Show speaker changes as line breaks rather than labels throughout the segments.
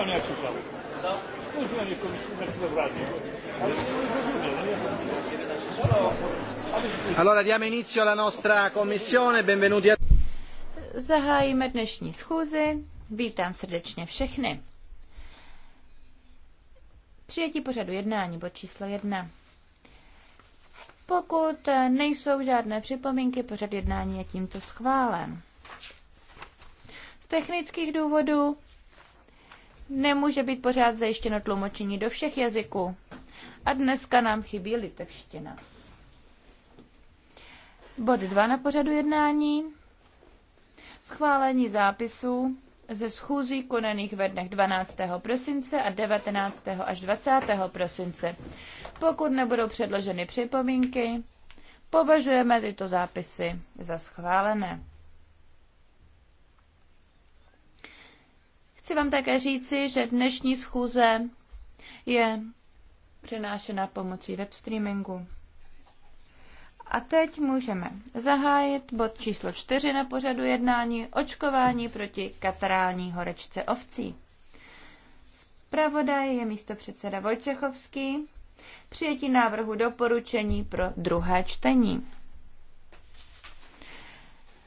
Usualnie jak słyszał. Co? Usualnie komisji napisał w radzie. nie nie? Allora diamo inizio alla nostra commissione, benvenuti a...
Zahájíme dnešní schůzi. Vítám srdečně všechny. Přijetí pořadu jednání, bod číslo jedna. Pokud nejsou žádné připomínky, pořad jednání je tímto schválen. Z technických důvodů nemůže být pořád zajištěno tlumočení do všech jazyků. A dneska nám chybí litevština. Bod 2 na pořadu jednání. Schválení zápisů ze schůzí konaných ve dnech 12. prosince a 19. až 20. prosince. Pokud nebudou předloženy připomínky, považujeme tyto zápisy za schválené. Chci vám také říci, že dnešní schůze je přenášena pomocí webstreamingu. A teď můžeme zahájit bod číslo 4 na pořadu jednání očkování proti katarální horečce ovcí. Zpravodaj je místo předseda Vojčechovský. Přijetí návrhu doporučení pro druhé čtení.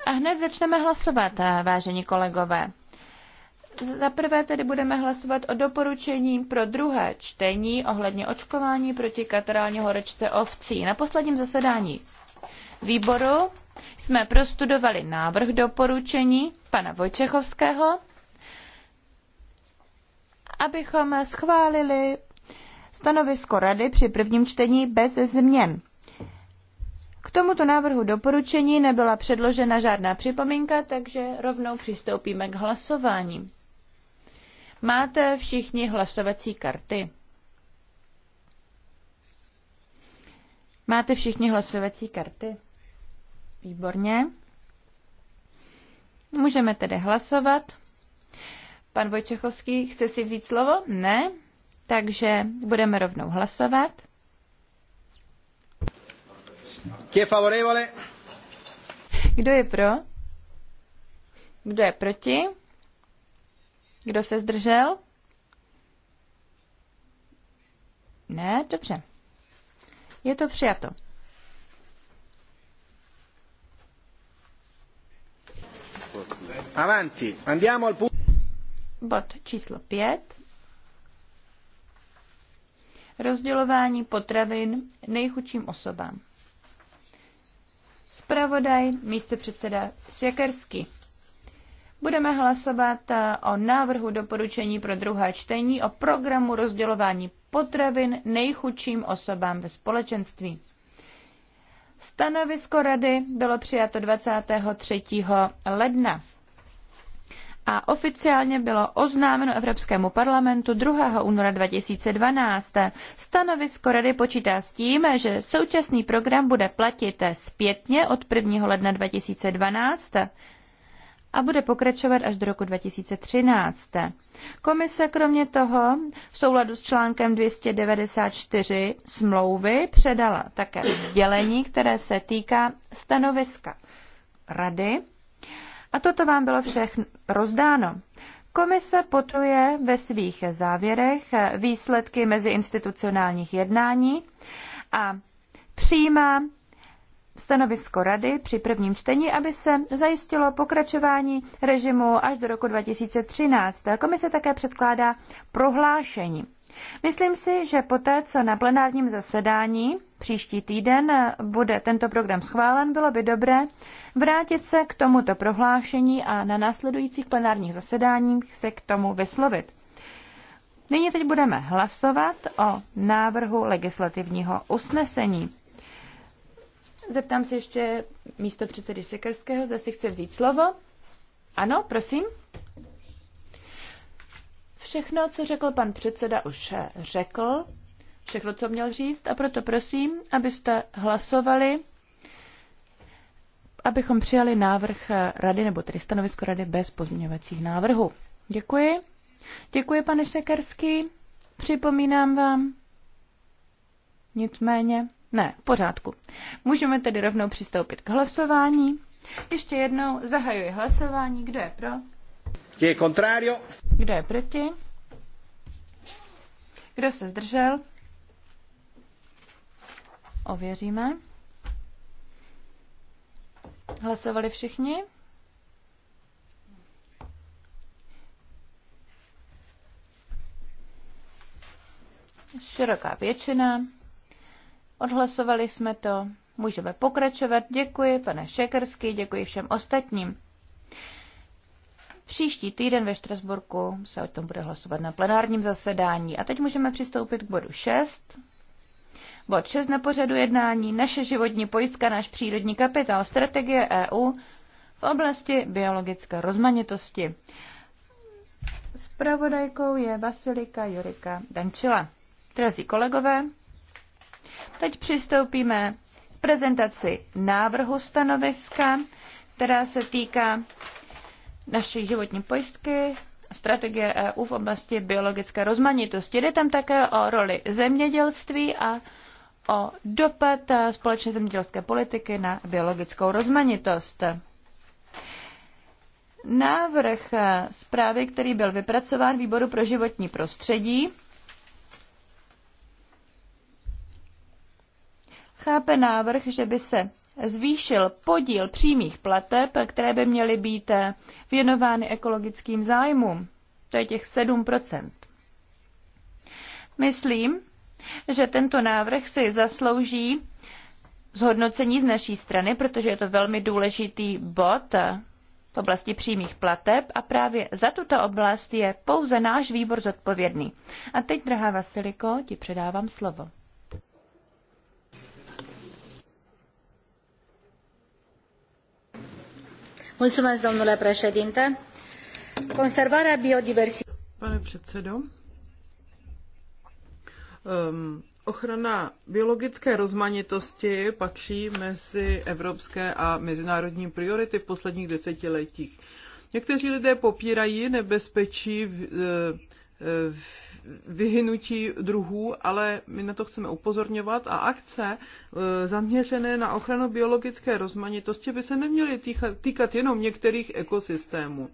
A hned začneme hlasovat, vážení kolegové. Za prvé tedy budeme hlasovat o doporučení pro druhé čtení ohledně očkování proti katarální horečce ovcí. Na posledním zasedání výboru jsme prostudovali návrh doporučení pana Vojčechovského, abychom schválili stanovisko rady při prvním čtení bez změn. K tomuto návrhu doporučení nebyla předložena žádná připomínka, takže rovnou přistoupíme k hlasování. Máte všichni hlasovací karty? Máte všichni hlasovací karty? Výborně. Můžeme tedy hlasovat. Pan Vojčechovský chce si vzít slovo? Ne. Takže budeme rovnou hlasovat. Kdo je pro? Kdo je proti? Kdo se zdržel? Ne, dobře. Je to přijato.
Avanti, andiamo al punto.
Bod číslo 5. Rozdělování potravin nejchudším osobám. Spravodaj místo předseda Sjekersky budeme hlasovat eh, o návrhu doporučení pro druhé čtení o programu rozdělování potravin nejchudším osobám ve společenství. Stanovisko rady bylo přijato 23. ledna a oficiálně bylo oznámeno Evropskému parlamentu 2. února 2012. Stanovisko rady počítá s tím, že současný program bude platit zpětně od 1. ledna 2012 a bude pokračovat až do roku 2013. Komise kromě toho v souladu s článkem 294 smlouvy předala také sdělení, které se týká stanoviska rady. A toto vám bylo všechno rozdáno. Komise potuje ve svých závěrech výsledky meziinstitucionálních jednání a přijímá stanovisko rady při prvním čtení, aby se zajistilo pokračování režimu až do roku 2013. Komise také předkládá prohlášení. Myslím si, že poté, co na plenárním zasedání příští týden bude tento program schválen, bylo by dobré vrátit se k tomuto prohlášení a na následujících plenárních zasedáních se k tomu vyslovit. Nyní teď budeme hlasovat o návrhu legislativního usnesení. Zeptám se ještě místo předsedy Sekerského, zda si chce vzít slovo. Ano, prosím. Všechno, co řekl pan předseda, už řekl. Všechno, co měl říct. A proto prosím, abyste hlasovali, abychom přijali návrh rady, nebo tedy stanovisko rady bez pozměňovacích návrhů. Děkuji. Děkuji, pane Šekerský. Připomínám vám. Nicméně, ne, v pořádku. Můžeme tedy rovnou přistoupit k hlasování. Ještě jednou zahajuji hlasování. Kdo je pro?
Kdo je contrario?
Kdo je proti? Kdo se zdržel? Ověříme. Hlasovali všichni? Široká většina. Odhlasovali jsme to. Můžeme pokračovat. Děkuji, pane Šekersky, děkuji všem ostatním. Příští týden ve Štrasburku se o tom bude hlasovat na plenárním zasedání. A teď můžeme přistoupit k bodu 6. Bod 6 na pořadu jednání Naše životní pojistka, náš přírodní kapitál, strategie EU v oblasti biologické rozmanitosti. Spravodajkou je Basilika Jurika Dančila. Drazí kolegové, Teď přistoupíme k prezentaci návrhu stanoviska, která se týká naší životní pojistky, strategie EU v oblasti biologické rozmanitosti. Jde tam také o roli zemědělství a o dopad společné zemědělské politiky na biologickou rozmanitost. Návrh zprávy, který byl vypracován výboru pro životní prostředí, chápe návrh, že by se zvýšil podíl přímých plateb, které by měly být věnovány ekologickým zájmům. To je těch 7 Myslím, že tento návrh si zaslouží zhodnocení z naší strany, protože je to velmi důležitý bod v oblasti přímých plateb a právě za tuto oblast je pouze náš výbor zodpovědný. A teď, drahá Vasiliko, ti předávám slovo.
Pane
předsedo, um, ochrana biologické rozmanitosti patří mezi evropské a mezinárodní priority v posledních desetiletích. Někteří lidé popírají nebezpečí v, v, eh, v eh, vyhynutí druhů, ale my na to chceme upozorňovat a akce e, zaměřené na ochranu biologické rozmanitosti by se neměly týkat jenom některých ekosystémů.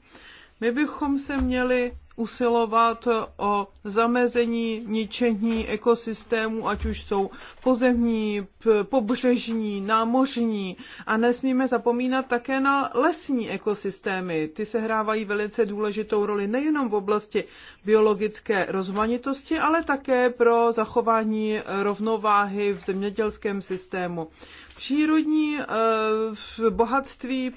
My bychom se měli usilovat o zamezení ničení ekosystémů, ať už jsou pozemní, pobřežní, námořní. A nesmíme zapomínat také na lesní ekosystémy. Ty se hrávají velice důležitou roli nejenom v oblasti biologické rozmanitosti, ale také pro zachování rovnováhy v zemědělském systému přírodní eh, bohatství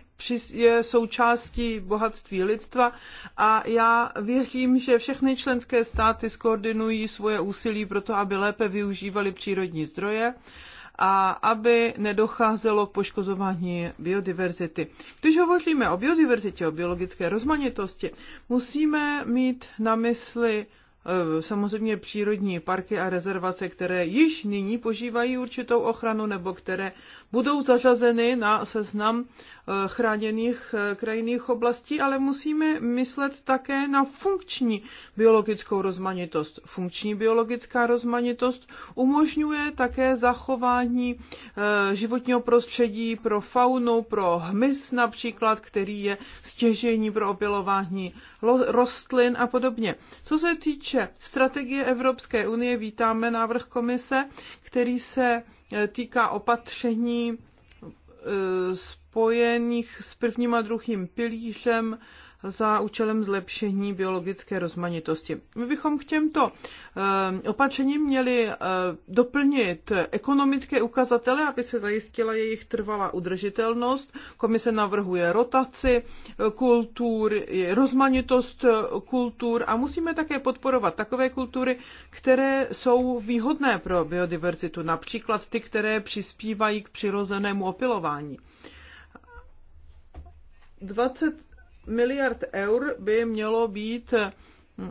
je součástí bohatství lidstva a já věřím, že všechny členské státy skoordinují svoje úsilí pro to, aby lépe využívali přírodní zdroje a aby nedocházelo k poškozování biodiverzity. Když hovoříme o biodiverzitě, o biologické rozmanitosti, musíme mít na mysli e, samozřejmě přírodní parky a rezervace, které již nyní požívají určitou ochranu nebo které budou zařazeny na seznam chráněných eh, krajinných oblastí, ale musíme myslet také na funkční biologickou rozmanitost. Funkční biologická rozmanitost umožňuje také zachování eh, životního prostředí pro faunu, pro hmyz například, který je stěžení pro opylování rostlin a podobně. Co se týče strategie Evropské unie, vítáme návrh komise, který se eh, týká opatření spojených s prvním a druhým pilířem za účelem zlepšení biologické rozmanitosti. My bychom k těmto eh, opatřením měli eh, doplnit ekonomické ukazatele, aby se zajistila jejich trvalá udržitelnost. Komise navrhuje rotaci eh, kultur, rozmanitost kultur a musíme také podporovat takové kultury, které jsou výhodné pro biodiverzitu, například ty, které přispívají k přirozenému opilování. 20 miliard eur by mělo být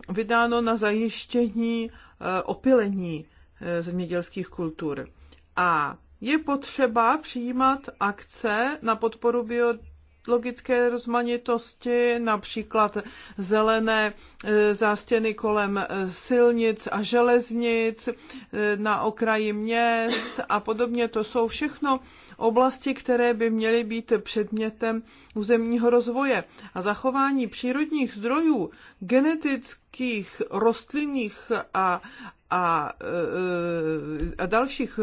vydáno na zajištění eh, opilení eh, zemědělských kultur. A je potřeba přijímat akce na podporu bio biologické rozmanitosti, například zelené e, zástěny kolem e, silnic a železnic, e, na okraji měst a podobně. To jsou všechno oblasti, které by měly být předmětem územního rozvoje. A zachování přírodních zdrojů, genetických, rostlinných a, a, a dalších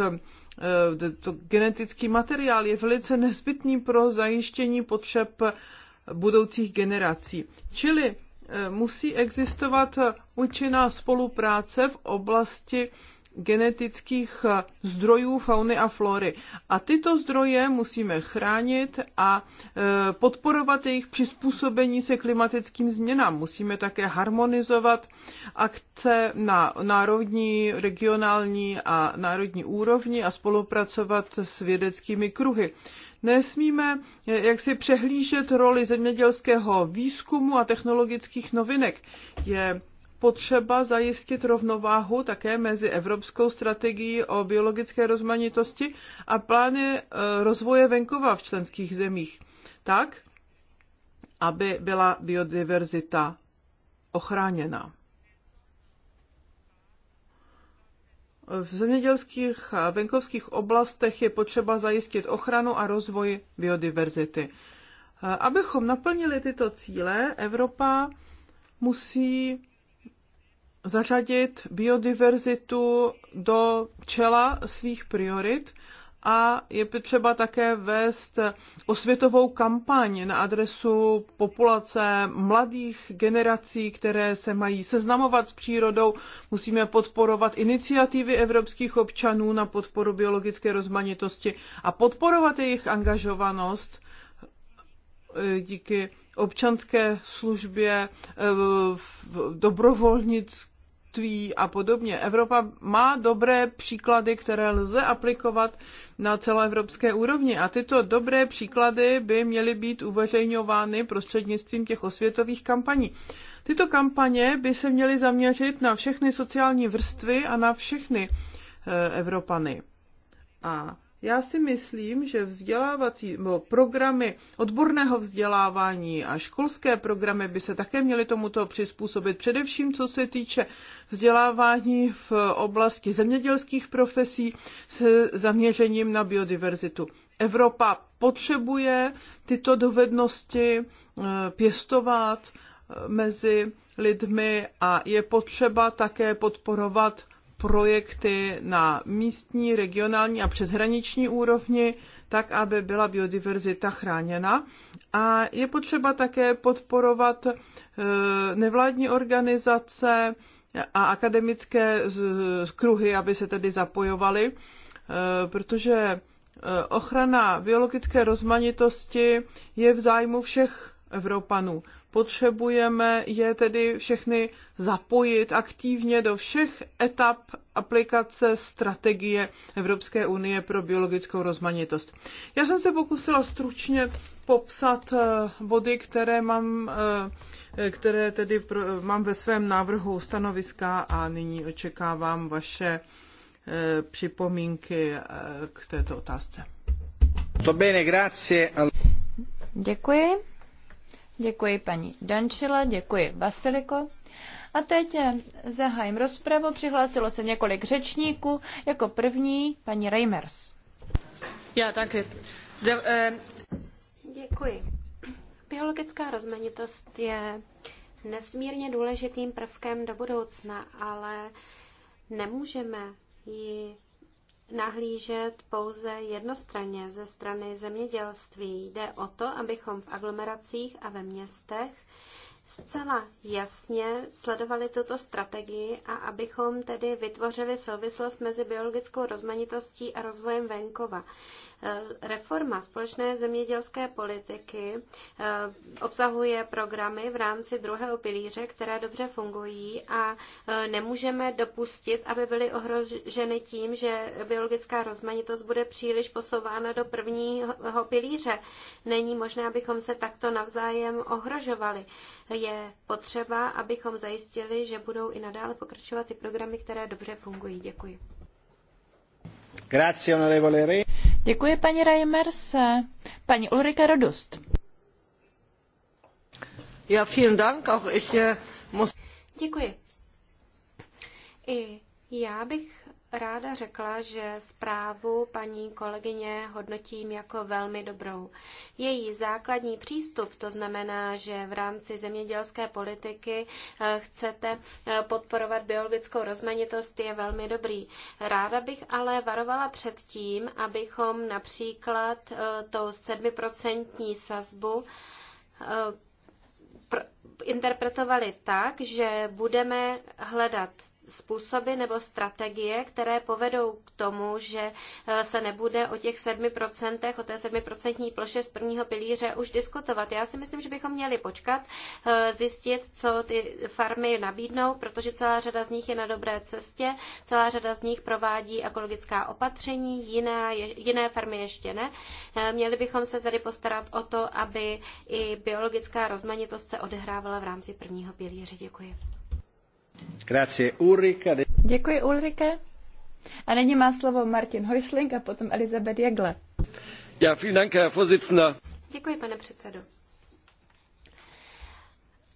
Eh, to genetický materiál je velice nezbytný pro zajištění potřeb budoucích generací. Čili eh, musí existovat eh, účinná spolupráce v oblasti genetických eh, zdrojů fauny a flory. A tyto zdroje musíme chránit a eh, podporovat jejich přizpůsobení se klimatickým změnám. Musíme také harmonizovat akce na národní, regionální a národní úrovni a spolupracovat s vědeckými kruhy. Nesmíme eh, jak si přehlížet roli zemědělského výzkumu a technologických novinek. Je potřeba zajistit rovnováhu také mezi evropskou strategií o biologické rozmanitosti a plány e, rozvoje venkova v členských zemích tak, aby byla biodiverzita ochráněna. V zemědělských a venkovských oblastech je potřeba zajistit ochranu a rozvoj biodiverzity. E, abychom naplnili tyto cíle, Evropa musí zařadit biodiverzitu do čela svých priorit a je potřeba také vést osvětovou kampaň na adresu populace mladých generací, které se mají seznamovat s přírodou. Musíme podporovat iniciativy evropských občanů na podporu biologické rozmanitosti a podporovat jejich angažovanost díky občanské službě, e, dobrovolnictví a podobně. Evropa má dobré příklady, které lze aplikovat na celé evropské úrovni a tyto dobré příklady by měly být uveřejňovány prostřednictvím těch osvětových kampaní. Tyto kampaně by se měly zaměřit na všechny sociální vrstvy a na všechny e, Evropany. A já si myslím, že vzdělávací programy odborného vzdělávání a školské programy by se také měly tomuto přizpůsobit, především co se týče vzdělávání v oblasti zemědělských profesí s zaměřením na biodiverzitu. Evropa potřebuje tyto dovednosti eh, pěstovat eh, mezi lidmi a je potřeba také podporovat projekty na místní, regionální a přeshraniční úrovni, tak aby byla biodiverzita chráněna. A je potřeba také podporovat e, nevládní organizace a akademické kruhy, aby se tedy zapojovaly, e, protože e, ochrana biologické rozmanitosti je v zájmu všech Evropanů. Potřebujeme je tedy všechny zapojit aktivně do všech etap aplikace strategie Evropské unie pro biologickou rozmanitost. Já jsem se pokusila stručně popsat eh, body, které mám, eh, které tedy eh, mám ve svém návrhu stanoviska a nyní očekávám vaše připomínky k této otázce.
To bene, grazie. Děkuji.
Děkuji paní Dančila, děkuji Vasiliko. A teď zahájím rozpravu. Přihlásilo se několik řečníků. Jako první paní Reimers.
Já taky. Eh,
děkuji. Biologická rozmanitost je nesmírně důležitým prvkem do budoucna, ale nemůžeme ji nahlížet pouze jednostranně ze strany zemědělství. Jde o to, abychom v aglomeracích a ve městech zcela jasně sledovali tuto strategii a abychom tedy vytvořili souvislost mezi biologickou rozmanitostí a rozvojem venkova. Eh, reforma společné zemědělské politiky eh, obsahuje programy v rámci druhého pilíře, které dobře fungují a eh, nemůžeme dopustit, aby byly ohroženy tím, že biologická rozmanitost bude příliš posouvána do prvního pilíře. Není možné, abychom se takto navzájem ohrožovali. Je potřeba, abychom zajistili, že budou i nadále pokračovat ty programy, které dobře fungují. Děkuji.
Grazie, onorevole
Re. Děkuji, paní Reimers. Paní Ulrike Rodust.
Ja, vielen Dank. Auch ich äh, muss... Děkuji. I já bych ráda řekla, že zprávu paní kolegyně hodnotím jako velmi dobrou. Její základní přístup, to znamená, že v rámci zemědělské politiky eh, chcete eh, podporovat biologickou rozmanitost, je velmi dobrý. Ráda bych ale varovala před tím, abychom například eh, tou 7% sazbu interpretovali tak, že budeme hledat způsoby nebo strategie, které povedou k tomu, že eh, se nebude o těch 7%, o té 7% ploše z prvního pilíře už diskutovat. Já si myslím, že bychom měli počkat, eh, zjistit, co ty farmy nabídnou, protože celá řada z nich je na dobré cestě, celá řada z nich provádí ekologická opatření, jiné, jiné farmy ještě ne. Eh, měli bychom se tedy postarat o to, aby i biologická rozmanitost se odehrávala v rámci prvního pilíře. Děkuji. Děkuji, Ulrike. A nyní má slovo Martin Heusling a potom Elizabeth Jegle.
Ja, vielen Dank, Herr Vorsitzender.
Děkuji, pane předsedo.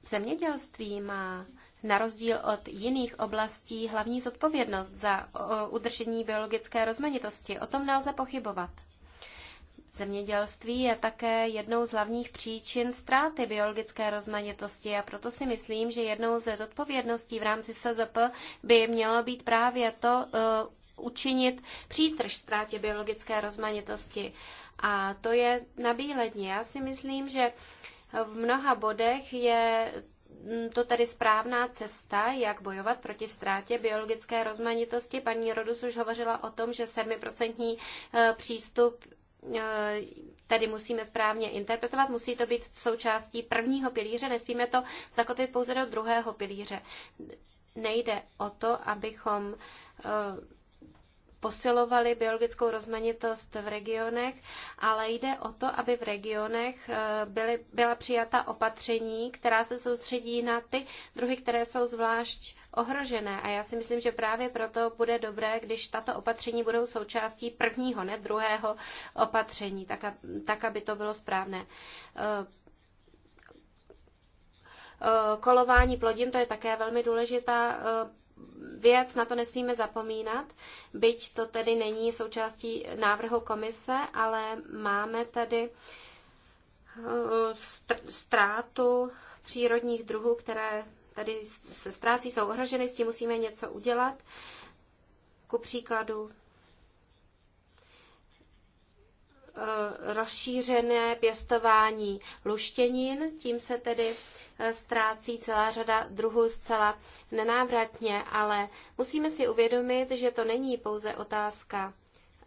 Zemědělství má na rozdíl od jiných oblastí hlavní zodpovědnost za udržení biologické rozmanitosti. O tom nelze pochybovat. Zemědělství je také jednou z hlavních příčin ztráty biologické rozmanitosti a proto si myslím, že jednou ze zodpovědností v rámci SZP by mělo být právě to uh, učinit přítrž ztrátě biologické rozmanitosti. A to je nabíledně. Já si myslím, že v mnoha bodech je hm, to tedy správná cesta, jak bojovat proti ztrátě biologické rozmanitosti. Paní Rodus už hovořila o tom, že 7% eh, přístup Eh, tedy musíme správně interpretovat, musí to být součástí prvního pilíře, nesmíme to zakotvit pouze do druhého pilíře. Nejde o to, abychom eh, posilovali biologickou rozmanitost v regionech, ale jde o to, aby v regionech eh, byly, byla přijata opatření, která se soustředí na ty druhy, které jsou zvlášť ohrožené. A já si myslím, že právě proto bude dobré, když tato opatření budou součástí prvního, ne druhého opatření, tak, tak aby to bylo správné eh, eh, kolování plodin, to je také velmi důležitá věc, na to nesmíme zapomínat, byť to tedy není součástí návrhu komise, ale máme tady eh, ztrátu přírodních druhů, které tady se ztrácí, jsou ohroženy, s tím musíme něco udělat. Ku příkladu Eh, rozšířené pěstování luštěnin, tím se tedy eh, ztrácí celá řada druhů zcela nenávratně, ale musíme si uvědomit, že to není pouze otázka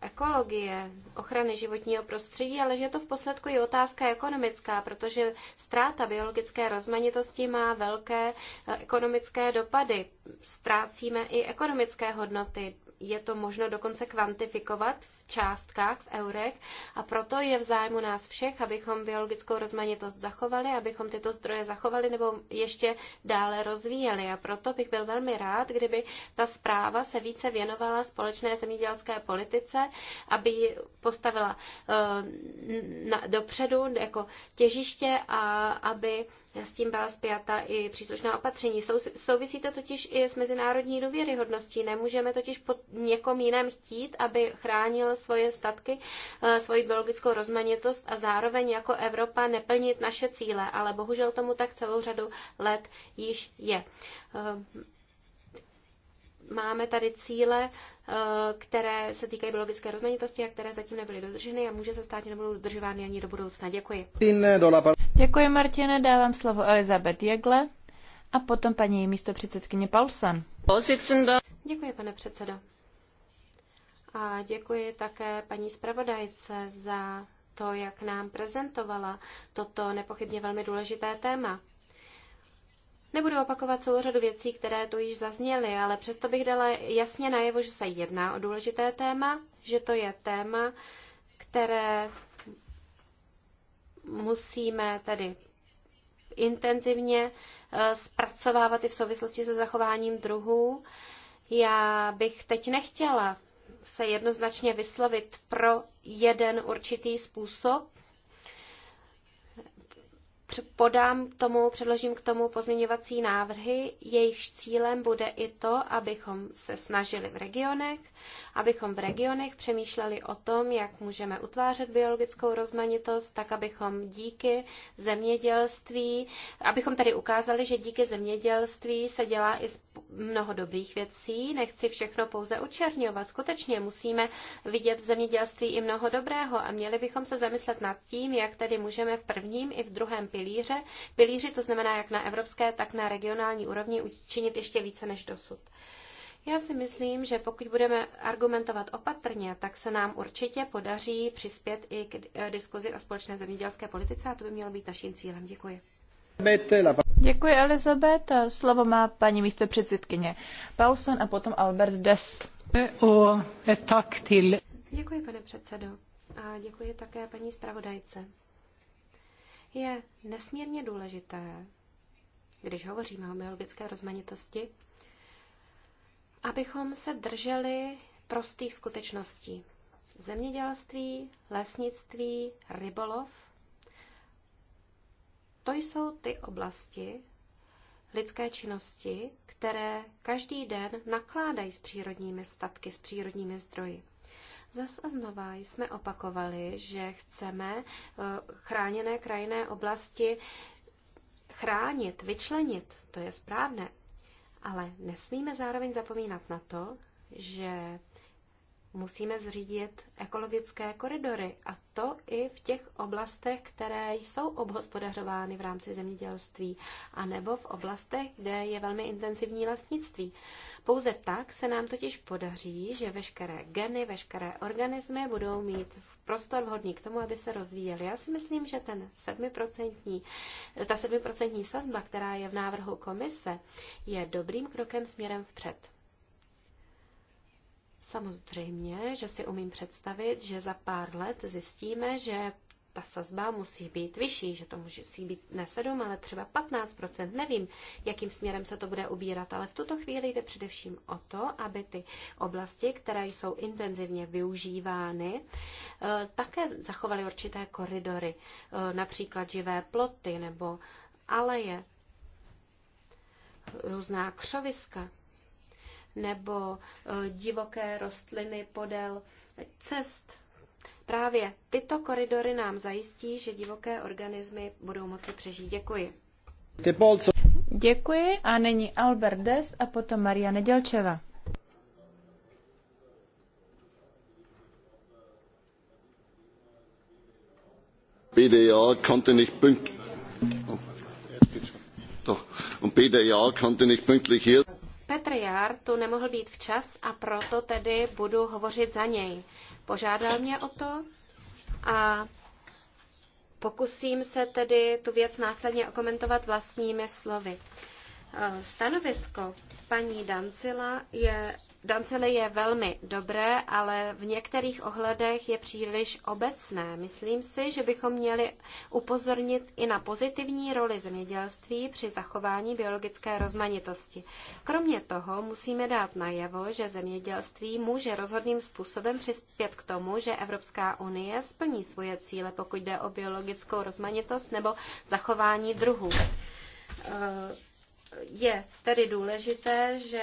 ekologie, ochrany životního prostředí, ale že to v posledku je otázka ekonomická, protože ztráta biologické rozmanitosti má velké eh, ekonomické dopady. Ztrácíme i ekonomické hodnoty, je to možno dokonce kvantifikovat v částkách, v eurech a proto je v zájmu nás všech, abychom biologickou rozmanitost zachovali, abychom tyto zdroje zachovali nebo ještě dále rozvíjeli. A proto bych byl velmi rád, kdyby ta zpráva se více věnovala společné zemědělské politice, aby ji postavila eh, dopředu jako těžiště a aby s tím byla zpěta i příslušná opatření. Sou, souvisí to totiž i s mezinárodní důvěryhodností. Nemůžeme totiž pod někom jiném chtít, aby chránil svoje statky, eh, svoji biologickou rozmanitost a zároveň jako Evropa neplnit naše cíle. Ale bohužel tomu tak celou řadu let již je eh, máme tady cíle Eh, které se týkají biologické rozmanitosti a které zatím nebyly dodrženy a může se stát, že nebudou dodržovány ani do budoucna. Děkuji.
Děkuji, Martine. Dávám slovo Elizabeth Jegle a potom paní místo předsedkyně Paulsen.
Děkuji, pane předsedo. A děkuji také paní zpravodajce za to, jak nám prezentovala toto nepochybně velmi důležité téma. Nebudu opakovat celou řadu věcí, které tu již zazněly, ale přesto bych dala jasně najevo, že se jedná o důležité téma, že to je téma, které musíme tedy intenzivně eh, zpracovávat i v souvislosti se zachováním druhů. Já bych teď nechtěla se jednoznačně vyslovit pro jeden určitý způsob podám k tomu, předložím k tomu pozměňovací návrhy, jejichž cílem bude i to, abychom se snažili v regionech, abychom v regionech přemýšleli o tom, jak můžeme utvářet biologickou rozmanitost, tak abychom díky zemědělství, abychom tady ukázali, že díky zemědělství se dělá i mnoho dobrých věcí, nechci všechno pouze učerňovat. Skutečně musíme vidět v zemědělství i mnoho dobrého a měli bychom se zamyslet nad tím, jak tedy můžeme v prvním i v druhém pilíře, pilíři to znamená jak na evropské, tak na regionální úrovni, učinit ještě více než dosud. Já si myslím, že pokud budeme argumentovat opatrně, tak se nám určitě podaří přispět i k eh, diskuzi o společné zemědělské politice a to by mělo být naším cílem. Děkuji.
Děkuji, Elizabeth. Slovo má paní místo místopředsedkyně Paulson a potom Albert Des. E,
děkuji, pane předsedo. A děkuji také paní zpravodajce. Je nesmírně důležité, když hovoříme o biologické rozmanitosti, abychom se drželi prostých skutečností. Zemědělství, lesnictví, rybolov to jsou ty oblasti lidské činnosti, které každý den nakládají s přírodními statky, s přírodními zdroji. Zas a znova jsme opakovali, že chceme eh, chráněné krajinné oblasti chránit, vyčlenit, to je správné, ale nesmíme zároveň zapomínat na to, že musíme zřídit ekologické koridory a to i v těch oblastech, které jsou obhospodařovány v rámci zemědělství a nebo v oblastech, kde je velmi intenzivní lesnictví. Pouze tak se nám totiž podaří, že veškeré geny, veškeré organismy budou mít prostor vhodný k tomu, aby se rozvíjely. Já si myslím, že ten 7%, ta 7% sazba, která je v návrhu komise, je dobrým krokem směrem vpřed. Samozřejmě, že si umím představit, že za pár let zjistíme, že ta sazba musí být vyšší, že to musí být ne 7, ale třeba 15 Nevím, jakým směrem se to bude ubírat, ale v tuto chvíli jde především o to, aby ty oblasti, které jsou intenzivně využívány, eh, také zachovaly určité koridory, eh, například živé ploty nebo aleje, různá křoviska nebo eh, divoké rostliny podél cest. Právě tyto koridory nám zajistí, že divoké organismy budou moci přežít. Děkuji.
Děkuji a nyní Albert Des a potom Maria Nedělčeva.
BDA konnte nicht pünktlich. Oh.
Doch, und BDA konnte nicht pünktlich hier.
Petr Jár tu nemohl být včas a proto tedy budu hovořit za něj. Požádal mě o to a pokusím se tedy tu věc následně okomentovat vlastními slovy. Eh, stanovisko paní Dancila je, Dancily je velmi dobré, ale v některých ohledech je příliš obecné. Myslím si, že bychom měli upozornit i na pozitivní roli zemědělství při zachování biologické rozmanitosti. Kromě toho musíme dát najevo, že zemědělství může rozhodným způsobem přispět k tomu, že Evropská unie splní svoje cíle, pokud jde o biologickou rozmanitost nebo zachování druhů eh, je tedy důležité, že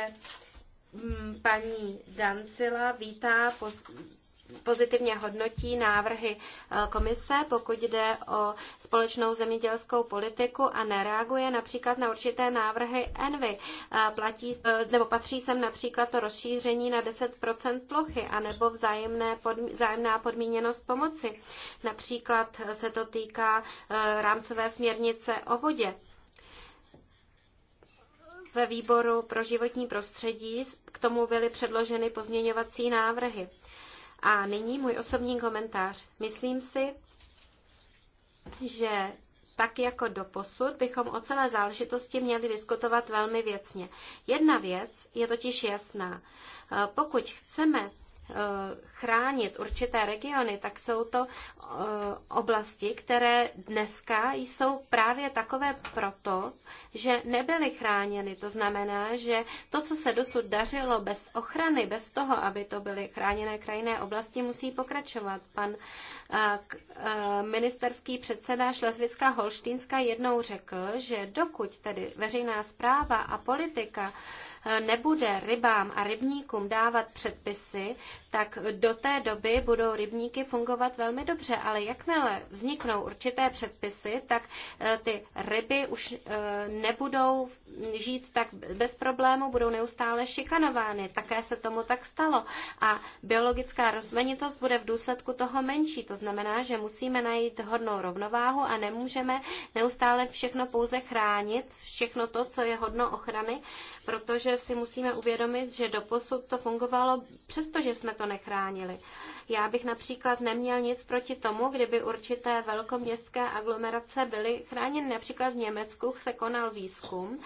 mm, paní Dancila vítá pozitivně hodnotí návrhy e, komise, pokud jde o společnou zemědělskou politiku a nereaguje například na určité návrhy Envy. E, platí, e, nebo patří sem například to rozšíření na 10 plochy anebo vzájemné podmi, vzájemná podmíněnost pomoci. Například se to týká rámcové směrnice o vodě ve výboru pro životní prostředí. K tomu byly předloženy pozměňovací návrhy. A nyní můj osobní komentář. Myslím si, že tak jako do posud bychom o celé záležitosti měli diskutovat velmi věcně. Jedna věc je totiž jasná. Pokud chceme Eh, chránit určité regiony, tak jsou to eh, oblasti, které dneska jsou právě takové proto, že nebyly chráněny. To znamená, že to, co se dosud dařilo bez ochrany, bez toho, aby to byly chráněné krajinné oblasti, musí pokračovat. Pan eh, ministerský předseda Šlezvická Holštínska jednou řekl, že dokud tedy veřejná zpráva a politika nebude rybám a rybníkům dávat předpisy, tak do té doby budou rybníky fungovat velmi dobře, ale jakmile vzniknou určité předpisy, tak eh, ty ryby už eh, nebudou žít tak bez problému, budou neustále šikanovány. Také se tomu tak stalo. A biologická rozmanitost bude v důsledku toho menší. To znamená, že musíme najít hodnou rovnováhu a nemůžeme neustále všechno pouze chránit, všechno to, co je hodno ochrany, protože že si musíme uvědomit, že doposud to fungovalo, přestože jsme to nechránili. Já bych například neměl nic proti tomu, kdyby určité velkoměstské aglomerace byly chráněny. Například v Německu se konal výzkum,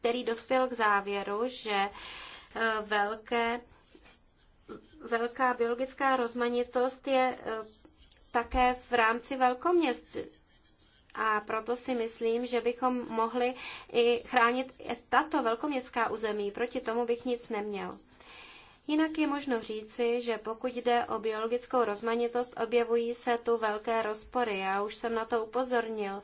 který dospěl k závěru, že e, velké, velká biologická rozmanitost je e, také v rámci velkoměst a proto si myslím, že bychom mohli i chránit tato velkoměstská území. Proti tomu bych nic neměl. Jinak je možno říci, že pokud jde o biologickou rozmanitost, objevují se tu velké rozpory. Já už jsem na to upozornil.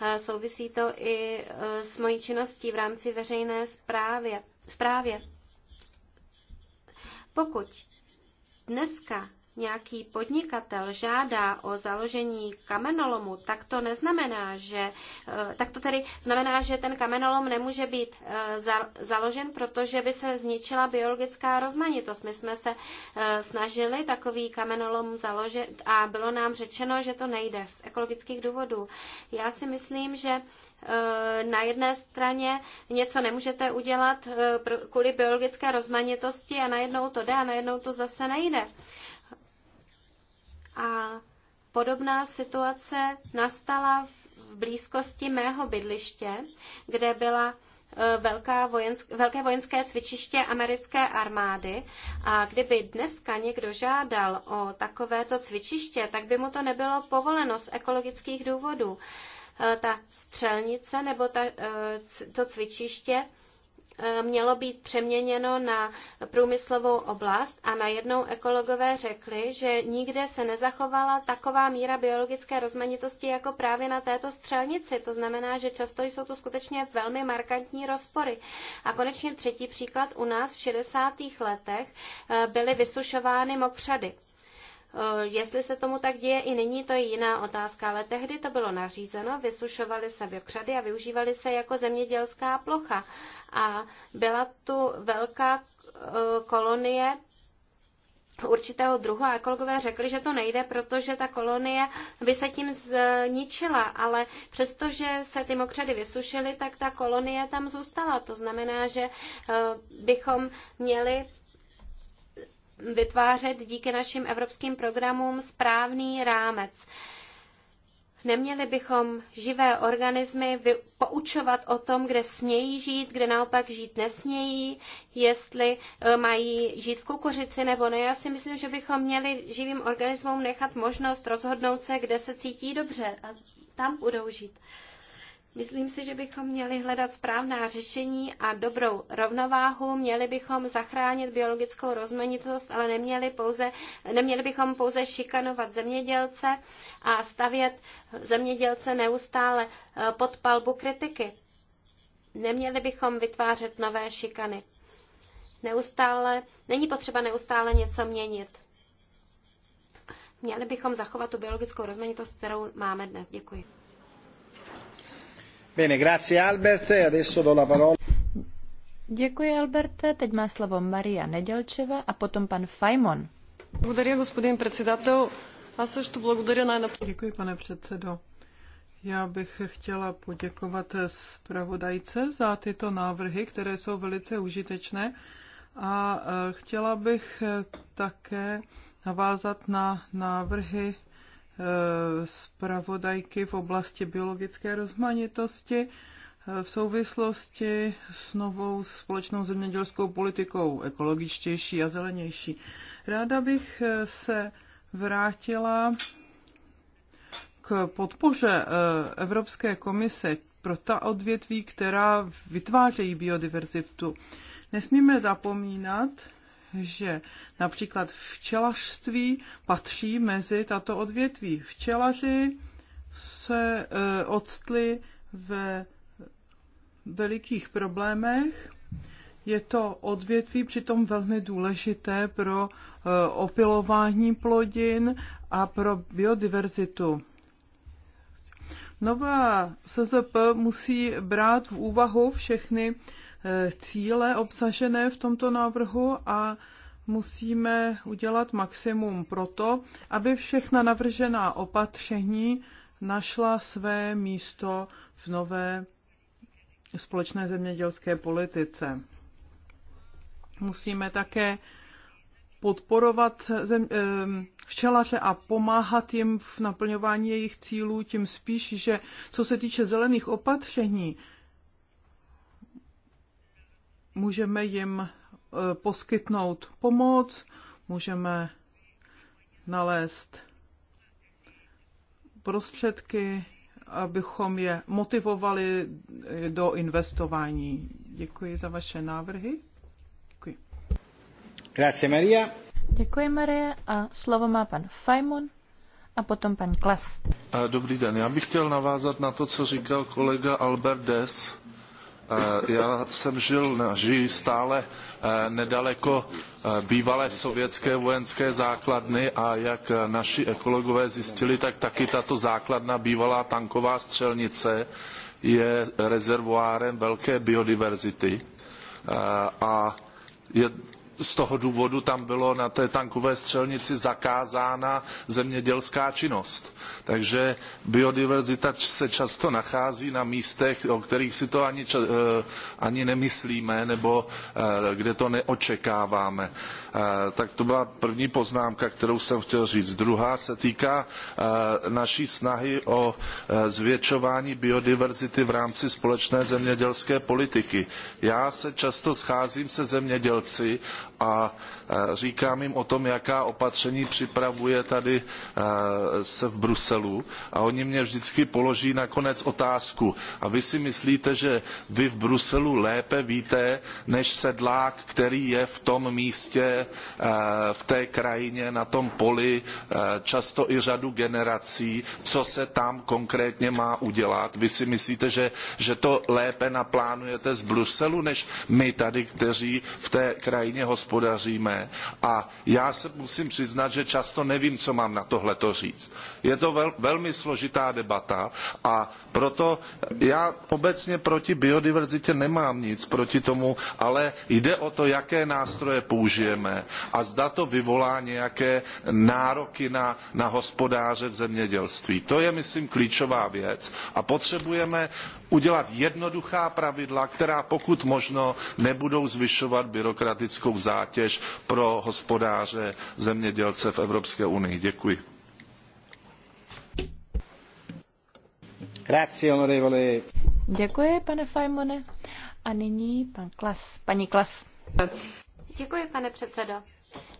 Eh, souvisí to i eh, s mojí činností v rámci veřejné zprávě. zprávě. Pokud dneska nějaký podnikatel žádá o založení kamenolomu, tak to neznamená, že eh, tak to tedy znamená, že ten kamenolom nemůže být eh, založen, protože by se zničila biologická rozmanitost. My jsme se eh, snažili takový kamenolom založit a bylo nám řečeno, že to nejde z ekologických důvodů. Já si myslím, že na jedné straně něco nemůžete udělat kvůli biologické rozmanitosti a najednou to jde a najednou to zase nejde a podobná situace nastala v blízkosti mého bydliště, kde byla e, velká vojensk, velké vojenské cvičiště americké armády a kdyby dneska někdo žádal o takovéto cvičiště, tak by mu to nebylo povoleno z ekologických důvodů. E, ta střelnice nebo ta, e, to cvičiště Eh, mělo být přeměněno na průmyslovou oblast a najednou ekologové řekli, že nikde se nezachovala taková míra biologické rozmanitosti jako právě na této střelnici. To znamená, že často jsou to skutečně velmi markantní rozpory. A konečně třetí příklad u nás v 60. letech eh, byly vysušovány mokřady. Eh, jestli se tomu tak děje i nyní, to je jiná otázka, ale tehdy to bylo nařízeno, vysušovaly se vykřady a využívaly se jako zemědělská plocha. A byla tu velká eh, kolonie určitého druhu a ekologové řekli, že to nejde, protože ta kolonie by se tím zničila, ale přestože se ty mokřady vysušily, tak ta kolonie tam zůstala. To znamená, že eh, bychom měli vytvářet díky našim evropským programům správný rámec. Neměli bychom živé organismy poučovat o tom, kde smějí žít, kde naopak žít nesmějí, jestli e, mají žít v kukuřici nebo ne. Já si myslím, že bychom měli živým organismům nechat možnost rozhodnout se, kde se cítí dobře a tam budou žít. Myslím si, že bychom měli hledat správná řešení a dobrou rovnováhu. Měli bychom zachránit biologickou rozmanitost, ale neměli, pouze, neměli bychom pouze šikanovat zemědělce a stavět zemědělce neustále eh, pod palbu kritiky. Neměli bychom vytvářet nové šikany. Neustále, není potřeba neustále něco měnit. Měli bychom zachovat tu biologickou rozmanitost, kterou máme dnes. Děkuji.
E
Děkuji, Alberte. Teď má slovo Maria Nedělčeva a potom pan Fajmon.
Благодаря, господин председател. Аз също Děkuji, pane předsedo. Já bych chtěla poděkovat zpravodajce za tyto návrhy, které jsou velice užitečné. A eh, chtěla bych eh, také navázat na návrhy Eh, zpravodajky v oblasti biologické rozmanitosti eh, v souvislosti s novou společnou zemědělskou politikou, ekologičtější a zelenější. Ráda bych eh, se vrátila k podpoře Evropské komise pro ta odvětví, která vytvářejí biodiverzitu. Nesmíme zapomínat, že například včelařství patří mezi tato odvětví. Včelaři se e, eh, odstli ve velikých problémech. Je to odvětví přitom velmi důležité pro e, opilování plodin a pro biodiverzitu. Nová SZP musí brát v úvahu všechny Eh, cíle obsažené v tomto návrhu a musíme udělat maximum pro to, aby všechna navržená opatření našla své místo v nové společné zemědělské politice. Musíme také podporovat eh, včelaře a pomáhat jim v naplňování jejich cílů, tím spíš, že co se týče zelených opatření, můžeme jim e, poskytnout pomoc, můžeme nalézt prostředky, abychom je motivovali do investování. Děkuji za vaše návrhy. Děkuji.
Grazie Maria.
Děkuji Marie a slovo má pan Fajmon
a potom pan Klas.
Eh, dobrý den, já bych chtěl navázat na to, co říkal kolega Albert Des Eh, já jsem žil, žiji stále eh, nedaleko eh, bývalé sovětské vojenské základny a jak naši ekologové zjistili, tak taky tato základna, bývalá tanková střelnice, je rezervoárem velké biodiverzity a je z toho důvodu tam bylo na té tankové střelnici zakázána zemědělská činnost. Takže biodiverzita se často nachází na místech, o kterých si to ani, eh, ani nemyslíme nebo eh, kde to neočekáváme. Eh, tak to byla první poznámka, kterou jsem chtěl říct. Druhá se týká naší snahy o zvětšování biodiverzity v rámci společné zemědělské politiky. Já se často scházím se zemědělci a e, říkám jim o tom, jaká opatření připravuje tady se v Bruselu a oni mě vždycky položí nakonec otázku. A vy si myslíte, že vy v Bruselu lépe víte, než sedlák, který je v tom místě, e, v té krajině, na tom poli, e, často i řadu generací, co se tam konkrétně má udělat. Vy si myslíte, že, že to lépe naplánujete z Bruselu, než my tady, kteří v té krajině hospodářství hospodaříme a já se musím přiznat, že často nevím, co mám na to říct. Je to vel, velmi složitá debata a proto já obecně proti biodiverzitě nemám nic proti tomu, ale jde o to, jaké nástroje použijeme a zda to vyvolá nějaké nároky na, na hospodáře v zemědělství. To je, myslím, klíčová věc a potřebujeme udělat jednoduchá pravidla, která pokud možno nebudou zvyšovat byrokratickou zátěž pro hospodáře zemědělce v Evropské unii. Děkuji.
Děkuji, pane Fajmone. A nyní pan Klas, paní Klas.
Děkuji, pane předsedo.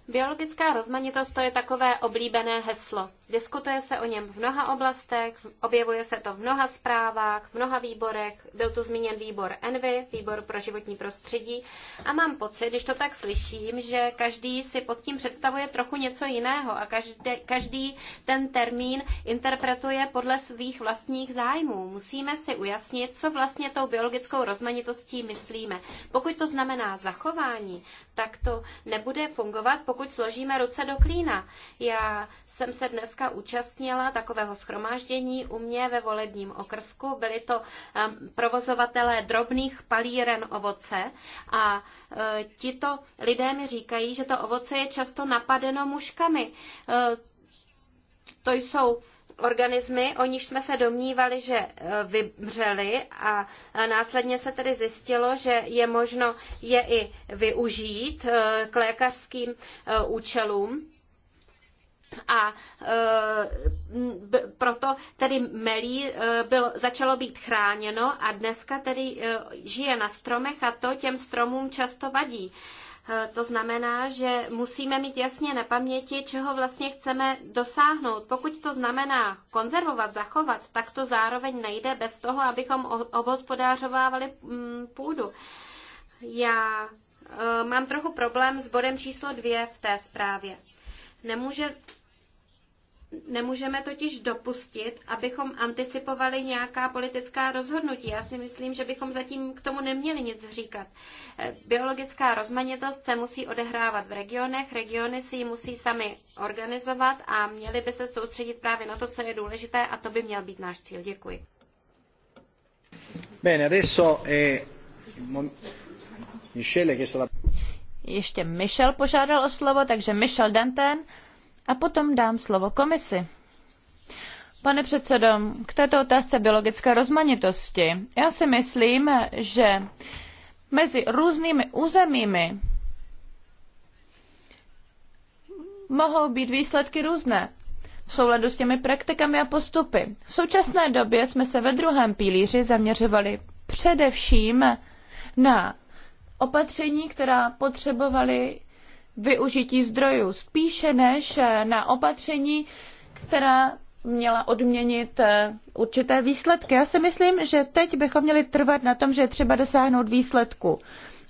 Biologická rozmanitost to je takové oblíbené heslo. Diskutuje se o něm v mnoha oblastech, objevuje se to v mnoha zprávách, v mnoha výborech. Byl tu zmíněn výbor Envy, výbor pro životní prostředí. A mám pocit, když to tak slyším, že každý si pod tím představuje trochu něco jiného a každý, každý ten termín interpretuje podle svých vlastních zájmů. Musíme si ujasnit, co vlastně tou biologickou rozmanitostí myslíme. Pokud to znamená zachování, tak to nebude fungovat, pokud složíme ruce do klína. Já jsem se dneska účastnila takového schromáždění u mě ve volebním okrsku. Byli to ehm, provozovatelé drobných palíren ovoce a e, tito lidé mi říkají, že to ovoce je často napadeno muškami. E, to jsou organismy, o níž jsme se domnívali, že e, vymřely a následně se tedy zjistilo, že je možno je i využít e, k lékařským e, účelům. A e, proto tedy melí e, bylo, začalo být chráněno a dneska tedy e, žije na stromech a to těm stromům často vadí. E, Eh, to znamená, že musíme mít jasně na paměti, čeho vlastně chceme dosáhnout. Pokud to znamená konzervovat, zachovat, tak to zároveň nejde bez toho, abychom obhospodářovávali mm, půdu. Já eh, mám trochu problém s bodem číslo dvě v té zprávě. Nemůže Nemůžeme totiž dopustit, abychom anticipovali nějaká politická rozhodnutí. Já si myslím, že bychom zatím k tomu neměli nic říkat. Eh, biologická rozmanitost se musí odehrávat v regionech, regiony si ji musí sami organizovat a měli by se soustředit právě na to, co je důležité a to by měl být náš cíl. Děkuji.
Bene, adesso è... Michele, che la... Ještě
Michel požádal o slovo, takže Michel Danten a potom dám slovo komisi. Pane předsedo, k této otázce biologické rozmanitosti. Já si myslím, že mezi různými územími mohou být výsledky různé v souladu s těmi praktikami a postupy. V současné době jsme se ve druhém pilíři zaměřovali především na opatření, která potřebovali využití zdrojů, spíše než eh, na opatření, která měla odměnit eh, určité výsledky. Já si myslím, že teď bychom měli trvat na tom, že je třeba dosáhnout výsledku.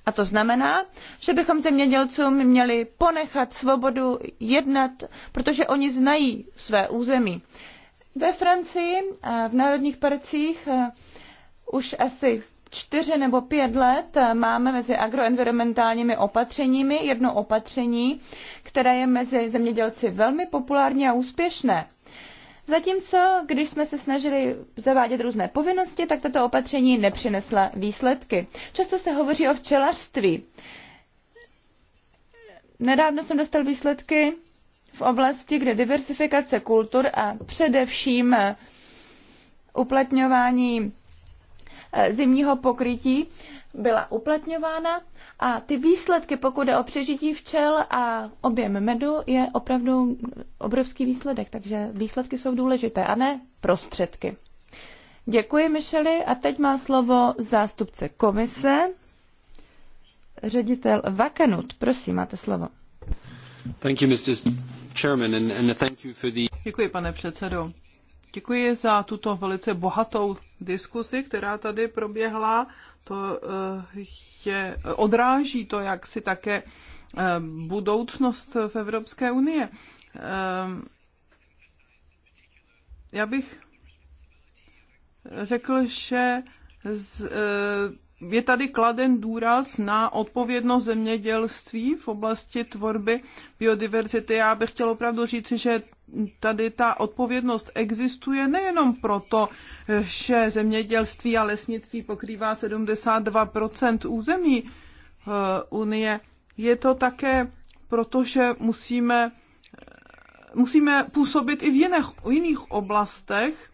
A to znamená, že bychom zemědělcům měli ponechat svobodu jednat, protože oni znají své území. Ve Francii v národních parcích eh, už asi čtyři nebo pět let máme mezi agroenvironmentálními opatřeními jedno opatření, které je mezi zemědělci velmi populární a úspěšné. Zatímco, když jsme se snažili zavádět různé povinnosti, tak tato opatření nepřinesla výsledky. Často se hovoří o včelařství. Nedávno jsem dostal výsledky v oblasti, kde diversifikace kultur a především uplatňování Eh, zimního pokrytí byla uplatňována a ty výsledky, pokud je o přežití včel a objem medu, je opravdu obrovský výsledek, takže výsledky jsou důležité a ne prostředky. Děkuji, Mišeli, A teď má slovo zástupce komise, ředitel Vakenut. Prosím, máte
slovo. Děkuji, pane předsedo. Děkuji za tuto velice bohatou diskusi, která tady proběhla. To eh, je, odráží to, jak si také eh, budoucnost v Evropské unie. Eh, já bych řekl, že z, je tady kladen důraz na odpovědnost zemědělství v oblasti tvorby biodiverzity. Já bych chtěl opravdu říci, že tady ta odpovědnost existuje nejenom proto, že zemědělství a lesnictví pokrývá 72 území eh, Unie, je to také proto, že musíme, eh, musíme působit i v jiných, v jiných oblastech,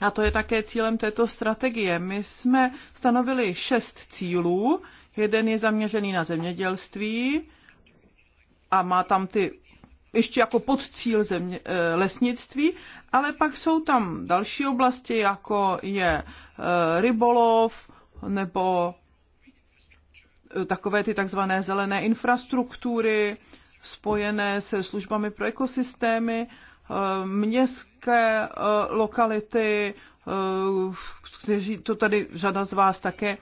a to je také cílem této strategie. My jsme stanovili šest cílů. Jeden je zaměřený na zemědělství a má tam ty ještě jako podcíl země, eh, lesnictví, ale pak jsou tam další oblasti, jako je eh, rybolov nebo eh, takové ty takzvané zelené infrastruktury spojené se službami pro ekosystémy, městské lokality, kteří to tady řada z vás také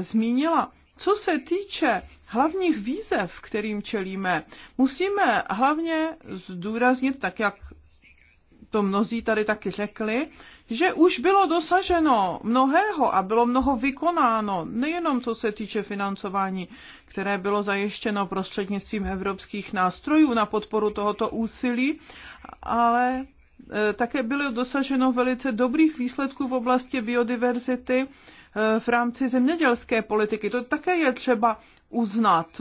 zmínila. Co se týče hlavních výzev, kterým čelíme, musíme hlavně zdůraznit, tak jak to mnozí tady taky řekli, že už bylo dosaženo mnohého a bylo mnoho vykonáno, nejenom co se týče financování, které bylo zajištěno prostřednictvím evropských nástrojů na podporu tohoto úsilí, ale eh, také bylo dosaženo velice dobrých výsledků v oblasti biodiverzity Eh, v rámci zemědělské politiky. To také je třeba uznat.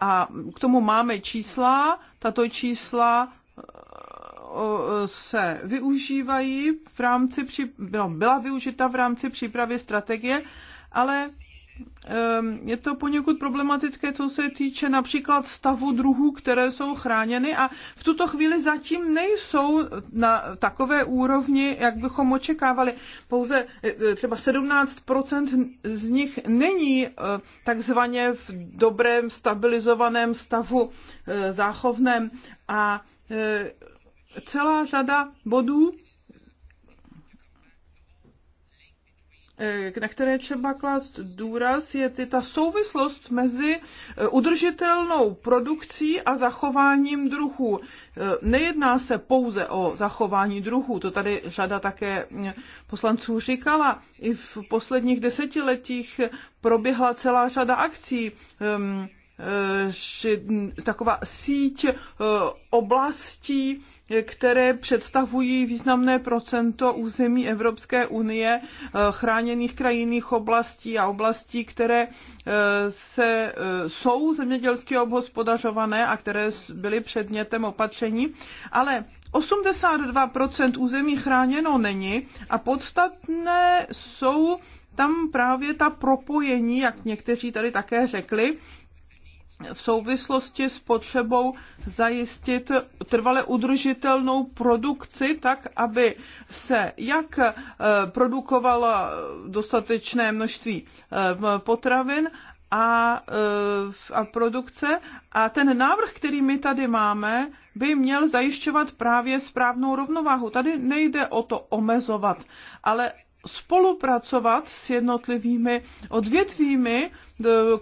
A k tomu máme čísla, tato čísla eh, se využívají v rámci, byla využita v rámci přípravy strategie, ale Ehm, je to poněkud problematické, co se týče například stavu druhů, které jsou chráněny a v tuto chvíli zatím nejsou na takové úrovni, jak bychom očekávali. Pouze e, e, třeba 17% z nich není e, takzvaně v dobrém stabilizovaném stavu záchovném a celá řada bodů Eh, na které třeba klást důraz, je ta souvislost mezi eh, udržitelnou produkcí a zachováním druhů. Eh, nejedná se pouze o zachování druhů, to tady řada také hm, poslanců říkala. I v posledních desetiletích proběhla celá řada akcí hm, taková síť oblastí které představují významné procento území Evropské unie, eh, chráněných krajinných oblastí a oblastí, které eh, se, eh, jsou zemědělsky obhospodařované a které byly předmětem opatření. Ale 82% území chráněno není a podstatné jsou tam právě ta propojení, jak někteří tady také řekli, v souvislosti s potřebou zajistit trvale udržitelnou produkci tak, aby se jak eh, produkovala dostatečné množství eh, potravin a, eh, a produkce a ten návrh, který my tady máme, by měl zajišťovat právě správnou rovnováhu. Tady nejde o to omezovat, ale spolupracovat s jednotlivými odvětvími,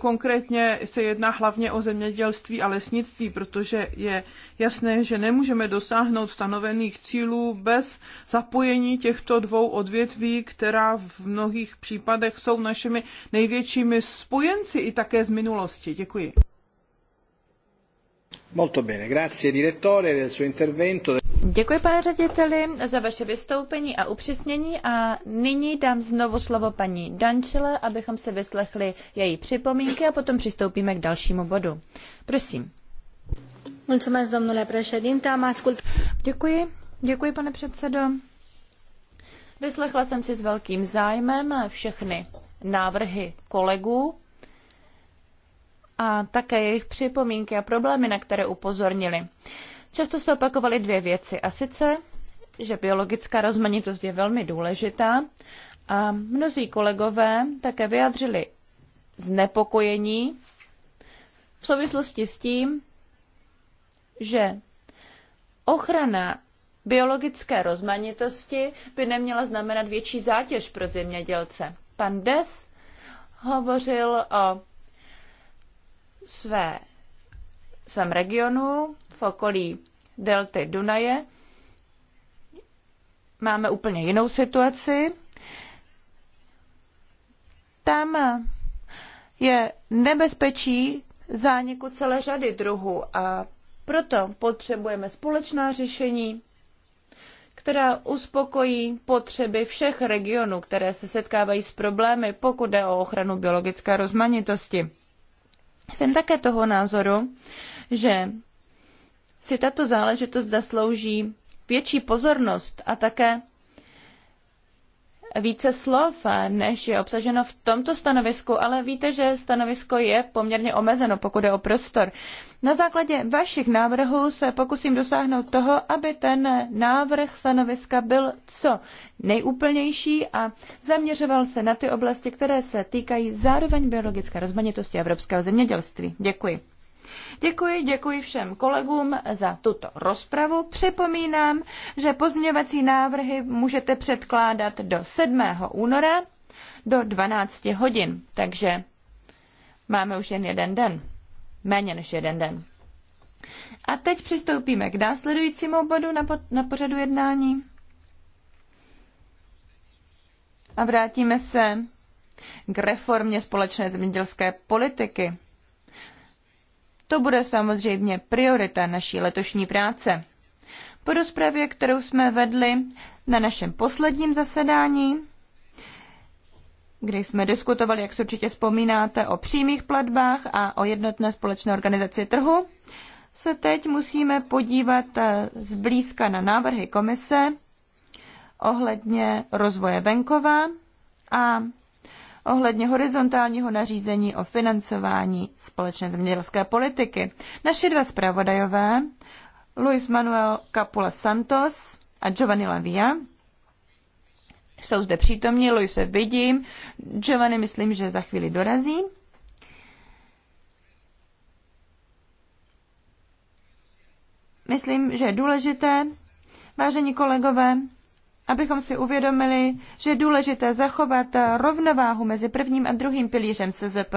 Konkrétně se jedná hlavně o zemědělství a lesnictví, protože je jasné, že nemůžeme dosáhnout stanovených cílů bez zapojení těchto dvou odvětví, která v mnohých případech jsou našimi největšími spojenci i také z minulosti. Děkuji. Molto bene, grazie direttore del suo intervento. Děkuji, pane řediteli,
za vaše vystoupení a upřesnění a nyní dám znovu slovo paní Dančile, abychom si vyslechli její připomínky a potom přistoupíme k dalšímu bodu. Prosím. Děkuji, děkuji, pane předsedo. Vyslechla jsem si s velkým zájmem všechny návrhy kolegů a také jejich připomínky a problémy, na které upozornili. Často se opakovaly dvě věci a sice, že biologická rozmanitost je velmi důležitá a mnozí kolegové také vyjádřili znepokojení v souvislosti s tím, že ochrana biologické rozmanitosti by neměla znamenat větší zátěž pro zemědělce. Pan Des hovořil o své, svém regionu v okolí delty Dunaje máme úplně jinou situaci. Tam je nebezpečí zániku celé řady druhů a proto potřebujeme společná řešení, která uspokojí potřeby všech regionů, které se setkávají s problémy, pokud jde o ochranu biologické rozmanitosti. Jsem také toho názoru, že si tato záležitost zaslouží větší pozornost a také více slov, než je obsaženo v tomto stanovisku, ale víte, že stanovisko je poměrně omezeno, pokud je o prostor. Na základě vašich návrhů se pokusím dosáhnout toho, aby ten návrh stanoviska byl co nejúplnější a zaměřoval se na ty oblasti, které se týkají zároveň biologické rozmanitosti evropského zemědělství. Děkuji. Děkuji, děkuji všem kolegům za tuto rozpravu. Připomínám, že pozměňovací návrhy můžete předkládat do 7. února do 12 hodin, takže máme už jen jeden den, méně než jeden den. A teď přistoupíme k následujícímu bodu na, po, na pořadu jednání. A vrátíme se k reformě společné zemědělské politiky. To bude samozřejmě priorita naší letošní práce. Po rozpravě, kterou jsme vedli na našem posledním zasedání, kdy jsme diskutovali, jak se určitě vzpomínáte, o přímých platbách a o jednotné společné organizaci trhu, se teď musíme podívat eh, zblízka na návrhy komise ohledně rozvoje venkova a ohledně horizontálního nařízení o financování společné zemědělské politiky. Naši dva zpravodajové, Luis Manuel Capula Santos a Giovanni Lavia, jsou zde přítomní, se vidím, Giovanni myslím, že za chvíli dorazí. Myslím, že je důležité, vážení kolegové, abychom si uvědomili, že je důležité zachovat rovnováhu mezi prvním a druhým pilířem SZP.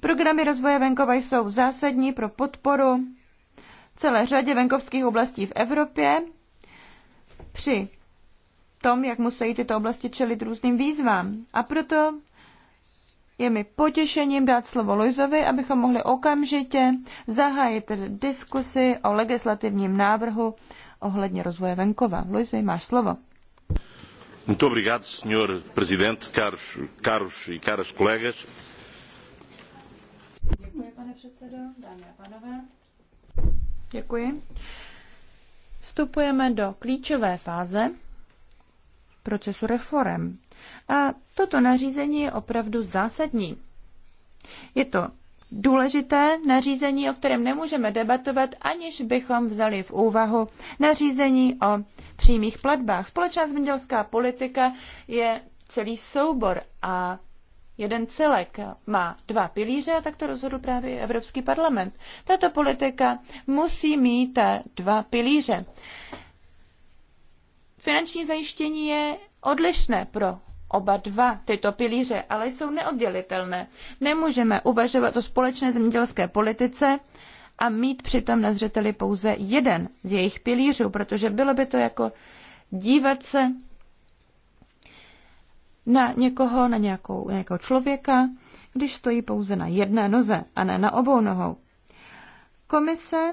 Programy rozvoje venkova jsou zásadní pro podporu celé řadě venkovských oblastí v Evropě při tom, jak musí tyto oblasti čelit různým výzvám. A proto je mi potěšením dát slovo Lojzovi, abychom mohli okamžitě zahájit diskusy o legislativním návrhu ohledně rozvoje venkova. Luizi, máš slovo.
Muito Presidente, caros, caros e caras colegas.
Děkuji. Vstupujeme do klíčové fáze procesu reform. A toto nařízení je opravdu zásadní. Je to důležité nařízení, o kterém nemůžeme debatovat, aniž bychom vzali v úvahu nařízení o přímých platbách. Společná zemědělská politika je celý soubor a jeden celek má dva pilíře a tak to rozhodl právě Evropský parlament. Tato politika musí mít dva pilíře. Finanční zajištění je odlišné pro oba dva tyto pilíře, ale jsou neoddělitelné. Nemůžeme uvažovat o společné zemědělské politice, a mít přitom na zřeteli pouze jeden z jejich pilířů, protože bylo by to jako dívat se na někoho, na nějakou, nějakého člověka, když stojí pouze na jedné noze a ne na obou nohou. Komise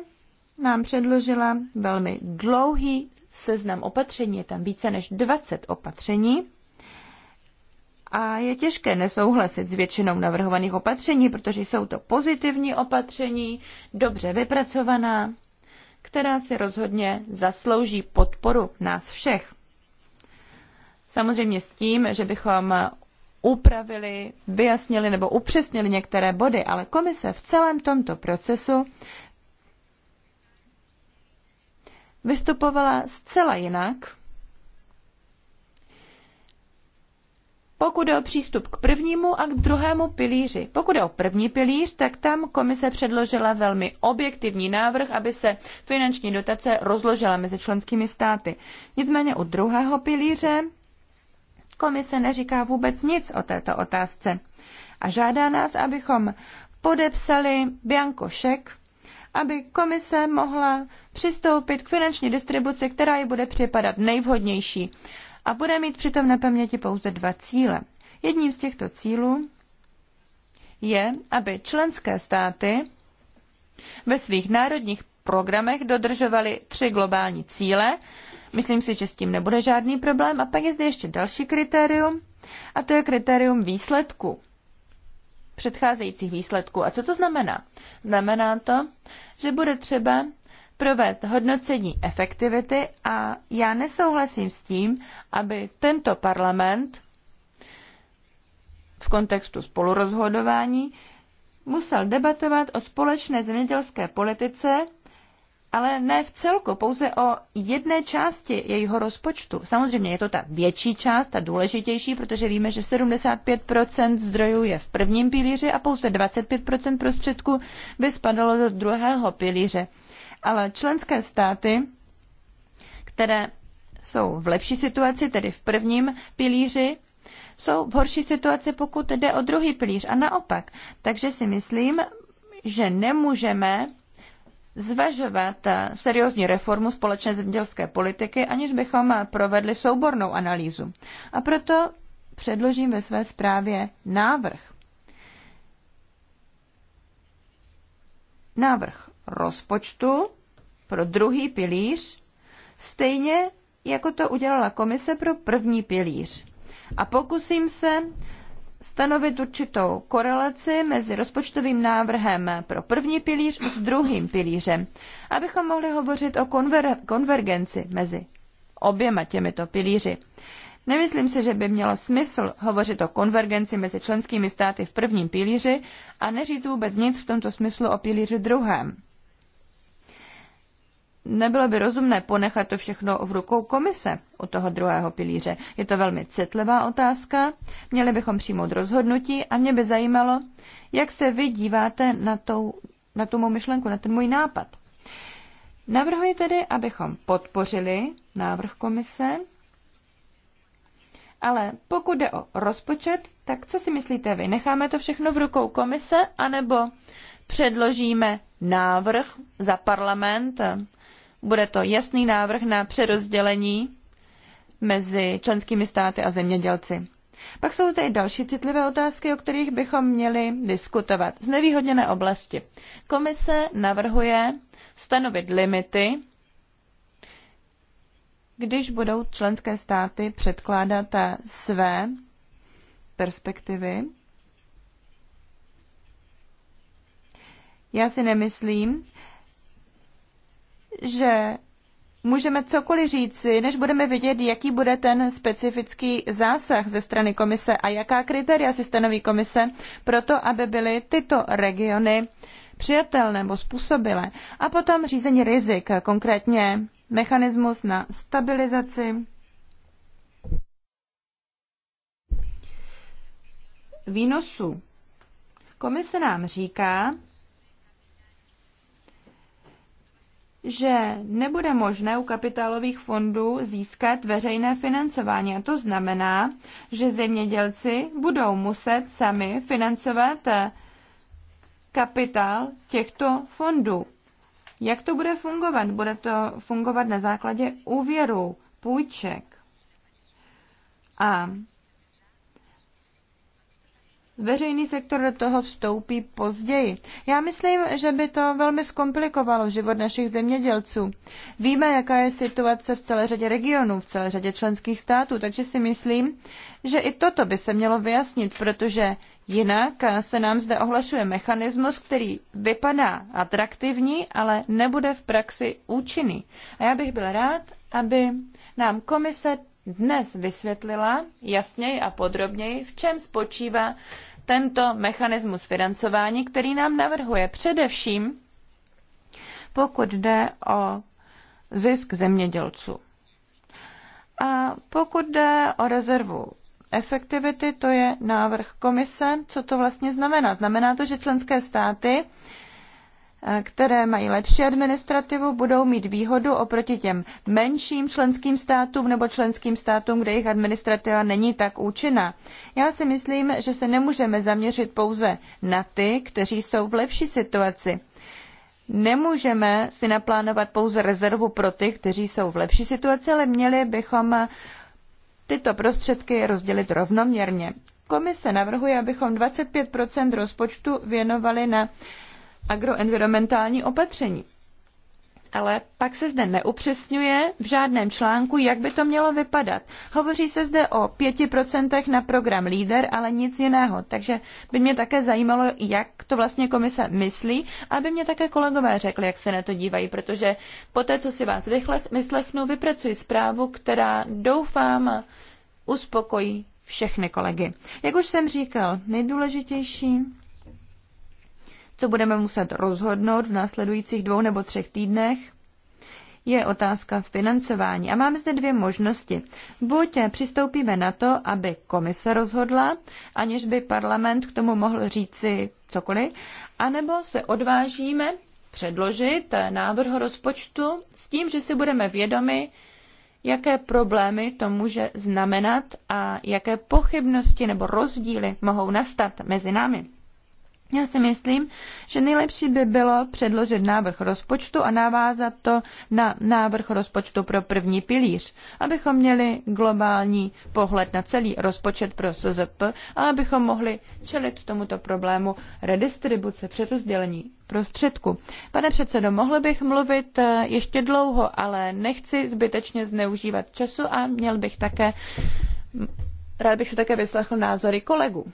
nám předložila velmi dlouhý seznam opatření, je tam více než 20 opatření, a je těžké nesouhlasit s většinou navrhovaných opatření, protože jsou to pozitivní opatření, dobře vypracovaná, která si rozhodně zaslouží podporu nás všech. Samozřejmě s tím, že bychom upravili, vyjasnili nebo upřesnili některé body, ale komise v celém tomto procesu vystupovala zcela jinak Pokud je o přístup k prvnímu a k druhému pilíři. Pokud je o první pilíř, tak tam komise předložila velmi objektivní návrh, aby se finanční dotace rozložila mezi členskými státy. Nicméně u druhého pilíře komise neříká vůbec nic o této otázce a žádá nás, abychom podepsali Bianko šek, aby komise mohla přistoupit k finanční distribuci, která ji bude připadat nejvhodnější a bude mít přitom na paměti pouze dva cíle. Jedním z těchto cílů je, aby členské státy ve svých národních programech dodržovaly tři globální cíle. Myslím si, že s tím nebude žádný problém. A pak je zde ještě další kritérium, a to je kritérium výsledku předcházejících výsledků. A co to znamená? Znamená to, že bude třeba provést hodnocení efektivity a já nesouhlasím s tím, aby tento parlament v kontextu spolurozhodování musel debatovat o společné zemědělské politice, ale ne v celku, pouze o jedné části jejího rozpočtu. Samozřejmě je to ta větší část, ta důležitější, protože víme, že 75% zdrojů je v prvním pilíři a pouze 25% prostředků by spadalo do druhého pilíře ale členské státy, které jsou v lepší situaci, tedy v prvním pilíři, jsou v horší situaci, pokud jde o druhý pilíř a naopak. Takže si myslím, že nemůžeme zvažovat seriózní reformu společné zemědělské politiky, aniž bychom provedli soubornou analýzu. A proto předložím ve své zprávě návrh. Návrh rozpočtu pro druhý pilíř, stejně jako to udělala komise pro první pilíř. A pokusím se stanovit určitou korelaci mezi rozpočtovým návrhem pro první pilíř s druhým pilířem, abychom mohli hovořit o konver- konvergenci mezi oběma těmito pilíři. Nemyslím si, že by mělo smysl hovořit o konvergenci mezi členskými státy v prvním pilíři a neříct vůbec nic v tomto smyslu o pilíři druhém nebylo by rozumné ponechat to všechno v rukou komise u toho druhého pilíře. Je to velmi citlivá otázka, měli bychom přijmout rozhodnutí a mě by zajímalo, jak se vy díváte na, tou, na tu mou myšlenku, na ten můj nápad. Navrhuji tedy, abychom podpořili návrh komise, ale pokud jde o rozpočet, tak co si myslíte vy? Necháme to všechno v rukou komise, anebo předložíme návrh za parlament bude to jasný návrh na přerozdělení mezi členskými státy a zemědělci. Pak jsou tady další citlivé otázky, o kterých bychom měli diskutovat. z nevýhodněné oblasti. Komise navrhuje stanovit limity, když budou členské státy předkládat své perspektivy. Já si nemyslím, že můžeme cokoliv říci, než budeme vidět, jaký bude ten specifický zásah ze strany komise a jaká kritéria si stanoví komise pro to, aby byly tyto regiony přijatelné nebo způsobilé. A potom řízení rizik, konkrétně mechanismus na stabilizaci. Výnosu. Komise nám říká, že nebude možné u kapitálových fondů získat veřejné financování. A to znamená, že zemědělci budou muset sami financovat eh, kapitál těchto fondů. Jak to bude fungovat? Bude to fungovat na základě úvěru, půjček. A Veřejný sektor do toho vstoupí později. Já myslím, že by to velmi zkomplikovalo život našich zemědělců. Víme, jaká je situace v celé řadě regionů, v celé řadě členských států, takže si myslím, že i toto by se mělo vyjasnit, protože jinak se nám zde ohlašuje mechanismus, který vypadá atraktivní, ale nebude v praxi účinný. A já bych byl rád, aby nám komise dnes vysvětlila jasněji a podrobněji, v čem spočívá tento mechanismus financování, který nám navrhuje především, pokud jde o zisk zemědělců. A pokud jde o rezervu efektivity, to je návrh komise. Co to vlastně znamená? Znamená to, že členské státy Eh, které mají lepší administrativu, budou mít výhodu oproti těm menším členským státům nebo členským státům, kde jejich administrativa není tak účinná. Já si myslím, že se nemůžeme zaměřit pouze na ty, kteří jsou v lepší situaci. Nemůžeme si naplánovat pouze rezervu pro ty, kteří jsou v lepší situaci, ale měli bychom tyto prostředky rozdělit rovnoměrně. Komise navrhuje, abychom 25 rozpočtu věnovali na agroenvironmentální opatření. Ale pak se zde neupřesňuje v žádném článku, jak by to mělo vypadat. Hovoří se zde o 5% na program LEADER, ale nic jiného. Takže by mě také zajímalo, jak to vlastně komise myslí, aby mě také kolegové řekli, jak se na to dívají, protože po té, co si vás vyslechnu, vypracuji zprávu, která doufám uspokojí všechny kolegy. Jak už jsem říkal, nejdůležitější to budeme muset rozhodnout v následujících dvou nebo třech týdnech. Je otázka financování a máme zde dvě možnosti. Buď přistoupíme na to, aby komise rozhodla, aniž by parlament k tomu mohl říci cokoliv, anebo se odvážíme předložit návrh rozpočtu s tím, že si budeme vědomi, jaké problémy to může znamenat a jaké pochybnosti nebo rozdíly mohou nastat mezi námi. Já si myslím, že nejlepší by bylo předložit návrh rozpočtu a navázat to na návrh rozpočtu pro první pilíř, abychom měli globální pohled na celý rozpočet pro SZP a abychom mohli čelit tomuto problému redistribuce, přerozdělení prostředku. Pane předsedo, mohl bych mluvit eh, ještě dlouho, ale nechci zbytečně zneužívat času a měl bych také, rád bych se také vyslechl názory kolegů.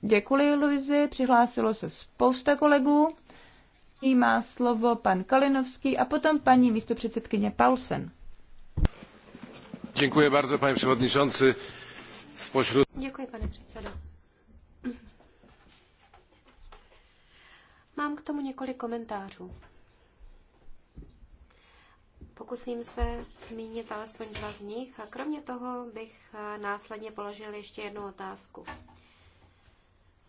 Děkuji, Luizi. Přihlásilo se spousta kolegů. Jí má slovo pan Kalinovský a potom paní místopředsedkyně Paulsen.
Děkuji bardzo, pane předsedající. Spośród...
Děkuji, pane předsedo. Mám k tomu několik komentářů. Pokusím se zmínit alespoň dva z nich a kromě toho bych následně položil ještě jednu otázku.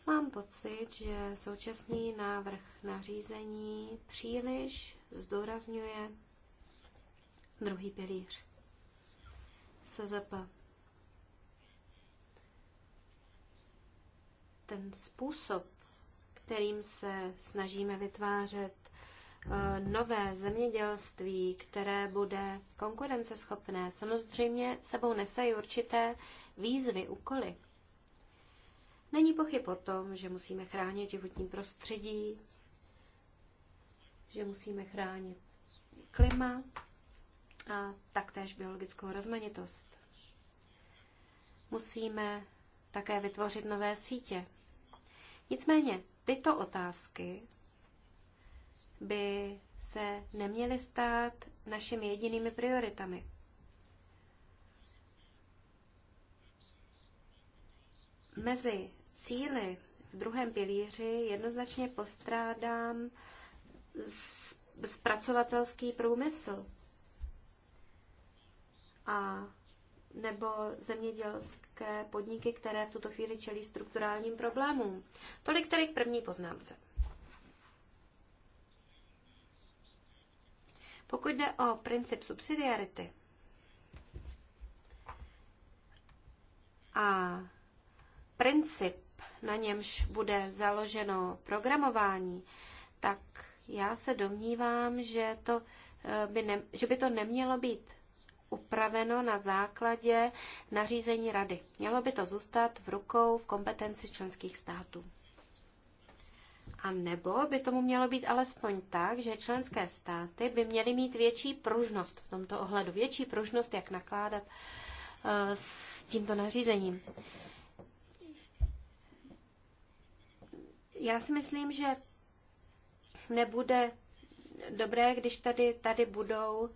Mám pocit, že současný návrh nařízení příliš zdůrazňuje druhý pilíř SZP. Ten způsob, kterým se snažíme vytvářet eh, nové zemědělství, které bude konkurenceschopné, samozřejmě sebou nese i určité výzvy, úkoly. Není pochyb o tom, že musíme chránit životní prostředí, že musíme chránit klima a taktéž biologickou rozmanitost. Musíme také vytvořit nové sítě. Nicméně tyto otázky by se neměly stát našimi jedinými prioritami. Mezi cíly v druhém pilíři jednoznačně postrádám zpracovatelský průmysl a nebo zemědělské podniky, které v tuto chvíli čelí strukturálním problémům. Tolik tedy k první poznámce. Pokud jde o princip subsidiarity a princip na němž bude založeno programování, tak já se domnívám, že, to eh, by, ne, že by to nemělo být upraveno na základě nařízení rady. Mělo by to zůstat v rukou v kompetenci členských států. A nebo by tomu mělo být alespoň tak, že členské státy by měly mít větší pružnost v tomto ohledu, větší pružnost, jak nakládat eh, s tímto nařízením. Já si myslím, že nebude dobré, když tady, tady budou uh,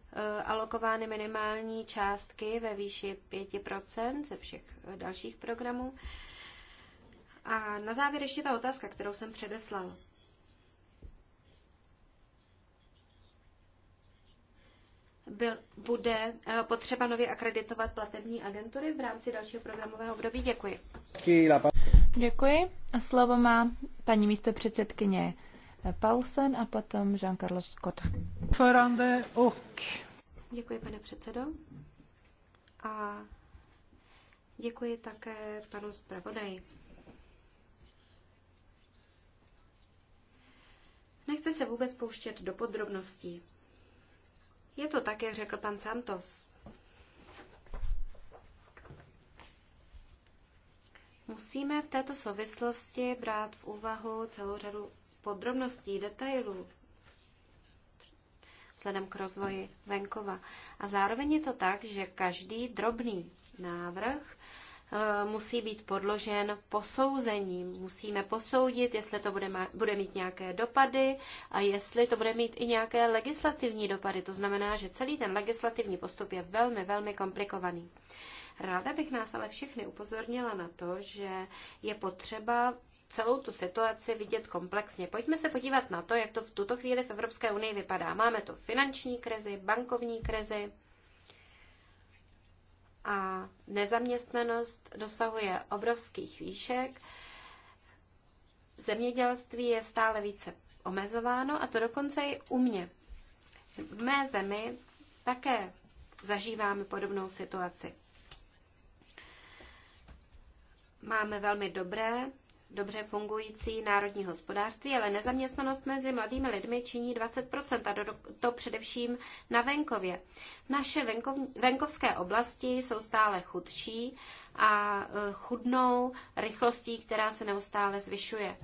alokovány minimální částky ve výši 5% ze všech eh, dalších programů. A na závěr ještě ta otázka, kterou jsem předeslal. Byl, bude uh, potřeba nově akreditovat platební agentury v rámci dalšího programového období? Děkuji.
Děkuji. A slovo má paní místo předsedkyně Paulsen a potom jean carlos Scott.
Förande och... Děkuji, pane předsedo. A děkuji také panu zpravodaji. Nechci se vůbec pouštět do podrobností. Je to tak, jak řekl pan Santos. Musíme v této souvislosti brát v úvahu celou řadu podrobností, detailů vzhledem k rozvoji venkova. A zároveň je to tak, že každý drobný návrh eh, musí být podložen posouzením. Musíme posoudit, jestli to bude, má, bude mít nějaké dopady a jestli to bude mít i nějaké legislativní dopady. To znamená, že celý ten legislativní postup je velmi, velmi komplikovaný. Ráda bych nás ale všechny upozornila na to, že je potřeba celou tu situaci vidět komplexně. Pojďme se podívat na to, jak to v tuto chvíli v Evropské unii vypadá. Máme tu finanční krizi, bankovní krizi a nezaměstnanost dosahuje obrovských výšek. Zemědělství je stále více omezováno a to dokonce i u mě. V mé zemi také zažíváme podobnou situaci. Máme velmi dobré, dobře fungující národní hospodářství, ale nezaměstnanost mezi mladými lidmi činí 20% a to především na venkově. Naše venkov, venkovské oblasti jsou stále chudší a e, chudnou rychlostí, která se neustále zvyšuje.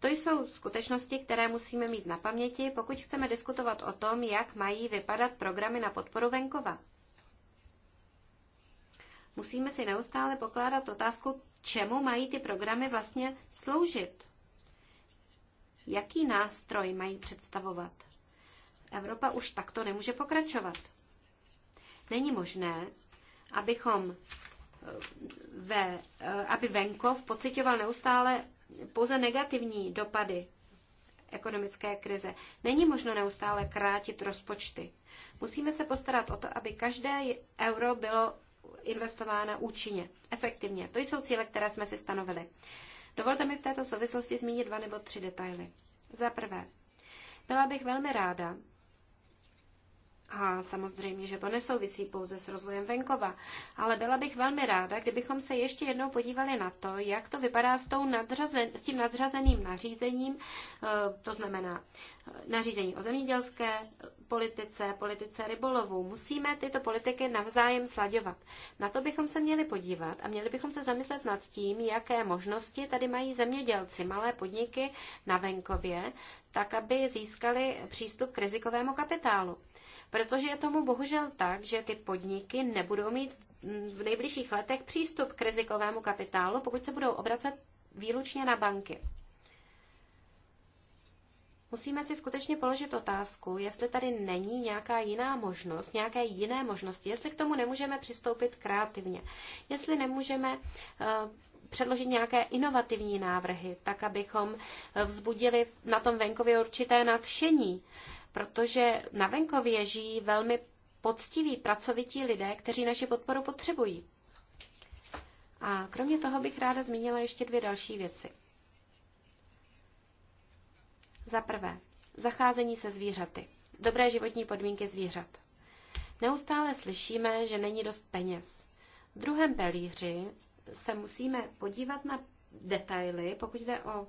To jsou skutečnosti, které musíme mít na paměti, pokud chceme diskutovat o tom, jak mají vypadat programy na podporu venkova. Musíme si neustále pokládat otázku, čemu mají ty programy vlastně sloužit. Jaký nástroj mají představovat? Evropa už takto nemůže pokračovat. Není možné, abychom eh, ve, eh, aby venkov pocitoval neustále pouze negativní dopady ekonomické krize. Není možno neustále krátit rozpočty. Musíme se postarat o to, aby každé euro bylo investována účinně, efektivně. To jsou cíle, které jsme si stanovili. Dovolte mi v této souvislosti zmínit dva nebo tři detaily. Za prvé, byla bych velmi ráda, a samozřejmě, že to nesouvisí pouze s rozvojem venkova, ale byla bych velmi ráda, kdybychom se ještě jednou podívali na to, jak to vypadá s, tou nadřazen, s tím nadřazeným nařízením, eh, to znamená eh, nařízení o zemědělské politice, politice rybolovu. Musíme tyto politiky navzájem slaďovat. Na to bychom se měli podívat a měli bychom se zamyslet nad tím, jaké možnosti tady mají zemědělci, malé podniky na venkově, tak aby získali přístup k rizikovému kapitálu. Protože je tomu bohužel tak, že ty podniky nebudou mít v nejbližších letech přístup k rizikovému kapitálu, pokud se budou obracet výlučně na banky. Musíme si skutečně položit otázku, jestli tady není nějaká jiná možnost, nějaké jiné možnosti, jestli k tomu nemůžeme přistoupit kreativně, jestli nemůžeme eh, předložit nějaké inovativní návrhy, tak abychom eh, vzbudili na tom venkově určité nadšení protože na venkově žijí velmi poctiví, pracovití lidé, kteří naši podporu potřebují. A kromě toho bych ráda zmínila ještě dvě další věci. Za prvé, zacházení se zvířaty. Dobré životní podmínky zvířat. Neustále slyšíme, že není dost peněz. V druhém pelíři se musíme podívat na detaily, pokud jde o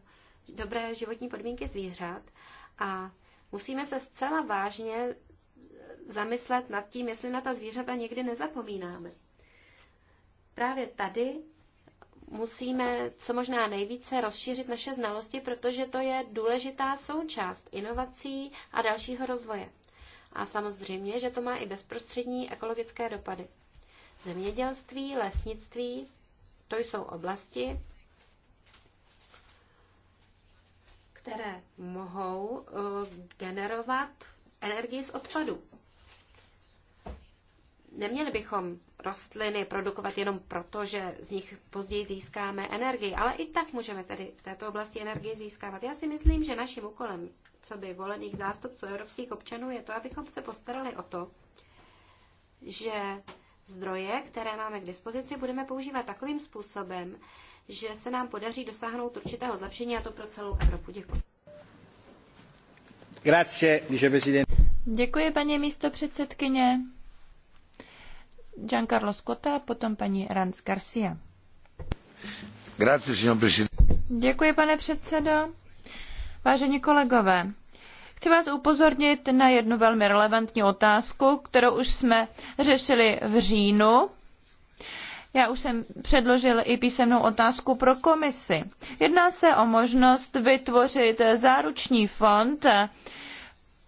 dobré životní podmínky zvířat a Musíme se zcela vážně zamyslet nad tím, jestli na ta zvířata někdy nezapomínáme. Právě tady musíme co možná nejvíce rozšířit naše znalosti, protože to je důležitá součást inovací a dalšího rozvoje. A samozřejmě, že to má i bezprostřední ekologické dopady. Zemědělství, lesnictví, to jsou oblasti, které mohou eh, generovat energii z odpadu. Neměli bychom rostliny produkovat jenom proto, že z nich později získáme energii, ale i tak můžeme tedy v této oblasti energii získávat. Já si myslím, že naším úkolem, co by volených zástupců evropských občanů, je to, abychom se postarali o to, že zdroje, které máme k dispozici, budeme používat takovým způsobem, že se nám podaří dosáhnout určitého zlepšení a to pro celou Evropu. Děkuji.
Grazie,
Děkuji, paní místo předsedkyně. Giancarlo Scotta potom paní Ranz Garcia. Grazie, signor Děkuji, pane předsedo. Vážení kolegové, Chci vás upozornit na jednu velmi relevantní otázku, kterou už jsme řešili v říjnu. Já už jsem předložil i písemnou otázku pro komisi. Jedná se o možnost vytvořit záruční fond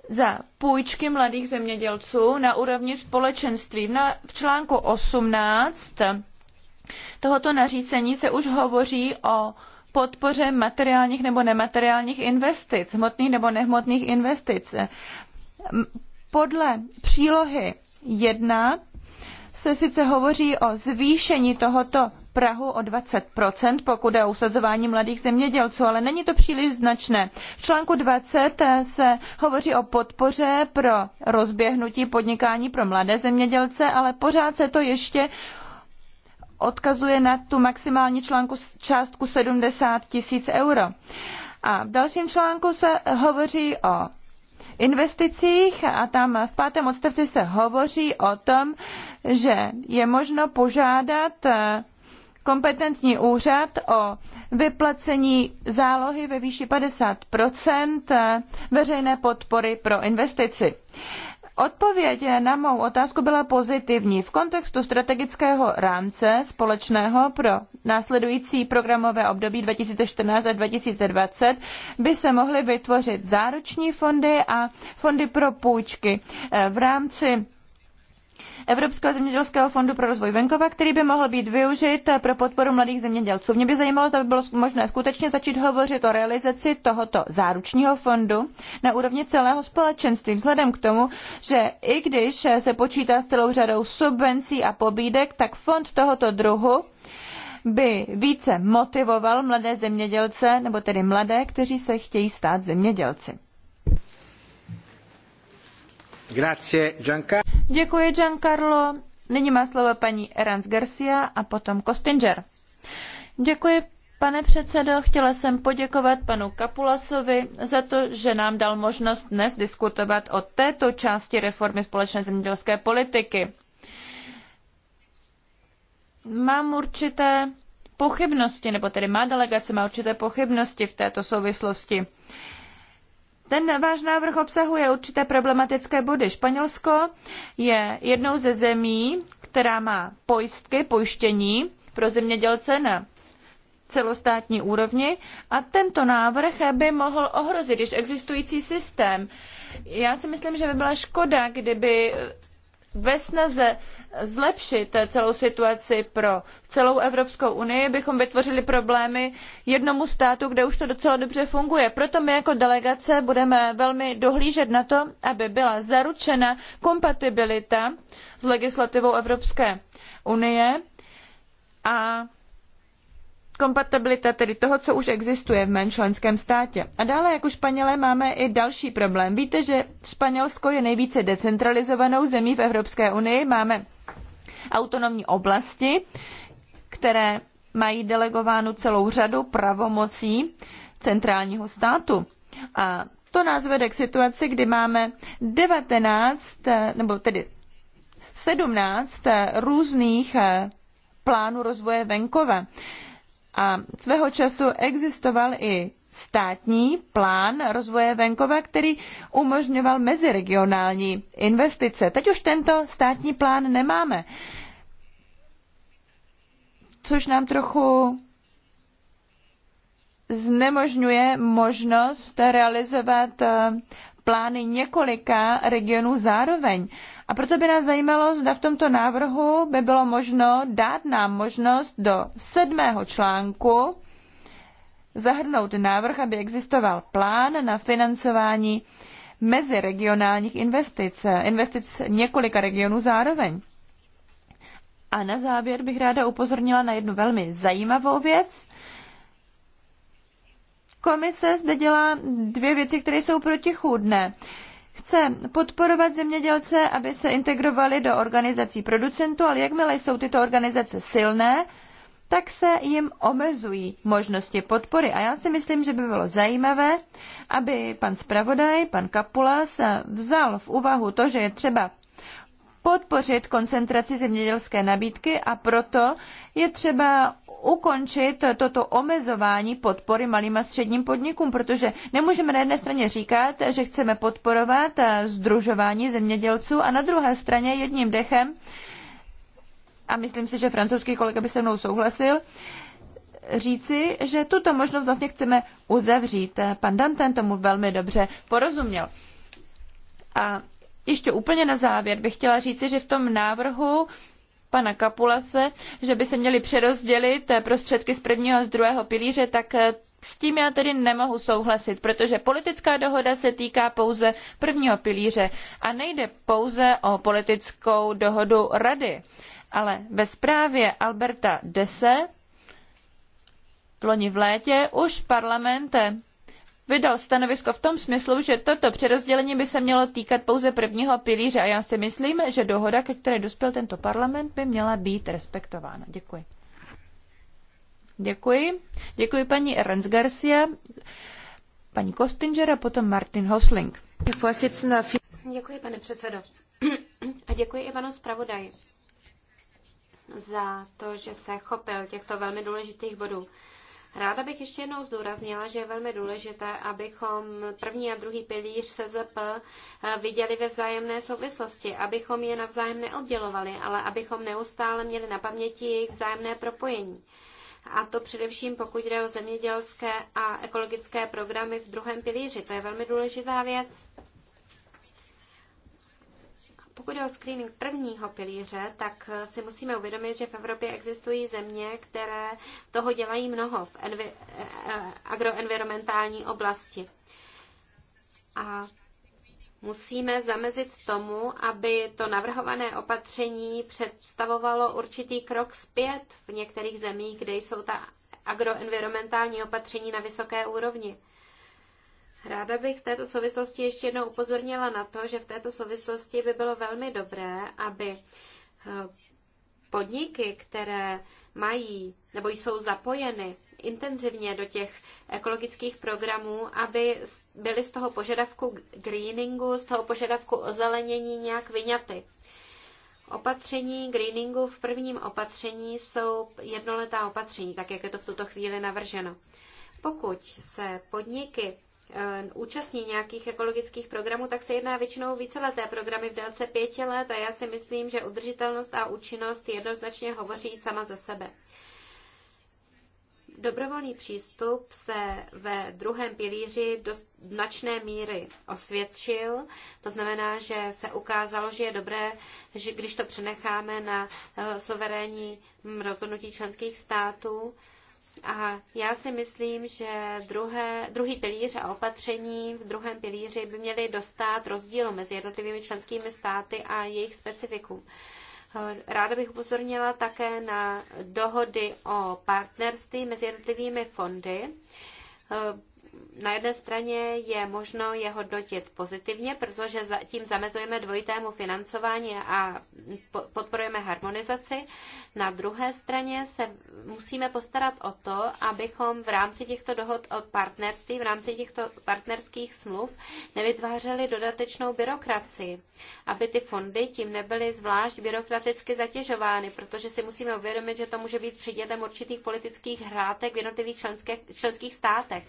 za půjčky mladých zemědělců na úrovni společenství. v článku 18 tohoto nařízení se už hovoří o podpoře materiálních nebo nemateriálních investic, hmotných nebo nehmotných investic. Podle přílohy 1 se sice hovoří o zvýšení tohoto Prahu o 20%, pokud je o usazování mladých zemědělců, ale není to příliš značné. V článku 20 se hovoří o podpoře pro rozběhnutí podnikání pro mladé zemědělce, ale pořád se to ještě odkazuje na tu maximální článku, částku 70 tisíc euro. A v dalším článku se hovoří o investicích a tam v pátém odstavci se hovoří o tom, že je možno požádat eh, kompetentní úřad o vyplacení zálohy ve výši 50 eh, veřejné podpory pro investici. Odpověď na mou otázku byla pozitivní. V kontextu strategického rámce společného pro následující programové období 2014 až 2020 by se mohly vytvořit záruční fondy a fondy pro půjčky eh, v rámci Evropského zemědělského fondu pro rozvoj venkova, který by mohl být využit eh, pro podporu mladých zemědělců. Mě by zajímalo, zda by bylo možné skutečně začít hovořit o realizaci tohoto záručního fondu na úrovni celého společenství, vzhledem k tomu, že i když eh, se počítá s celou řadou subvencí a pobídek, tak fond tohoto druhu by více motivoval mladé zemědělce, nebo tedy mladé, kteří se chtějí stát zemědělci. Grazie, Děkuji, Giancarlo. Nyní má slovo paní Erans Garcia a potom Kostinger. Děkuji, pane předsedo. Chtěla jsem poděkovat panu Kapulasovi za to, že nám dal možnost dnes diskutovat o této části reformy společné zemědělské politiky. Mám určité pochybnosti, nebo tedy má delegace má určité pochybnosti v této souvislosti. Ten váš návrh obsahuje určité problematické body. Španělsko je jednou ze zemí, která má pojistky, pojištění pro zemědělce na celostátní úrovni a tento návrh by mohl ohrozit již existující systém. Já si myslím, že by byla škoda, kdyby ve snaze zlepšit celou situaci pro celou Evropskou unii, bychom vytvořili problémy jednomu státu, kde už to docela dobře funguje. Proto my jako delegace budeme velmi dohlížet na to, aby byla zaručena kompatibilita s legislativou Evropské unie a kompatibilita tedy toho, co už existuje v mém členském státě. A dále jako Španělé máme i další problém. Víte, že Španělsko je nejvíce decentralizovanou zemí v Evropské unii. Máme autonomní oblasti, které mají delegovánu celou řadu pravomocí centrálního státu. A to nás vede k situaci, kdy máme 19, nebo tedy 17 různých plánů rozvoje venkova. A svého času existoval i státní plán rozvoje venkova, který umožňoval meziregionální investice. Teď už tento státní plán nemáme, což nám trochu znemožňuje možnost realizovat eh, plány několika regionů zároveň. A proto by nás zajímalo, zda v tomto návrhu by bylo možno dát nám možnost do sedmého článku zahrnout návrh, aby existoval plán na financování meziregionálních investic, investic několika regionů zároveň. A na závěr bych ráda upozornila na jednu velmi zajímavou věc, Komise zde dělá dvě věci, které jsou protichůdné. Chce podporovat zemědělce, aby se integrovali do organizací producentů, ale jakmile jsou tyto organizace silné, tak se jim omezují možnosti podpory. A já si myslím, že by bylo zajímavé, aby pan zpravodaj, pan Kapula, se vzal v úvahu to, že je třeba podpořit koncentraci zemědělské nabídky a proto je třeba ukončit toto omezování podpory malým a středním podnikům, protože nemůžeme na jedné straně říkat, že chceme podporovat združování zemědělců a na druhé straně jedním dechem, a myslím si, že francouzský kolega by se mnou souhlasil, říci, že tuto možnost vlastně chceme uzavřít. Pan Danten tomu velmi dobře porozuměl. A ještě úplně na závěr bych chtěla říci, že v tom návrhu pana Kapulase, že by se měly přerozdělit eh, prostředky z prvního a z druhého pilíře, tak eh, s tím já tedy nemohu souhlasit, protože politická dohoda se týká pouze prvního pilíře a nejde pouze o politickou dohodu rady. Ale ve zprávě Alberta Dese loni v létě už parlament eh, vydal stanovisko v tom smyslu, že toto přerozdělení by se mělo týkat pouze prvního pilíře a já si myslím, že dohoda, ke které dospěl tento parlament, by měla být respektována. Děkuji. Děkuji. Děkuji paní Ernst Garcia, paní Kostinger a potom Martin Hosling.
Děkuji, pane předsedo. A děkuji panu zpravodaji za to, že se chopil těchto velmi důležitých bodů. Ráda bych ještě jednou zdůraznila, že je velmi důležité, abychom první a druhý pilíř SZP eh, viděli ve vzájemné souvislosti, abychom je navzájem neoddělovali, ale abychom neustále měli na paměti jejich vzájemné propojení. A to především pokud jde o zemědělské a ekologické programy v druhém pilíři. To je velmi důležitá věc. Pokud je o screening prvního pilíře, tak eh, si musíme uvědomit, že v Evropě existují země, které toho dělají mnoho v envi- eh, eh, agroenvironmentální oblasti. A musíme zamezit tomu, aby to navrhované opatření představovalo určitý krok zpět v některých zemích, kde jsou ta agroenvironmentální opatření na vysoké úrovni. Ráda bych v této souvislosti ještě jednou upozornila na to, že v této souvislosti by bylo velmi dobré, aby eh, podniky, které mají nebo jsou zapojeny intenzivně do těch ekologických programů, aby byly z toho požadavku greeningu, z toho požadavku ozelenění nějak vyňaty. Opatření greeningu v prvním opatření jsou jednoletá opatření, tak jak je to v tuto chvíli navrženo. Pokud se podniky Eh, účastní nějakých ekologických programů, tak se jedná většinou víceleté programy v délce pěti let a já si myslím, že udržitelnost a účinnost jednoznačně hovoří sama za sebe. Dobrovolný přístup se ve druhém pilíři do značné míry osvědčil. To znamená, že se ukázalo, že je dobré, že když to přenecháme na eh, suverénní rozhodnutí členských států, a já si myslím, že druhé, druhý pilíř a opatření v druhém pilíři by měly dostat rozdílu mezi jednotlivými členskými státy a jejich specifikum. Ráda bych upozornila také na dohody o partnerství mezi jednotlivými fondy na jedné straně je možno je hodnotit pozitivně, protože tím zamezujeme dvojitému financování a podporujeme harmonizaci. Na druhé straně se musíme postarat o to, abychom v rámci těchto dohod o partnerství, v rámci těchto partnerských smluv nevytvářeli dodatečnou byrokracii, aby ty fondy tím nebyly zvlášť byrokraticky zatěžovány, protože si musíme uvědomit, že to může být předmětem určitých politických hrátek v jednotlivých členských státech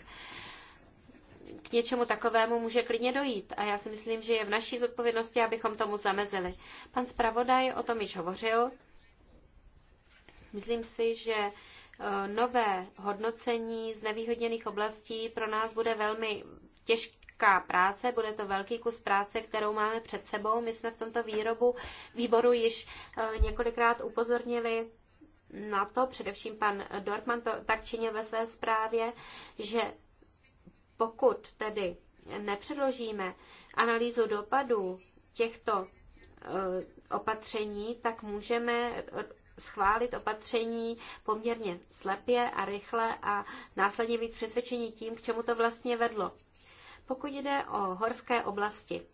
k něčemu takovému může klidně dojít. A já si myslím, že je v naší zodpovědnosti, abychom tomu zamezili. Pan zpravodaj o tom již hovořil. Myslím si, že e, nové hodnocení z nevýhodněných oblastí pro nás bude velmi těžká práce, bude to velký kus práce, kterou máme před sebou. My jsme v tomto výrobu, výboru již e, několikrát upozornili na to, především pan Dortman to tak činil ve své zprávě, že pokud tedy nepředložíme analýzu dopadů těchto eh, opatření, tak můžeme schválit opatření poměrně slepě a rychle a následně být přesvědčení tím, k čemu to vlastně vedlo. Pokud jde o horské oblasti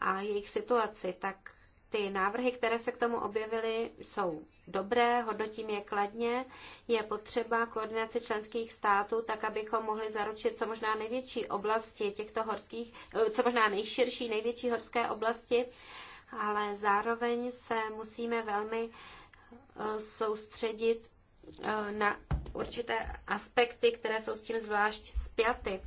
a jejich situaci, tak ty návrhy, které se k tomu objevily, jsou dobré, hodnotím je kladně. Je potřeba koordinace členských států, tak abychom mohli zaručit co možná největší oblasti těchto horských, eh, co možná nejširší, největší horské oblasti, ale zároveň se musíme velmi eh, soustředit eh, na určité aspekty, které jsou s tím zvlášť spjaty.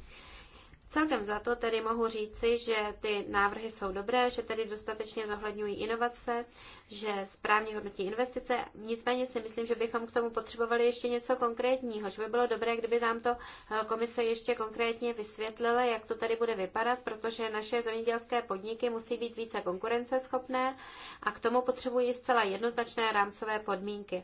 Celkem za to tedy mohu říci, že ty návrhy jsou dobré, že tedy dostatečně zohledňují inovace, že správně hodnotí investice. Nicméně si myslím, že bychom k tomu potřebovali ještě něco konkrétního, že by bylo dobré, kdyby nám to eh, komise ještě konkrétně vysvětlila, jak to tady bude vypadat, protože naše zemědělské podniky musí být více konkurenceschopné a k tomu potřebují zcela jednoznačné rámcové podmínky.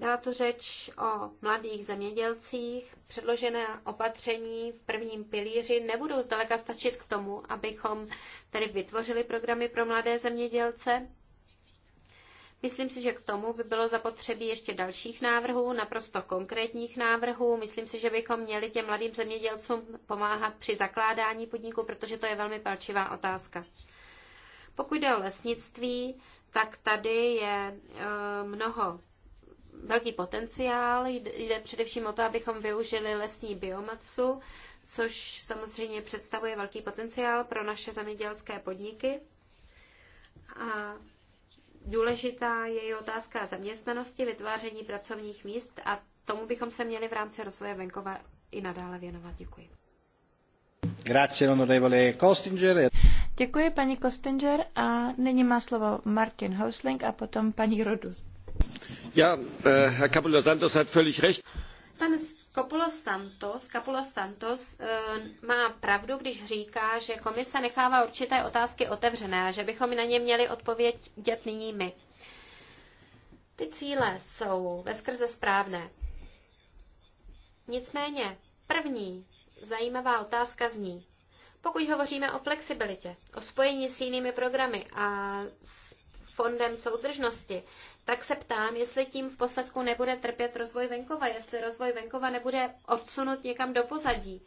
Byla tu řeč o mladých zemědělcích. Předložené opatření v prvním pilíři nebudou zdaleka stačit k tomu, abychom tedy vytvořili programy pro mladé zemědělce. Myslím si, že k tomu by bylo zapotřebí ještě dalších návrhů, naprosto konkrétních návrhů. Myslím si, že bychom měli těm mladým zemědělcům pomáhat při zakládání podniku, protože to je velmi palčivá otázka. Pokud jde o lesnictví, tak tady je eh, mnoho velký potenciál. Jde především o to, abychom využili lesní biomasu, což samozřejmě představuje velký potenciál pro naše zemědělské podniky. A důležitá je i otázka zaměstnanosti, vytváření pracovních míst a tomu bychom se měli v rámci rozvoje venkova i nadále věnovat. Děkuji.
Grazie, onorevole Kostinger.
Děkuji,
paní Kostinger. A nyní má slovo Martin Hausling a potom paní
Rodus. Ja, äh, Herr Capoulas Santos hat völlig recht. Pan Kopolos Santos, Santos äh, má pravdu, když říká, že komise nechává určité otázky otevřené a že bychom na ně měli odpovědět nyní my. Ty cíle jsou veskrze správné. Nicméně první zajímavá otázka zní, pokud hovoříme o flexibilitě, o spojení s jinými programy a s fondem soudržnosti, tak se ptám, jestli tím v posledku nebude trpět rozvoj venkova, jestli rozvoj venkova nebude odsunut někam do pozadí,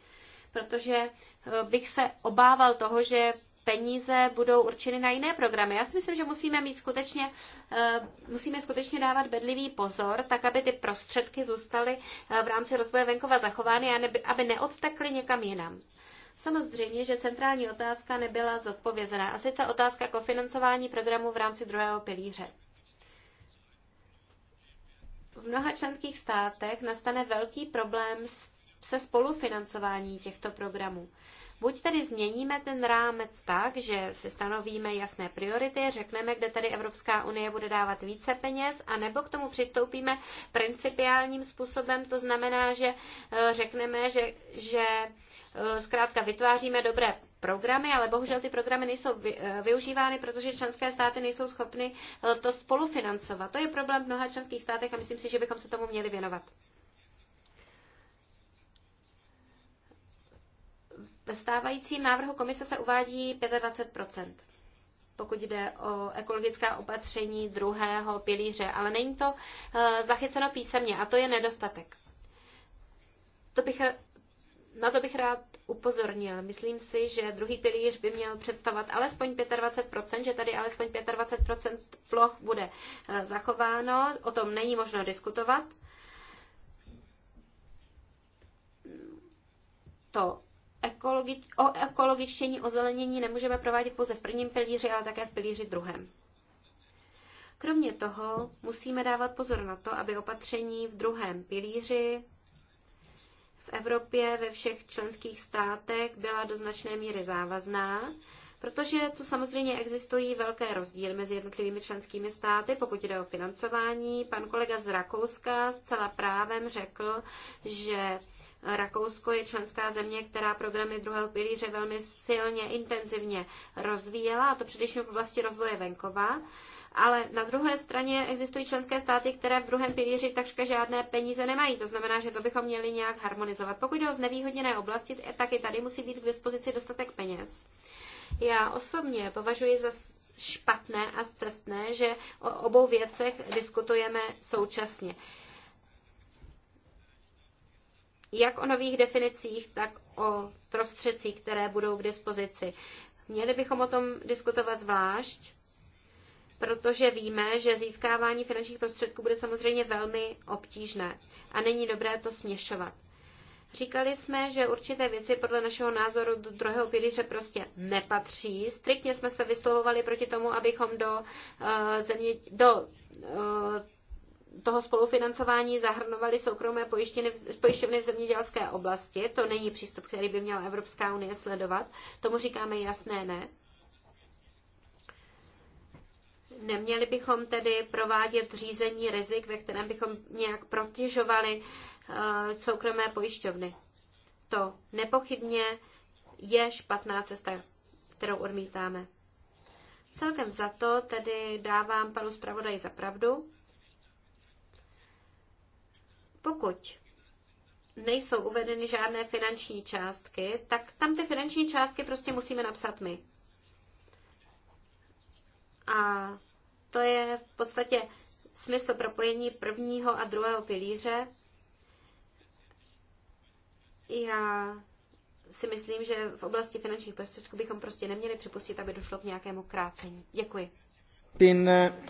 protože eh, bych se obával toho, že peníze budou určeny na jiné programy. Já si myslím, že musíme mít skutečně, eh, musíme skutečně dávat bedlivý pozor, tak aby ty prostředky zůstaly eh, v rámci rozvoje venkova zachovány a neby, aby neodtekly někam jinam. Samozřejmě, že centrální otázka nebyla zodpovězena, a sice otázka kofinancování programu v rámci druhého pilíře v mnoha členských státech nastane velký problém se spolufinancování těchto programů. Buď tedy změníme ten rámec tak, že si stanovíme jasné priority, řekneme, kde tady Evropská unie bude dávat více peněz, anebo k tomu přistoupíme principiálním způsobem, to znamená, že eh, řekneme, že, že eh, zkrátka vytváříme dobré programy, ale bohužel ty programy nejsou eh, využívány, protože členské státy nejsou schopny eh, to spolufinancovat. To je problém v mnoha členských státech a myslím si, že bychom se tomu měli věnovat. Ve stávajícím návrhu komise se uvádí 25 pokud jde o ekologická opatření druhého pilíře, ale není to eh, zachyceno písemně a to je nedostatek. To bych na to bych rád upozornil. Myslím si, že druhý pilíř by měl představovat alespoň 25%, že tady alespoň 25% ploch bude eh, zachováno. O tom není možno diskutovat. To o ekologičtění, o zelenění nemůžeme provádět pouze v prvním pilíři, ale také v pilíři druhém. Kromě toho musíme dávat pozor na to, aby opatření v druhém pilíři v Evropě ve všech členských státech byla do značné míry závazná, protože tu samozřejmě existují velké rozdíly mezi jednotlivými členskými státy, pokud jde o financování. Pan kolega z Rakouska zcela právem řekl, že Rakousko je členská země, která programy druhého pilíře velmi silně, intenzivně rozvíjela, a to především v oblasti rozvoje venkova. Ale na druhé straně existují členské státy, které v druhém pilíři takřka žádné peníze nemají. To znamená, že to bychom měli nějak harmonizovat. Pokud jde o znevýhodněné oblasti, tak i tady musí být k dispozici dostatek peněz. Já osobně považuji za špatné a zcestné, že o obou věcech diskutujeme současně jak o nových definicích, tak o prostředcích, které budou k dispozici. Měli bychom o tom diskutovat zvlášť, protože víme, že získávání finančních prostředků bude samozřejmě velmi obtížné a není dobré to směšovat. Říkali jsme, že určité věci podle našeho názoru do druhého pilíře prostě nepatří. Striktně jsme se vyslovovali proti tomu, abychom do, uh, země, do uh, toho spolufinancování zahrnovali soukromé pojišťovny v zemědělské oblasti. To není přístup, který by měla Evropská unie sledovat. Tomu říkáme jasné ne. Neměli bychom tedy provádět řízení rizik, ve kterém bychom nějak protěžovali eh, soukromé pojišťovny. To nepochybně je špatná cesta, kterou odmítáme. Celkem za to tedy dávám panu zpravodaji za pravdu. Pokud nejsou uvedeny žádné finanční částky, tak tam ty finanční částky prostě musíme napsat my. A to je v podstatě smysl propojení prvního a druhého pilíře. Já si myslím, že v oblasti finančních prostředků bychom prostě neměli připustit, aby došlo k nějakému krácení. Děkuji.
Tin. Eh,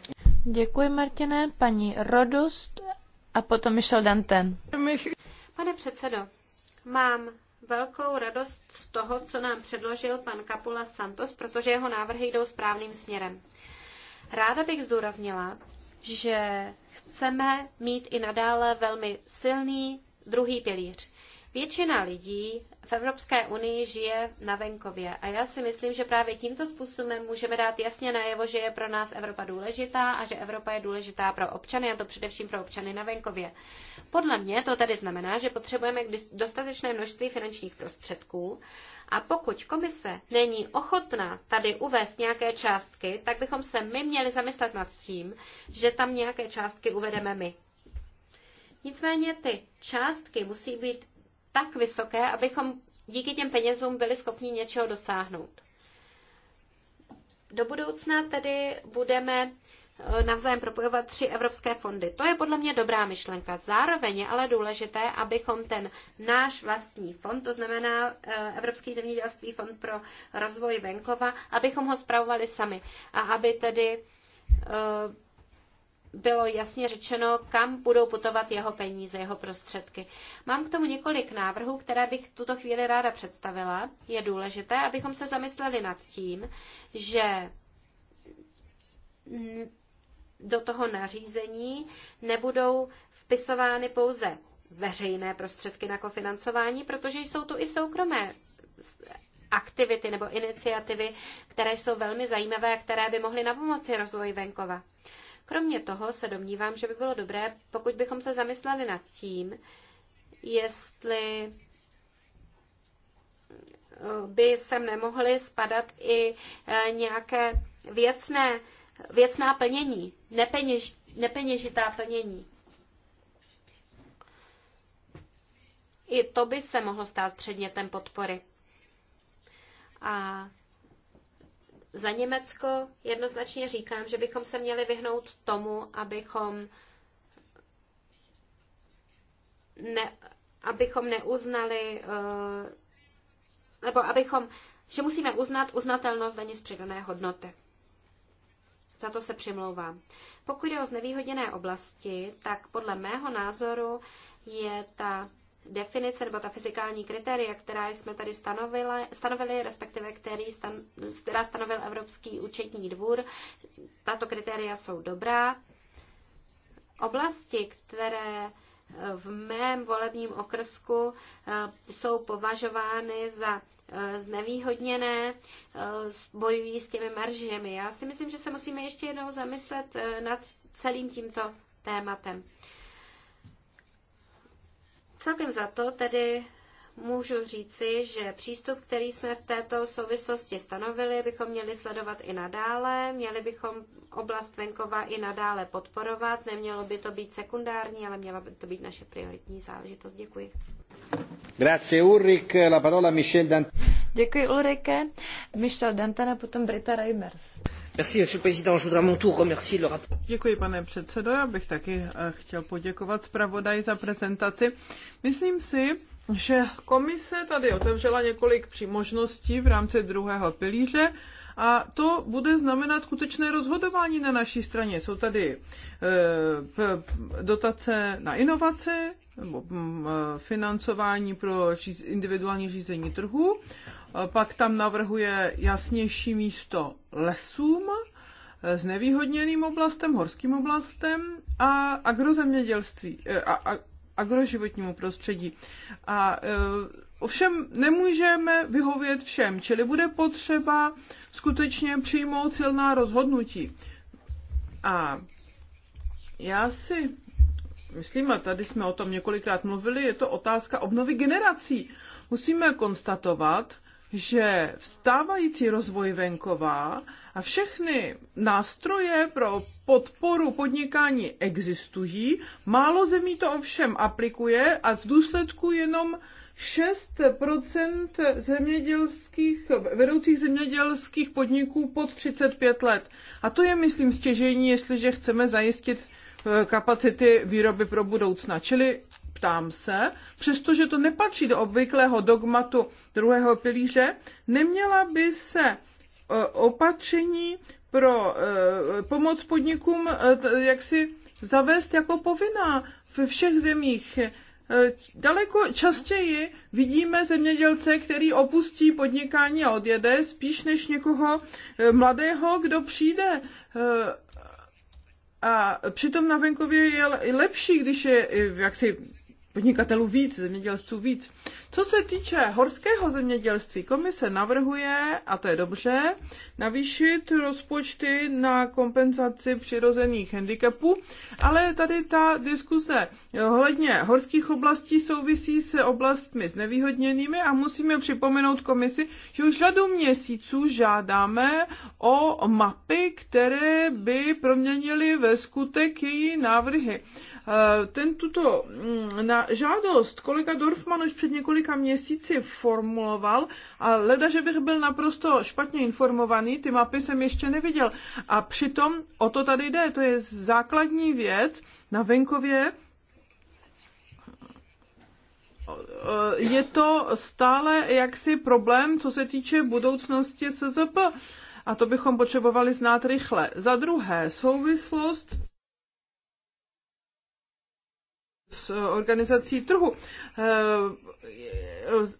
Děkuji, Martine. Paní Rodust a potom Michel Danten.
Pane předsedo, mám velkou radost z toho, co nám předložil pan Kapula Santos, protože jeho návrhy jdou správným směrem. Ráda bych zdůraznila, že chceme mít i nadále velmi silný druhý pilíř. Většina lidí v Evropské unii žije na venkově a já si myslím, že právě tímto způsobem můžeme dát jasně najevo, že je pro nás Evropa důležitá a že Evropa je důležitá pro občany a to především pro občany na venkově. Podle mě to tedy znamená, že potřebujeme dostatečné množství finančních prostředků a pokud komise není ochotná tady uvést nějaké částky, tak bychom se my měli zamyslet nad tím, že tam nějaké částky uvedeme my. Nicméně ty částky musí být tak vysoké, abychom díky těm penězům byli schopni něčeho dosáhnout. Do budoucna tedy budeme eh, navzájem propojovat tři evropské fondy. To je podle mě dobrá myšlenka. Zároveň je ale důležité, abychom ten náš vlastní fond, to znamená eh, Evropský zemědělství fond pro rozvoj venkova, abychom ho zpravovali sami a aby tedy eh, bylo jasně řečeno, kam budou putovat jeho peníze, jeho prostředky. Mám k tomu několik návrhů, které bych tuto chvíli ráda představila. Je důležité, abychom se zamysleli nad tím, že do toho nařízení nebudou vpisovány pouze veřejné prostředky na kofinancování, protože jsou tu i soukromé aktivity nebo iniciativy, které jsou velmi zajímavé a které by mohly napomoci rozvoji venkova. Kromě toho se domnívám, že by bylo dobré, pokud bychom se zamysleli nad tím, jestli eh, by sem nemohly spadat i eh, nějaké věcné, věcná plnění, nepeněž, nepeněžitá plnění. I to by se mohlo stát předmětem podpory. A za Německo jednoznačně říkám, že bychom se měli vyhnout tomu, abychom, ne, abychom neuznali, eh, nebo abychom, že musíme uznat uznatelnost daně z přidané hodnoty. Za to se přimlouvám. Pokud jde o znevýhodněné oblasti, tak podle mého názoru je ta definice nebo ta fyzikální kritéria, která jsme tady stanovili, stanovili respektive který stan, která stanovil Evropský účetní dvůr, tato kritéria jsou dobrá. Oblasti, které eh, v mém volebním okrsku eh, jsou považovány za eh, znevýhodněné, bojují s těmi maržemi. Já si myslím, že se musíme ještě jednou zamyslet nad celým tímto tématem. Celkem za to tedy můžu říci, že přístup, který jsme v této souvislosti stanovili, bychom měli sledovat i nadále, měli bychom oblast venkova i nadále podporovat, nemělo by to být sekundární, ale měla by to být naše prioritní záležitost. Děkuji.
Grazie Ulrik, la parola Michel Dantin.
Děkuji Ulrike, Michel Dantana,
potom Brita Reimers.
Děkuji, pane předsedo. Já bych taky eh, chtěl poděkovat zpravodaji za prezentaci. Myslím si, že komise tady otevřela několik možností v rámci druhého pilíře a to bude znamenat skutečné rozhodování na naší straně. Jsou tady eh, dotace na inovace nebo mm, eh, financování pro individuální řízení trhu, pak tam navrhuje jasnější místo lesům, eh, znevýhodněným oblastem, horským oblastem a agrozemědělství, a, a, agroživotnímu prostředí. A Ovšem nemůžeme vyhovět všem, čili bude potřeba skutečně přijmout silná rozhodnutí. A já si myslím, a tady jsme o tom několikrát mluvili, je to otázka obnovy generací. Musíme konstatovat, že vstávající rozvoj venková a všechny nástroje pro podporu podnikání existují, málo zemí to ovšem aplikuje a v důsledku jenom 6 zemědělských, vedoucích zemědělských podniků pod 35 let. A to je, myslím, stěžení, jestliže chceme zajistit eh, kapacity výroby pro budoucna. Čili ptám se, přestože to nepatří do obvyklého dogmatu druhého pilíře, neměla by se eh, opatření pro eh, pomoc podnikům jaksi zavést jako povinná ve všech zemích E, daleko častěji vidíme zemědělce, který opustí podnikání a odjede, spíš než někoho e, mladého, kdo přijde. E, a přitom na venkově je lepší, když je jaksi podnikatelů víc, zemědělců víc. Co se týče horského zemědělství, komise navrhuje, a to je dobře, navýšit rozpočty na kompenzaci přirozených handicapů, ale tady ta diskuse ohledně horských oblastí souvisí se oblastmi znevýhodněnými a musíme připomenout komisi, že už řadu měsíců žádáme o mapy, které by proměnily ve skutek její návrhy. Eh, ten tuto mm, na žádost kolega Dorfman už před několika měsíci formuloval a leda, že bych byl naprosto špatně informovaný, ty mapy jsem ještě neviděl. A přitom o to tady jde, to je základní věc na venkově, eh, je to stále jaksi problém, co se týče budoucnosti SZP. A to bychom potřebovali znát rychle. Za druhé, souvislost s organizací trhu. Eh,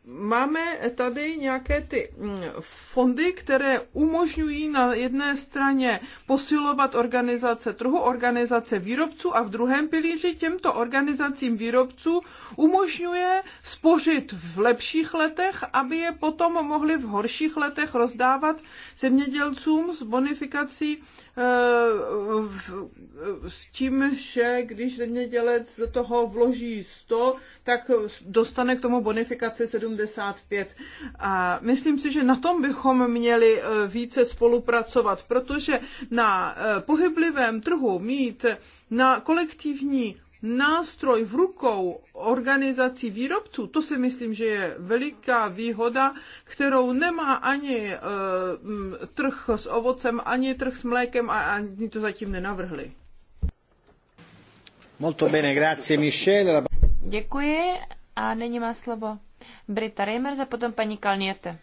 máme tady nějaké ty mm, fondy, které umožňují na jedné straně posilovat organizace trhu, organizace výrobců a v druhém pilíři těmto organizacím výrobců umožňuje spořit v lepších letech, aby je potom mohli v horších letech rozdávat zemědělcům s bonifikací Eh, s tím, že když zemědělec do toho vloží 100, tak dostane k tomu bonifikaci 75. A myslím si, že na tom bychom měli eh, více spolupracovat, protože na eh, pohyblivém trhu mít na kolektivní nástroj v rukou organizací výrobců, to si myslím, že je veliká výhoda, kterou nemá ani eh, trh s ovocem, ani trh s mlékem a ani to zatím nenavrhli. Molto bene, grazie Michele. Děkuji
a nyní má slovo Brita Reimer, a potom paní Kalniete.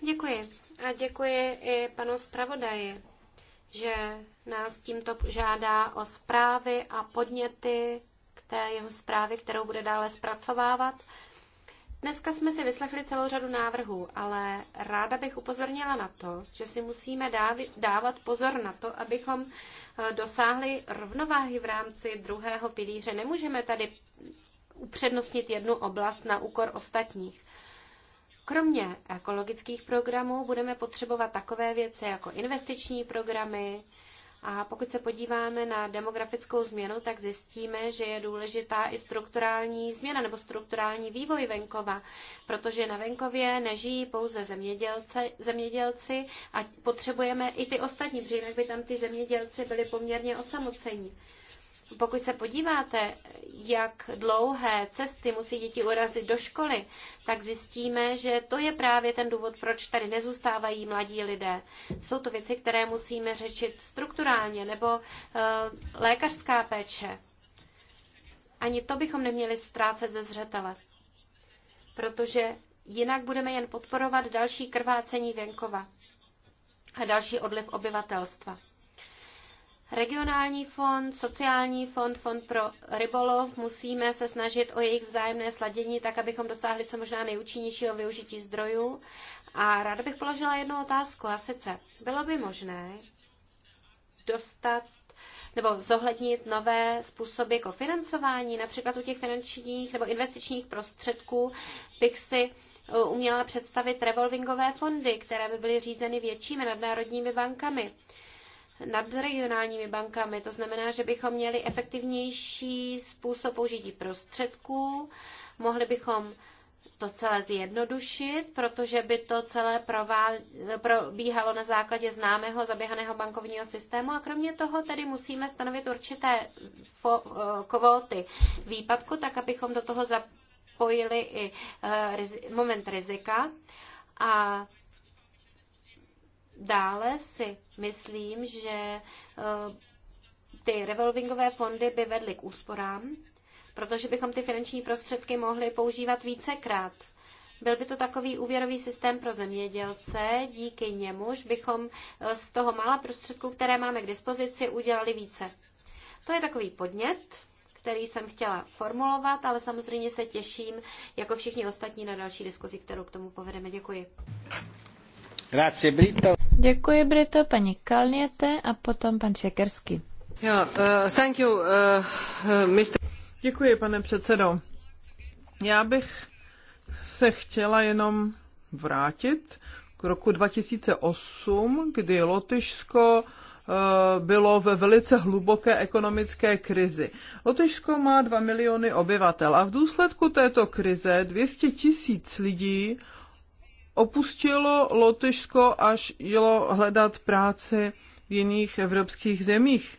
Děkuji. A děkuji i panu zpravodaji že nás tímto žádá o zprávy a podněty k té jeho zprávě, kterou bude dále zpracovávat. Dneska jsme si vyslechli celou řadu návrhů, ale ráda bych upozornila na to, že si musíme dávat pozor na to, abychom eh, dosáhli rovnováhy v rámci druhého pilíře. Nemůžeme tady upřednostnit jednu oblast na úkor ostatních. Kromě ekologických programů budeme potřebovat takové věci jako investiční programy, a pokud se podíváme na demografickou změnu, tak zjistíme, že je důležitá i strukturální změna nebo strukturální vývoj venkova, protože na venkově nežijí pouze zemědělce, zemědělci a potřebujeme i ty ostatní, protože jinak by tam ty zemědělci byli poměrně osamocení pokud se podíváte, jak dlouhé cesty musí děti urazit do školy, tak zjistíme, že to je právě ten důvod, proč tady nezůstávají mladí lidé. Jsou to věci, které musíme řešit strukturálně, nebo uh, lékařská péče. Ani to bychom neměli ztrácet ze zřetele, protože jinak budeme jen podporovat další krvácení venkova a další odliv obyvatelstva regionální fond, sociální fond, fond pro rybolov. Musíme se snažit o jejich vzájemné sladění, tak abychom dosáhli co možná nejúčinnějšího využití zdrojů. A ráda bych položila jednu otázku, a sice, bylo by možné dostat nebo zohlednit nové způsoby kofinancování, například u těch finančních nebo investičních prostředků bych si e, uměla představit revolvingové fondy, které by byly řízeny většími nadnárodními bankami regionálními bankami. To znamená, že bychom měli efektivnější způsob použití prostředků, mohli bychom to celé zjednodušit, protože by to celé probíhalo na základě známého zaběhaného bankovního systému a kromě toho tedy musíme stanovit určité eh, kvóty výpadku, tak abychom do toho zapojili i eh, moment rizika. A Dále si myslím, že eh, ty revolvingové fondy by vedly k úsporám, protože bychom ty finanční prostředky mohli používat vícekrát. Byl by to takový úvěrový systém pro zemědělce, díky němuž bychom eh, z toho mála prostředků, které máme k dispozici, udělali více. To je takový podnět, který jsem chtěla formulovat, ale samozřejmě se těším, jako všichni ostatní, na další diskuzi, kterou k tomu povedeme. Děkuji. Grazie, Brito.
Děkuji, Brito, paní Kalniete a potom pan Šekersky.
Yeah, uh, thank you, uh, uh Mr. Děkuji, pane předsedo. Já bych se chtěla jenom vrátit k roku 2008, kdy Lotyšsko uh, bylo ve velice hluboké ekonomické krizi. Lotyšsko má 2 miliony obyvatel a v důsledku této krize 200 tisíc lidí opustilo Lotyšsko, až jelo hledat práci v jiných evropských zemích.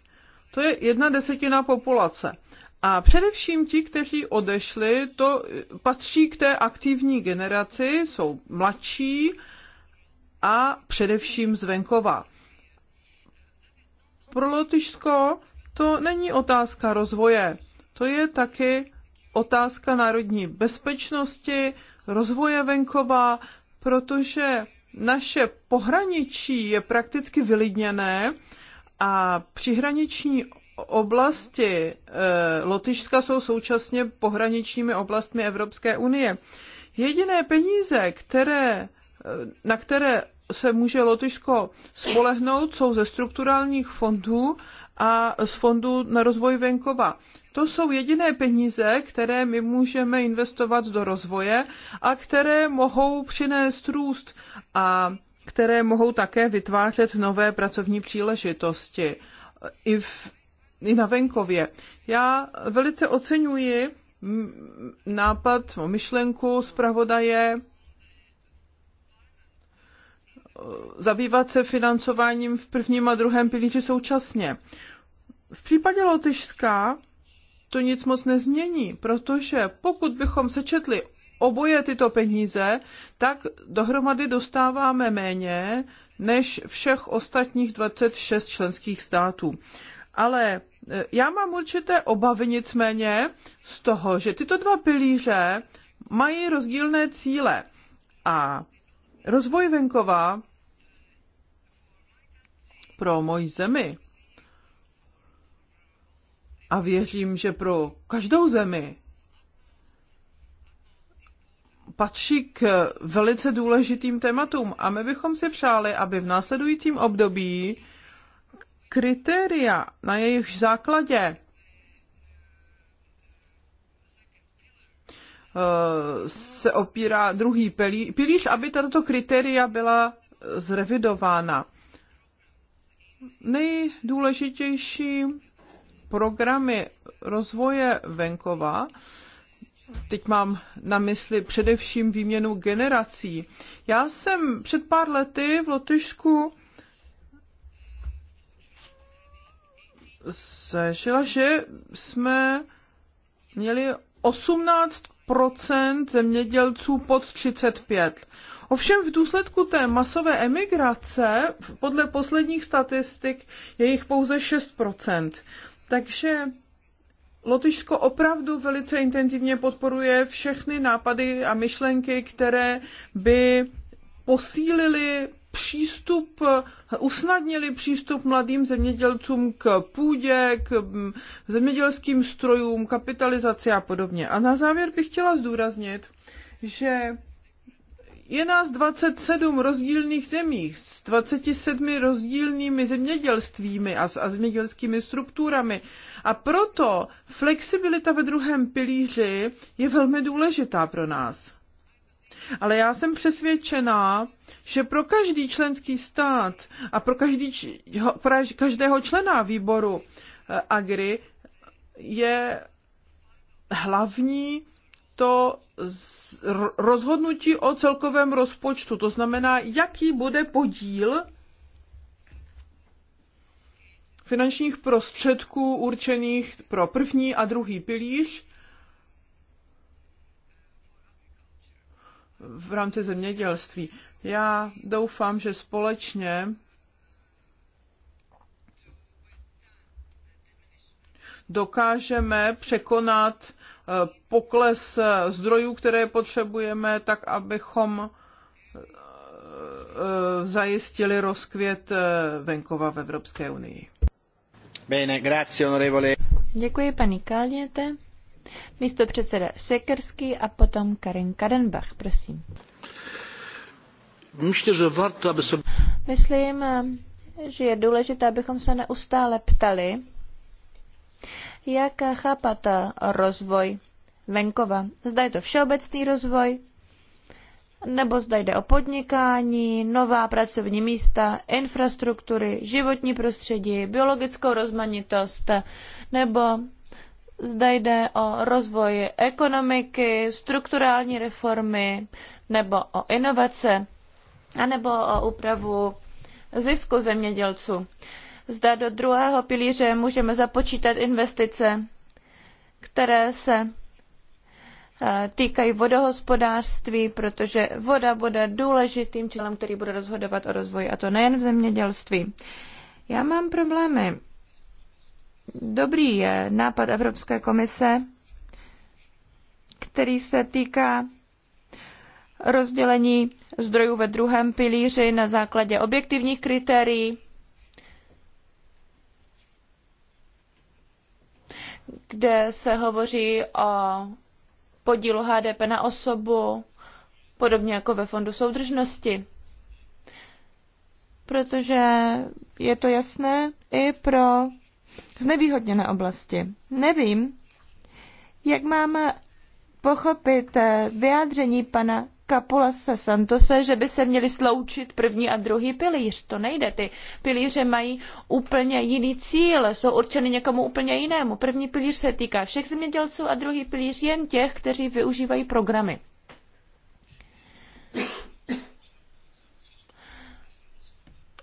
To je jedna desetina populace. A především ti, kteří odešli, to patří k té aktivní generaci, jsou mladší a především zvenkova. Pro Lotyšsko to není otázka rozvoje, to je taky otázka národní bezpečnosti, rozvoje venkova, protože naše pohraničí je prakticky vylidněné a přihraniční oblasti eh, Lotyšska jsou současně pohraničními oblastmi Evropské unie. Jediné peníze, které, eh, na které se může Lotyšsko spolehnout, jsou ze strukturálních fondů a z fondů na rozvoj venkova. To jsou jediné peníze, které my můžeme investovat do rozvoje a které mohou přinést růst a které mohou také vytvářet nové pracovní příležitosti eh, i, v, i na venkově. Já velice oceňuji nápad, myšlenku zpravodaje eh, zabývat se financováním v prvním a druhém pilíři současně. V případě Lotyšska to nic moc nezmění, protože pokud bychom sečetli oboje tyto peníze, tak dohromady dostáváme méně než všech ostatních 26 členských států. Ale e, já mám určité obavy nicméně z toho, že tyto dva pilíře mají rozdílné cíle a rozvoj venkova pro moji zemi a věřím, že pro každou zemi patří k velice důležitým tématům a my bychom si přáli, aby v následujícím období kritéria, na jejich základě eh, se opírá druhý pilíř, aby tato kritéria byla zrevidována. Nejdůležitější programy rozvoje venkova, teď mám na mysli především výměnu generací. Já jsem před pár lety v Lotyšsku zažila, že jsme měli 18 zemědělců pod 35. Ovšem v důsledku té masové emigrace, podle posledních statistik, je jich pouze 6 takže Lotyšsko opravdu velice intenzivně podporuje všechny nápady a myšlenky, které by posílily přístup, usnadnili přístup mladým zemědělcům k půdě, k mm, zemědělským strojům, kapitalizaci a podobně. A na závěr bych chtěla zdůraznit, že je nás 27 rozdílných zemích s 27 rozdílnými zemědělstvími a, a zemědělskými strukturami. A proto flexibilita ve druhém pilíři je velmi důležitá pro nás. Ale já jsem přesvědčená, že pro každý členský stát a pro, každý, pro každého člena výboru eh, Agri je hlavní to rozhodnutí o celkovém rozpočtu, to znamená, jaký bude podíl finančních prostředků určených pro první a druhý pilíř v rámci zemědělství. Já doufám, že společně dokážeme překonat pokles eh, zdrojů, které potřebujeme, tak abychom eh, eh, zajistili rozkvět venkova v Evropské unii. Bene, grazie, onorevole.
Děkuji, paní Kalněte. Místo předseda Sekerský a potom Karin Kadenbach, prosím.
Myslím, že aby se...
Myslím, že je důležité, abychom se neustále ptali, jak chápat rozvoj venkova. Zda je to všeobecný rozvoj, nebo zda jde o podnikání, nová pracovní místa, infrastruktury, životní prostředí, biologickou rozmanitost, nebo zda jde o rozvoj ekonomiky, strukturální reformy, nebo o inovace, anebo o úpravu zisku zemědělců zda do druhého pilíře můžeme započítat investice, které se eh, týkají vodohospodářství, protože voda bude důležitým čelem, který bude rozhodovat o rozvoji, a to nejen v zemědělství. Já mám problémy. Dobrý je nápad Evropské komise, který se týká rozdělení zdrojů ve druhém pilíři na základě objektivních kritérií kde se hovoří o podílu HDP na osobu, podobně jako ve Fondu soudržnosti. Protože je to jasné i pro znevýhodněné oblasti. Nevím, jak mám pochopit eh, vyjádření pana Capulase Santose, že by se měli sloučit první a druhý pilíř. To nejde. Ty pilíře mají úplně jiný cíl, jsou určeny někomu úplně jinému. První pilíř se týká všech zemědělců a druhý pilíř jen těch, kteří využívají programy.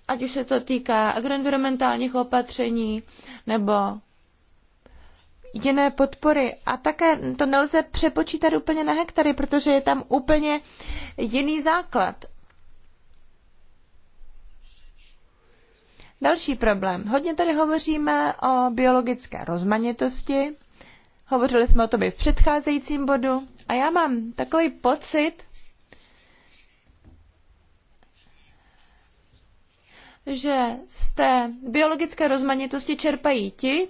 Ať už se to týká agroenvironmentálních opatření nebo jiné podpory. A také to nelze přepočítat úplně na hektary, protože je tam úplně jiný základ. Další problém. Hodně tady hovoříme o biologické rozmanitosti. Hovořili jsme o tom i v předcházejícím bodu. A já mám takový pocit, že z té biologické rozmanitosti čerpají ti,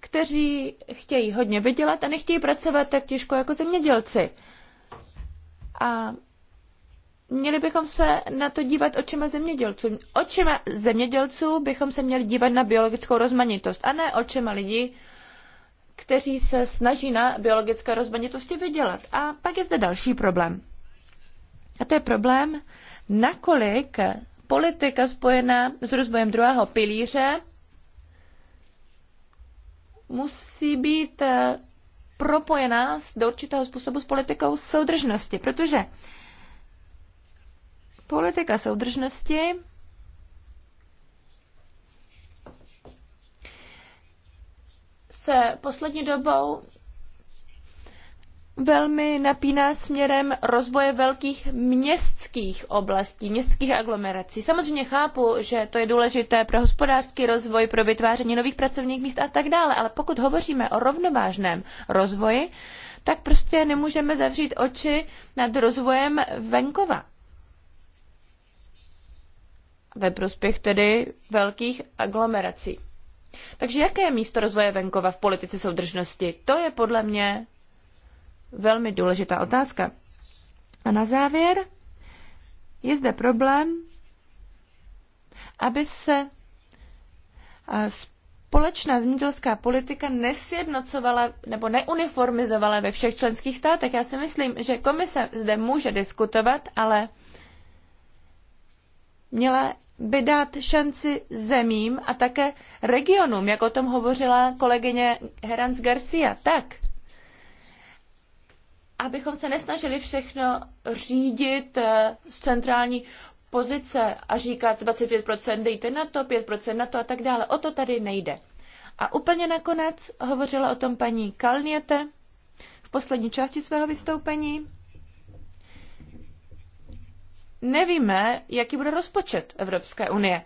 kteří chtějí hodně vydělat a nechtějí pracovat tak těžko jako zemědělci. A měli bychom se na to dívat očima zemědělců. Očima zemědělců bychom se měli dívat na biologickou rozmanitost a ne očima lidí, kteří se snaží na biologické rozmanitosti vydělat. A pak je zde další problém. A to je problém, nakolik politika spojená s rozvojem druhého pilíře musí být eh, propojená do určitého způsobu s politikou soudržnosti, protože politika soudržnosti se poslední dobou velmi napíná směrem rozvoje velkých městských oblastí, městských aglomerací. Samozřejmě chápu, že to je důležité pro hospodářský rozvoj, pro vytváření nových pracovních míst a tak dále, ale pokud hovoříme o rovnovážném rozvoji, tak prostě nemůžeme zavřít oči nad rozvojem venkova. Ve prospěch tedy velkých aglomerací. Takže jaké je místo rozvoje venkova v politice soudržnosti? To je podle mě velmi důležitá otázka. A na závěr je zde problém, aby se společná zemědělská politika nesjednocovala nebo neuniformizovala ve všech členských státech. Já si myslím, že komise zde může diskutovat, ale měla by dát šanci zemím a také regionům, jak o tom hovořila kolegyně Herans Garcia. Tak, abychom se nesnažili všechno řídit eh, z centrální pozice a říkat 25% dejte na to, 5% na to a tak dále. O to tady nejde. A úplně nakonec hovořila o tom paní Kalniete v poslední části svého vystoupení. Nevíme, jaký bude rozpočet Evropské unie.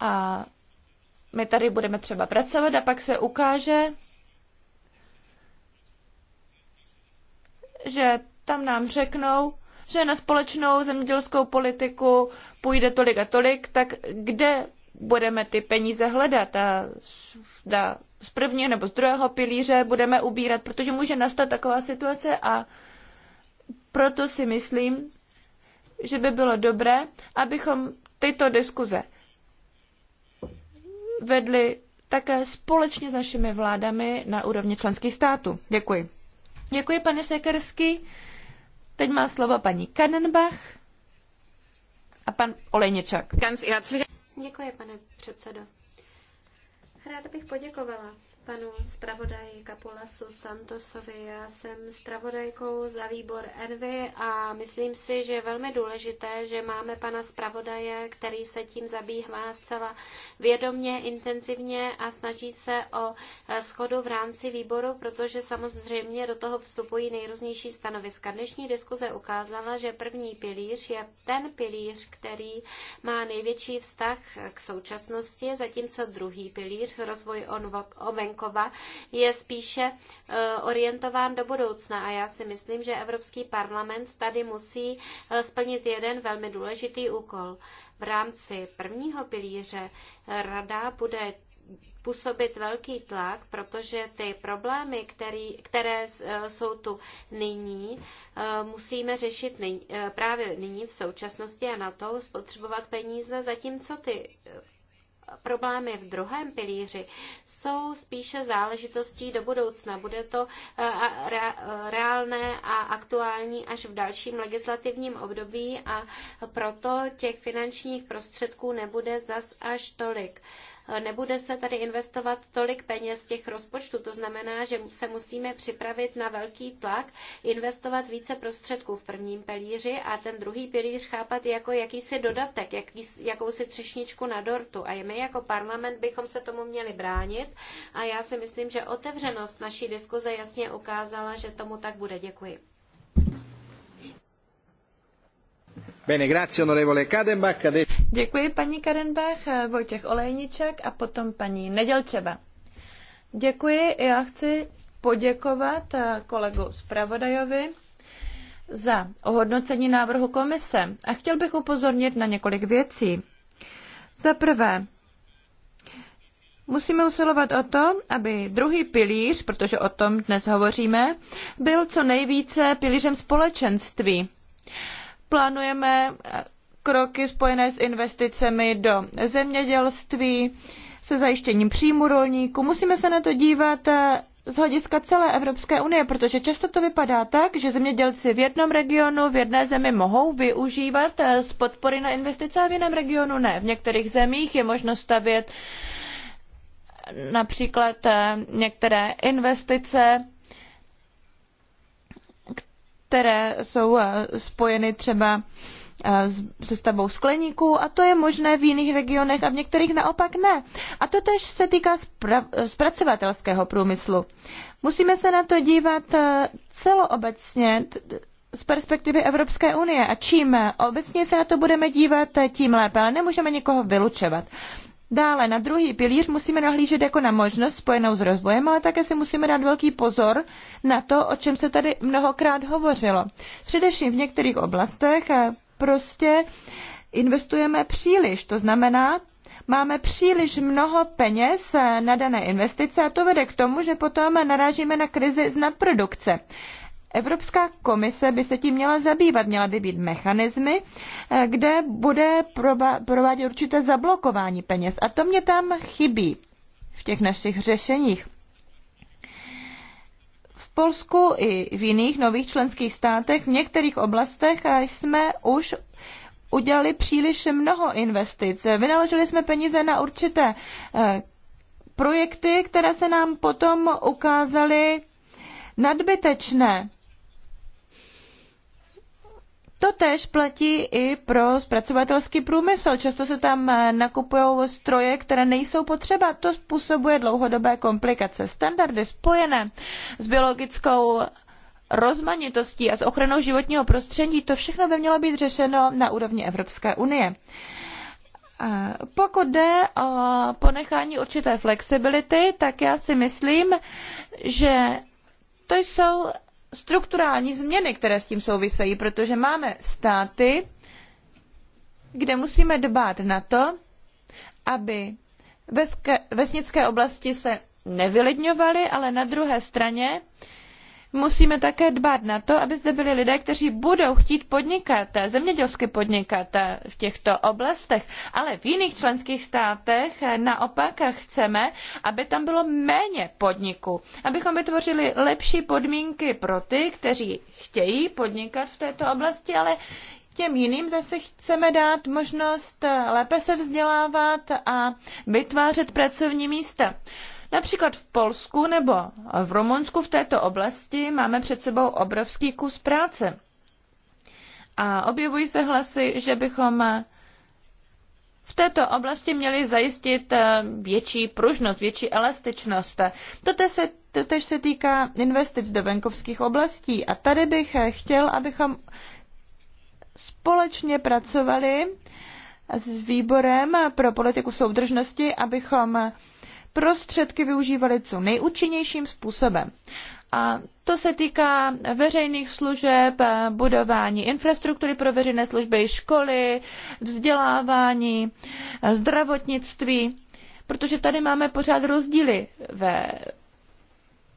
A my tady budeme třeba pracovat a pak se ukáže, že tam nám řeknou, že na společnou zemědělskou politiku půjde tolik a tolik, tak kde budeme ty peníze hledat a zda z prvního nebo z druhého pilíře budeme ubírat, protože může nastat taková situace a proto si myslím, že by bylo dobré, abychom tyto diskuze vedli také společně s našimi vládami na úrovni členských států. Děkuji. Děkuji, pane Šekersky. Teď má slovo paní Kanenbach a pan Olejničak.
Děkuji, pane předsedo. Ráda bych poděkovala panu zpravodaji Kapulasu Santosovi. Já jsem zpravodajkou za výbor Envy a myslím si, že je velmi důležité, že máme pana zpravodaje, který se tím zabývá zcela vědomně, intenzivně a snaží se o eh, schodu v rámci výboru, protože samozřejmě do toho vstupují nejrůznější stanoviska. Dnešní diskuze ukázala, že první pilíř je ten pilíř, který má největší vztah k současnosti, zatímco druhý pilíř, rozvoj on, on venkova je spíše eh, orientován do budoucna a já si myslím, že Evropský parlament tady musí eh, splnit jeden velmi důležitý úkol. V rámci prvního pilíře eh, rada bude působit velký tlak, protože ty problémy, který, které jsou tu nyní, musíme řešit nyní, právě nyní v současnosti a na to spotřebovat peníze, zatímco ty problémy v druhém pilíři jsou spíše záležitostí do budoucna. Bude to eh, eh, reálné a aktuální až v dalším legislativním období a proto těch finančních prostředků nebude zas až tolik nebude se tady investovat tolik peněz z těch rozpočtů. To znamená, že se musíme připravit na velký tlak, investovat více prostředků v prvním pilíři a ten druhý pilíř chápat jako jakýsi dodatek, jaký, jakousi třešničku na dortu. A my jako parlament bychom se tomu měli bránit a já si myslím, že otevřenost naší diskuze jasně ukázala, že tomu tak bude. Děkuji.
Děkuji,
paní Kadenbach, Vojtěch Olejniček a potom paní Nedělčeva. Děkuji, já chci poděkovat eh, kolegu zpravodajovi za ohodnocení návrhu komise a chtěl bych upozornit na několik věcí. Za prvé, musíme usilovat o to, aby druhý pilíř, protože o tom dnes hovoříme, byl co nejvíce pilířem společenství. Plánujeme eh, kroky spojené s investicemi do zemědělství, se zajištěním příjmu rolníků. Musíme se na to dívat eh, z hlediska celé Evropské unie, protože často to vypadá tak, že zemědělci v jednom regionu, v jedné zemi mohou využívat eh, z podpory na investice a v jiném regionu ne. V některých zemích je možno stavět například některé investice které jsou eh, spojeny třeba eh, se stavbou skleníků a to je možné v jiných regionech a v některých naopak ne. A to tež se týká zpracovatelského průmyslu. Musíme se na to dívat eh, celoobecně z perspektivy Evropské unie a čím obecně se na to budeme dívat, tím lépe, ale nemůžeme nikoho vylučovat. Dále na druhý pilíř musíme nahlížet jako na možnost spojenou s rozvojem, ale také si musíme dát velký pozor na to, o čem se tady mnohokrát hovořilo. Především v některých oblastech eh, prostě investujeme příliš, to znamená, máme příliš mnoho peněz eh, na dané investice a to vede k tomu, že potom narážíme na krizi z nadprodukce. Evropská komise by se tím měla zabývat. Měla by být mechanismy, eh, kde bude provádět určité zablokování peněz. A to mě tam chybí v těch našich řešeních. V Polsku i v jiných nových členských státech v některých oblastech eh, jsme už udělali příliš mnoho investic. Vynaložili jsme peníze na určité eh, projekty, které se nám potom ukázaly nadbytečné. To tež platí i pro zpracovatelský průmysl. Často se tam eh, nakupují stroje, které nejsou potřeba. To způsobuje dlouhodobé komplikace. Standardy spojené s biologickou rozmanitostí a s ochranou životního prostředí, to všechno by mělo být řešeno na úrovni Evropské unie. Pokud jde o ponechání určité flexibility, tak já si myslím, že to jsou strukturální změny, které s tím souvisejí, protože máme státy, kde musíme dbát na to, aby veske, vesnické oblasti se nevylidňovaly, ale na druhé straně musíme také dbát na to, aby zde byli lidé, kteří budou chtít podnikat, zemědělsky podnikat v těchto oblastech, ale v jiných členských státech naopak chceme, aby tam bylo méně podniků, abychom vytvořili lepší podmínky pro ty, kteří chtějí podnikat v této oblasti, ale Těm jiným zase chceme dát možnost lépe se vzdělávat a vytvářet pracovní místa. Například v Polsku nebo v Rumunsku v této oblasti máme před sebou obrovský kus práce. A objevují se hlasy, že bychom v této oblasti měli zajistit eh, větší pružnost, větší elastičnost. Totež se, totež se týká investic do venkovských oblastí. A tady bych eh, chtěl, abychom společně pracovali s výborem pro politiku soudržnosti, abychom prostředky využívaly co nejúčinnějším způsobem. A to se týká veřejných služeb, eh, budování infrastruktury pro veřejné služby, školy, vzdělávání, eh, zdravotnictví, protože tady máme pořád rozdíly ve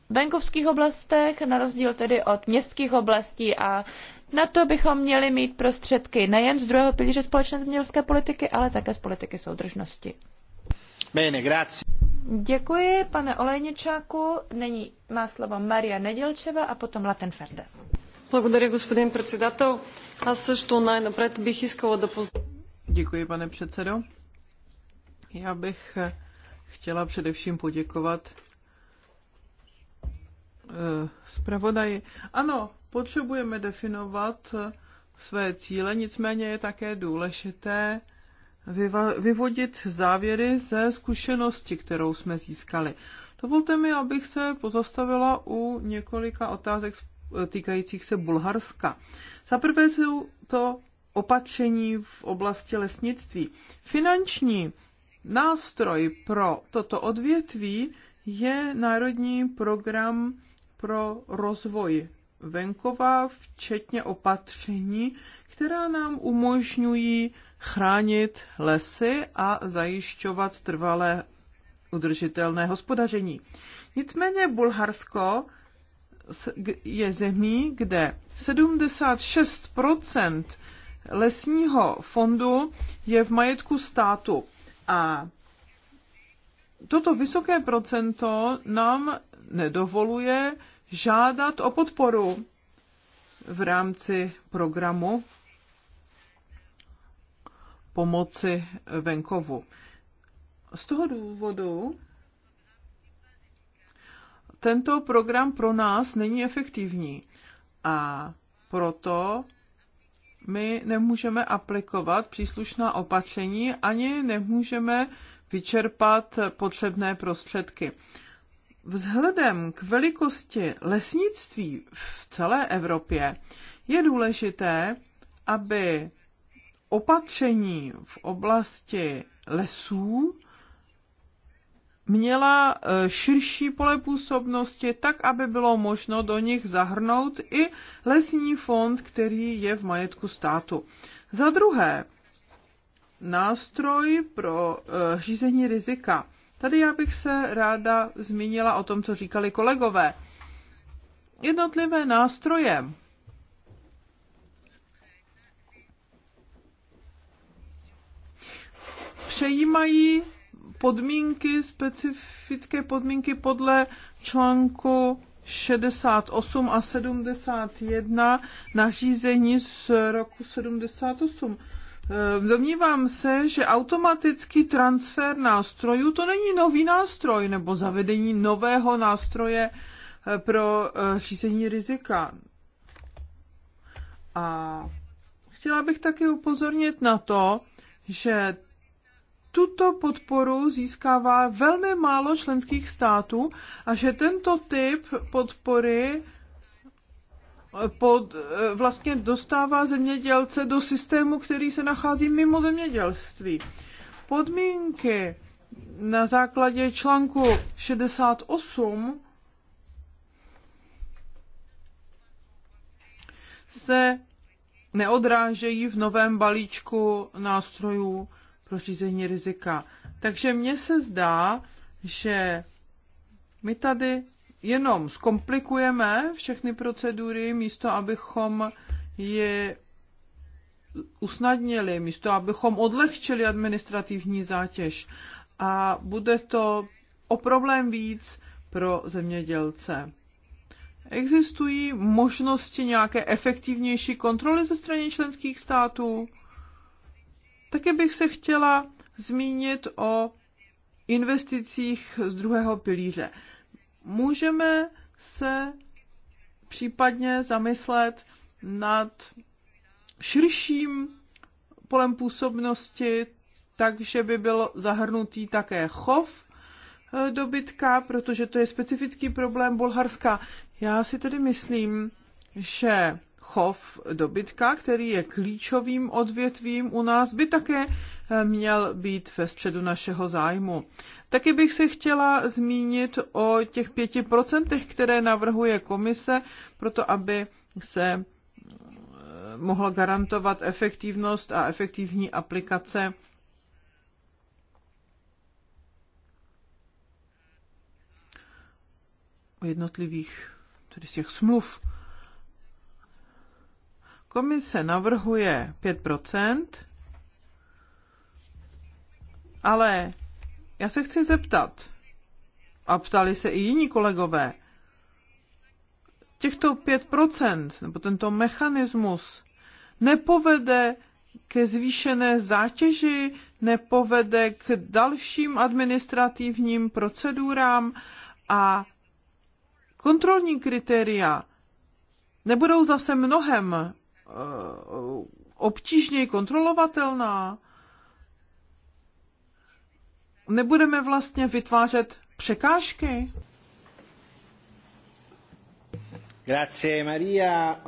venkovských oblastech, na rozdíl tedy od městských oblastí a na to bychom měli mít prostředky nejen z druhého pilíře společné zemědělské politiky, ale také z politiky soudržnosti.
Bene, grazie.
Děkuji, pane Olejničáku. Nyní má slovo Maria Nedělčeva a potom Ferde.
Благодаря, господин председател. Аз също най-напред бих искала да Děkuji, pane předsedo. Já bych eh, chtěla především poděkovat eh, zpravodaji. Ano, potřebujeme definovat eh, své cíle, nicméně je také důležité vyvodit závěry ze zkušenosti, kterou jsme získali. Dovolte mi, abych se pozastavila u několika otázek týkajících se Bulharska. Za prvé jsou to opatření v oblasti lesnictví. Finanční nástroj pro toto odvětví je národní program pro rozvoj venkova, včetně opatření, která nám umožňují chránit lesy a zajišťovat trvalé udržitelné hospodaření. Nicméně Bulharsko je zemí, kde 76 lesního fondu je v majetku státu. A toto vysoké procento nám nedovoluje žádat o podporu v rámci programu pomoci venkovu. Z toho důvodu tento program pro nás není efektivní a proto my nemůžeme aplikovat příslušná opatření ani nemůžeme vyčerpat potřebné prostředky. Vzhledem k velikosti lesnictví v celé Evropě je důležité, aby opatření v oblasti lesů měla e, širší pole působnosti, tak aby bylo možno do nich zahrnout i lesní fond, který je v majetku státu. Za druhé, nástroj pro e, řízení rizika. Tady já bych se ráda zmínila o tom, co říkali kolegové. Jednotlivé nástroje přejímají podmínky, specifické podmínky podle článku 68 a 71 nařízení z roku 78. Ehm, domnívám se, že automatický transfer nástrojů to není nový nástroj nebo zavedení nového nástroje eh, pro eh, řízení rizika. A chtěla bych také upozornit na to, že tuto podporu získává velmi málo členských států a že tento typ podpory eh, pod, eh, vlastně dostává zemědělce do systému, který se nachází mimo zemědělství. Podmínky na základě článku 68 se neodrážejí v novém balíčku nástrojů pro řízení rizika. Takže mně se zdá, že my tady jenom zkomplikujeme všechny procedury, místo abychom je usnadnili, místo abychom odlehčili administrativní zátěž. A bude to o problém víc pro zemědělce. Existují možnosti nějaké efektivnější kontroly ze strany členských států? Také bych se chtěla zmínit o investicích z druhého pilíře. Můžeme se případně zamyslet nad širším polem působnosti, takže by byl zahrnutý také chov e, dobytka, protože to je specifický problém Bulharska. Já si tedy myslím, že chov dobytka, který je klíčovým odvětvím u nás, by také eh, měl být ve středu našeho zájmu. Taky bych se chtěla zmínit o těch pěti procentech, které navrhuje komise, proto aby se eh, mohla garantovat efektivnost a efektivní aplikace jednotlivých tedy z těch smluv. Komise navrhuje 5%, ale já se chci zeptat, a ptali se i jiní kolegové, těchto 5% nebo tento mechanismus nepovede ke zvýšené zátěži, nepovede k dalším administrativním procedurám a kontrolní kritéria nebudou zase mnohem Eh, obtížně kontrolovatelná, nebudeme vlastně vytvářet překážky? Grazie Maria.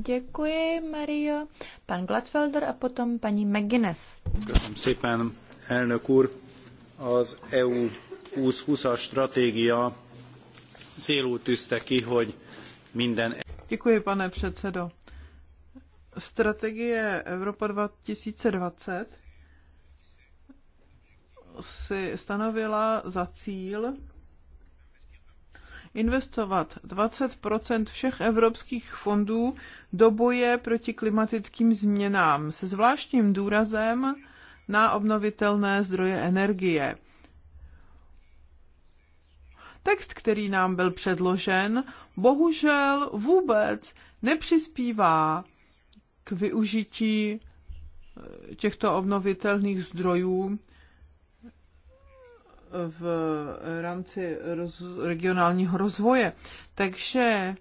Děkuji Mario. Pan Gladfelder a potom paní McGuinness.
Köszönöm szépen, elnök úr. Az EU 2020-as stratégia célú tűzte ki, hogy minden...
Děkuji, pane předsedo strategie Evropa 2020 si stanovila za cíl investovat 20 všech evropských fondů do boje proti klimatickým změnám se zvláštním důrazem na obnovitelné zdroje energie. Text, který nám byl předložen, bohužel vůbec nepřispívá k využití eh, těchto obnovitelných zdrojů eh, v rámci roz, regionálního rozvoje. Takže eh,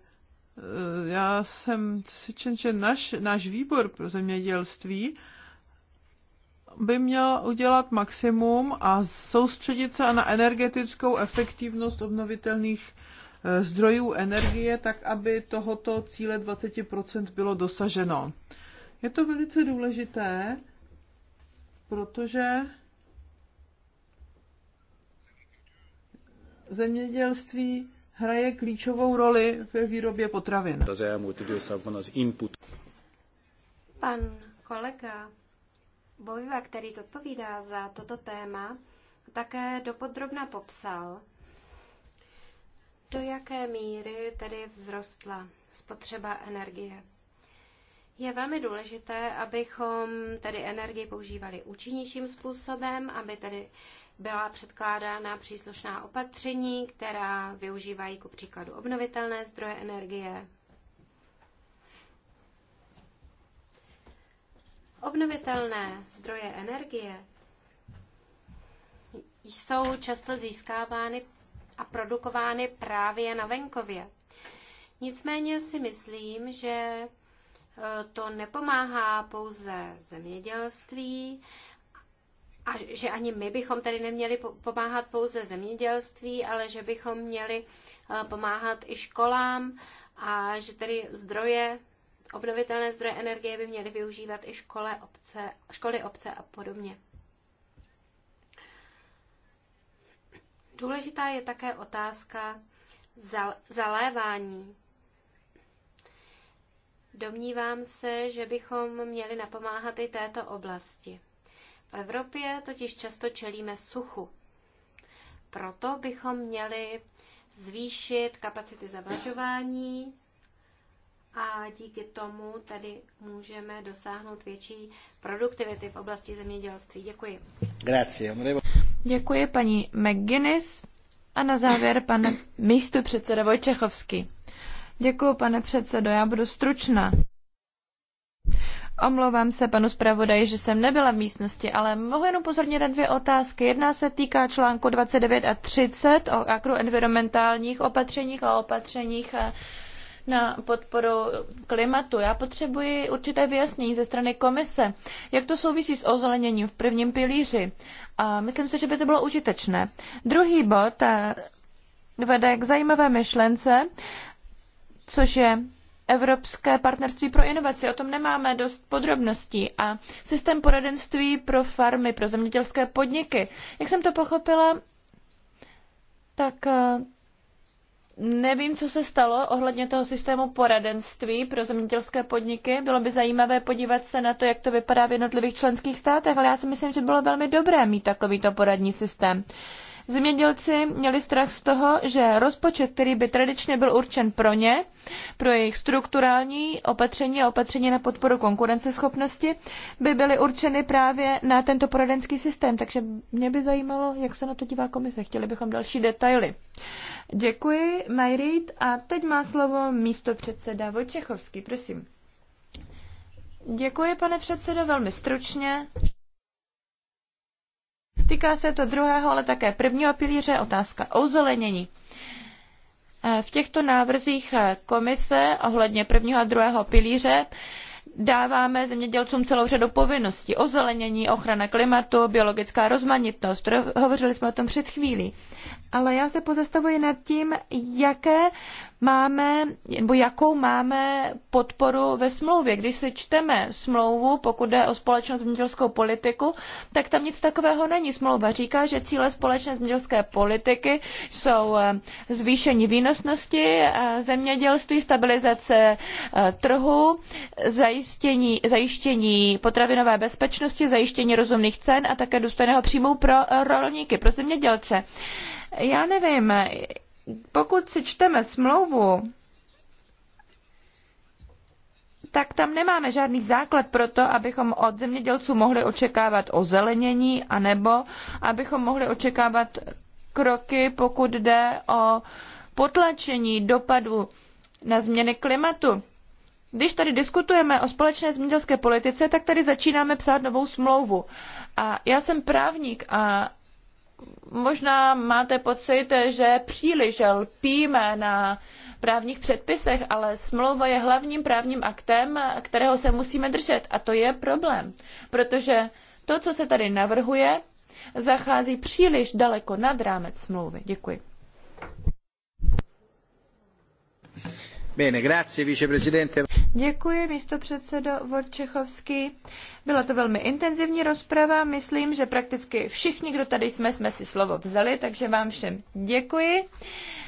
já jsem přesvědčen, že naš, náš výbor pro zemědělství by měl udělat maximum a soustředit se na energetickou efektivnost obnovitelných zdrojů energie, tak aby tohoto cíle 20 bylo dosaženo. Je to velice důležité, protože zemědělství hraje klíčovou roli ve výrobě potravin.
Pan kolega Bojva, který zodpovídá za toto téma, také dopodrobna popsal, do jaké míry tedy vzrostla spotřeba energie. Je velmi důležité, abychom tedy energii používali účinnějším způsobem, aby tedy byla předkládána příslušná opatření, která využívají ku příkladu obnovitelné zdroje energie. Obnovitelné zdroje energie jsou často získávány a produkovány právě na venkově. Nicméně si myslím, že E, to nepomáhá pouze zemědělství, a že ani my bychom tedy neměli pomáhat pouze zemědělství, ale že bychom měli e, pomáhat i školám a že tedy zdroje, obnovitelné zdroje energie by měly využívat i škole, obce, školy, obce a podobně. Důležitá je také otázka zalévání Domnívám se, že bychom měli napomáhat i této oblasti. V Evropě totiž často čelíme suchu. Proto bychom měli zvýšit kapacity zavlažování a díky tomu tedy můžeme dosáhnout větší produktivity v oblasti zemědělství. Děkuji.
Děkuji paní McGuinness a na závěr pan místo předseda Vojčechovský. Děkuji, pane předsedo, já budu stručná. Omlouvám se panu zpravodaji, že jsem nebyla v místnosti, ale mohu jen upozornit na dvě otázky. Jedna se týká článku 29 a 30 o agroenvironmentálních opatřeních a opatřeních eh, na podporu klimatu. Já potřebuji určité vyjasnění ze strany komise, jak to souvisí s ozeleněním v prvním pilíři. A myslím si, že by to bylo užitečné. Druhý bod eh, vede k zajímavé myšlence, což je Evropské partnerství pro inovaci. O tom nemáme dost podrobností. A systém poradenství pro farmy, pro zemědělské podniky. Jak jsem to pochopila, tak eh, nevím, co se stalo ohledně toho systému poradenství pro zemědělské podniky. Bylo by zajímavé podívat se na to, jak to vypadá v jednotlivých členských státech, ale já si myslím, že bylo velmi dobré mít takovýto poradní systém. Uh, Zemědělci měli strach z toho, že rozpočet, který by tradičně byl určen pro ně, pro jejich strukturální opatření a opatření na podporu konkurenceschopnosti, by byly určeny právě na tento poradenský systém. Takže mě by zajímalo, jak se na to dívá komise. Chtěli bychom další detaily. Děkuji, Majrit. A teď má slovo místo předseda Vojčechovský. Prosím. Děkuji, pane předsedo, velmi stručně. Týká se to druhého, ale také prvního pilíře, otázka ozelenění. E, v těchto návrzích e, komise ohledně prvního a druhého pilíře dáváme zemědělcům celou řadu povinností. Ozelenění, ochrana klimatu, biologická rozmanitnost. Hovořili jsme o tom před chvílí ale já se pozastavuji nad tím, jaké máme, nebo jakou máme podporu ve smlouvě. Když si čteme smlouvu, pokud jde o společnou zemědělskou politiku, tak tam nic takového není. Smlouva říká, že cíle společné zemědělské politiky jsou eh, zvýšení výnosnosti eh, zemědělství, stabilizace eh, trhu, zajištění, zajištění potravinové bezpečnosti, zajištění rozumných cen a také důstojného příjmu pro rolníky, pro zemědělce. Já nevím, pokud si čteme smlouvu, tak tam nemáme žádný základ pro to, abychom od zemědělců mohli očekávat ozelenění, anebo abychom mohli očekávat kroky, pokud jde o potlačení dopadu na změny klimatu. Když tady diskutujeme o společné zemědělské politice, tak tady začínáme psát novou smlouvu. A já jsem právník a možná máte pocit, že příliš lpíme na právních předpisech, ale smlouva je hlavním právním aktem, kterého se musíme držet. A to je problém, protože to, co se tady navrhuje, zachází příliš daleko nad rámec smlouvy. Děkuji. Děkuji, místo předsedo Vorčechovský. Byla to velmi intenzivní rozprava. Myslím, že prakticky všichni, kdo tady jsme, jsme si slovo vzali, takže vám všem děkuji.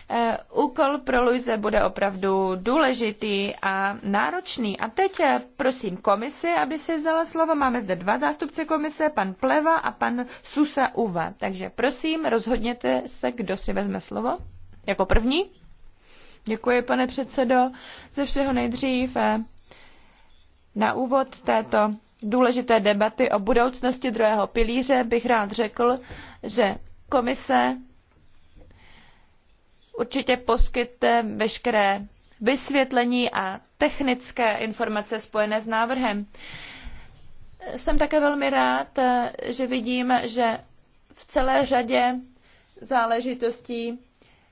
Eh, úkol pro Luise bude opravdu důležitý a náročný. A teď eh, prosím komisi, aby si vzala slovo. Máme zde dva zástupce komise, pan Pleva a pan Susa Uva. Takže prosím, rozhodněte se, kdo si vezme slovo jako první. Děkuji, pane předsedo. Ze všeho nejdřív eh, na úvod této důležité debaty o budoucnosti druhého pilíře bych rád řekl, že komise určitě poskytne veškeré vysvětlení a technické informace spojené s návrhem. Jsem také velmi rád, eh, že vidím, že v celé řadě záležitostí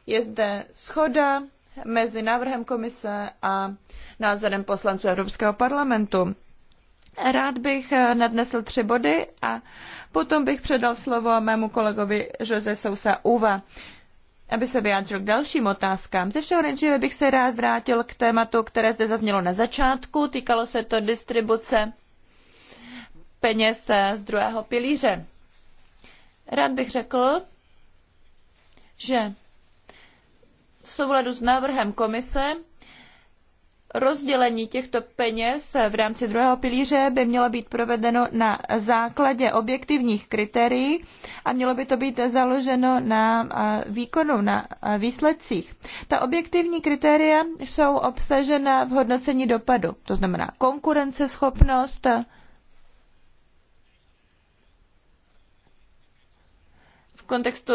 je zde schoda mezi návrhem komise a názorem poslanců Evropského parlamentu. Rád bych eh, nadnesl tři body a potom bych předal slovo mému kolegovi Jose Sousa Uva, aby se vyjádřil k dalším otázkám. Ze všeho nejdříve bych se rád vrátil k tématu, které zde zaznělo na začátku. Týkalo se to distribuce peněz eh, z druhého pilíře. Rád bych řekl, že v souladu s návrhem komise rozdělení těchto peněz v rámci druhého pilíře by mělo být provedeno na základě objektivních kritérií a mělo by to být založeno na výkonu, na výsledcích. Ta objektivní kritéria jsou obsažena v hodnocení dopadu, to znamená konkurenceschopnost, v kontextu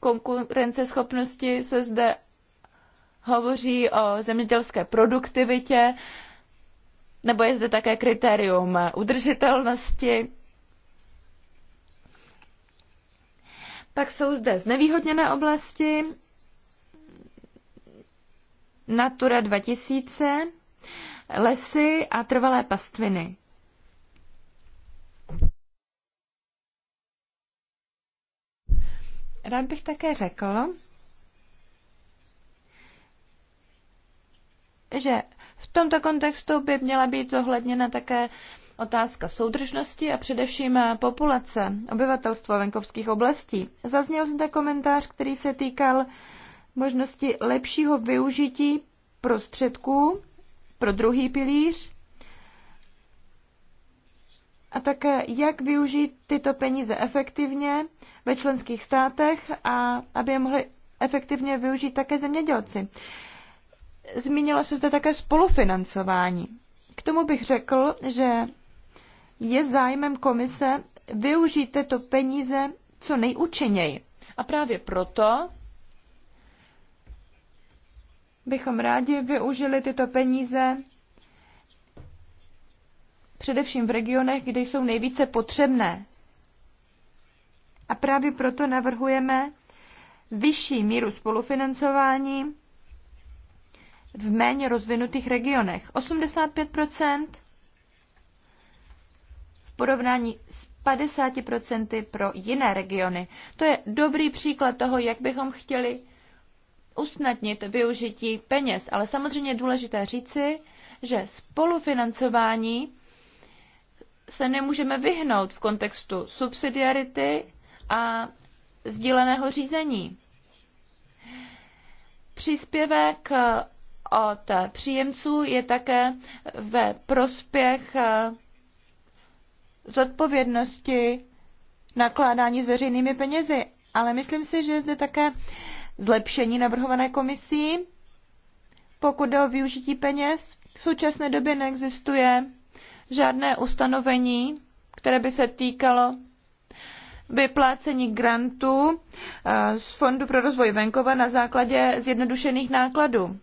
konkurenceschopnosti se zde hovoří o zemědělské produktivitě, nebo je zde také kritérium udržitelnosti. Pak jsou zde znevýhodněné oblasti, Natura 2000, lesy a trvalé pastviny. Rád bych také řekl, že v tomto kontextu by měla být zohledněna také otázka soudržnosti a především populace, obyvatelstvo venkovských oblastí. Zazněl zde komentář, který se týkal možnosti lepšího využití prostředků pro druhý pilíř a také jak využít tyto peníze efektivně ve členských státech a aby je mohli efektivně využít také zemědělci. Zmínilo se zde také spolufinancování. K tomu bych řekl, že je zájmem komise využít tyto peníze co nejúčinněji. A právě proto bychom rádi využili tyto peníze především v regionech, kde jsou nejvíce potřebné. A právě proto navrhujeme vyšší míru spolufinancování v méně rozvinutých regionech. 85 v porovnání s 50 pro jiné regiony. To je dobrý příklad toho, jak bychom chtěli usnadnit využití peněz. Ale samozřejmě je důležité říci, že spolufinancování se nemůžeme vyhnout v kontextu subsidiarity a sdíleného řízení. Příspěvek eh, od příjemců je také ve prospěch eh, zodpovědnosti nakládání s veřejnými penězi. Ale myslím si, že je zde také zlepšení navrhované komisí. Pokud jde o využití peněz, v současné době neexistuje žádné ustanovení, které by se týkalo vyplácení grantů eh, z Fondu pro rozvoj venkova na základě zjednodušených nákladů.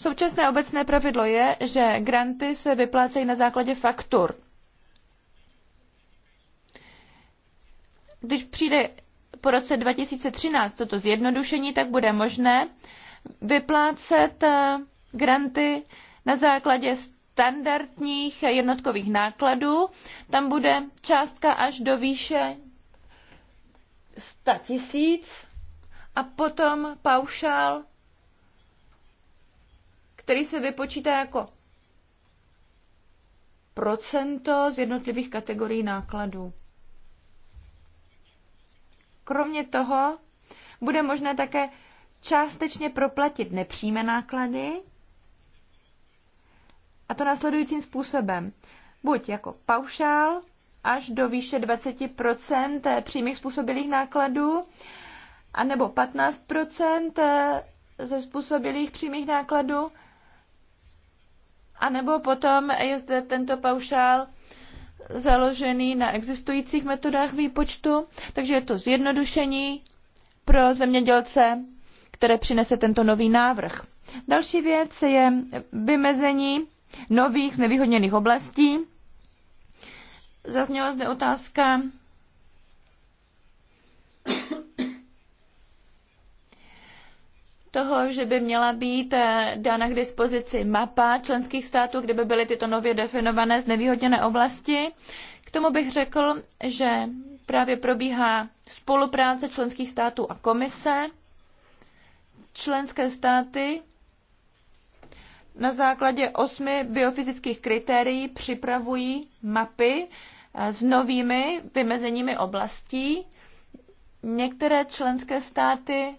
Současné obecné pravidlo je, že granty se vyplácejí na základě faktur. Když přijde po roce 2013 toto zjednodušení, tak bude možné vyplácet eh, granty na základě standardních jednotkových nákladů. Tam bude částka až do výše 100 tisíc a potom paušál, který se vypočítá jako procento z jednotlivých kategorií nákladů. Kromě toho bude možné také částečně proplatit nepřímé náklady a to následujícím způsobem. Buď jako paušál až do výše 20 přímých způsobilých nákladů, anebo 15 ze způsobilých přímých nákladů, anebo potom je zde tento paušál založený na existujících metodách výpočtu, takže je to zjednodušení pro zemědělce, které přinese tento nový návrh. Další věc je vymezení nových znevýhodněných oblastí. Zazněla zde otázka toho, že by měla být eh, dána k dispozici mapa členských států, kde by byly tyto nově definované znevýhodněné oblasti. K tomu bych řekl, že právě probíhá spolupráce členských států a komise. Členské státy na základě osmi biofyzických kritérií připravují mapy eh, s novými vymezeními oblastí. Některé členské státy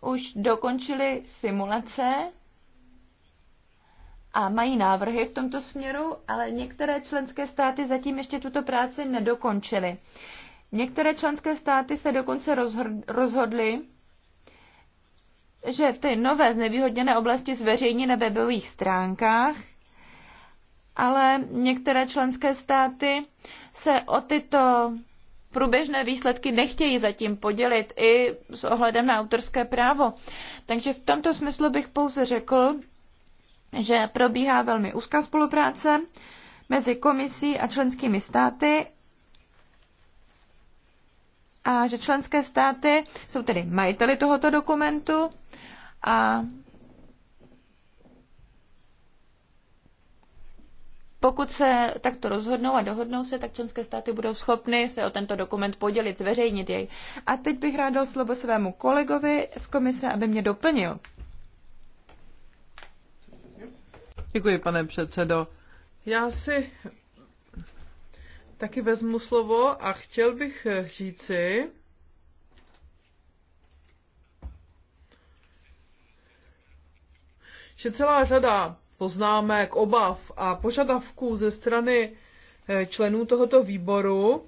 už dokončily simulace a mají návrhy v tomto směru, ale některé členské státy zatím ještě tuto práci nedokončily. Některé členské státy se dokonce rozhodly, že ty nové znevýhodněné oblasti zveřejní na webových stránkách, ale některé členské státy se o tyto průběžné výsledky nechtějí zatím podělit i s ohledem na autorské právo. Takže v tomto smyslu bych pouze řekl, že probíhá velmi úzká spolupráce mezi komisí a členskými státy a že členské státy jsou tedy majiteli tohoto dokumentu a Pokud se takto rozhodnou a dohodnou se, tak členské státy budou schopny se o tento dokument podělit, zveřejnit jej. A teď bych rád dal slovo svému kolegovi z komise, aby mě doplnil.
Děkuji, pane předsedo. Já si taky vezmu slovo a chtěl bych říci, že celá řada poznámek, obav a požadavků ze strany eh, členů tohoto výboru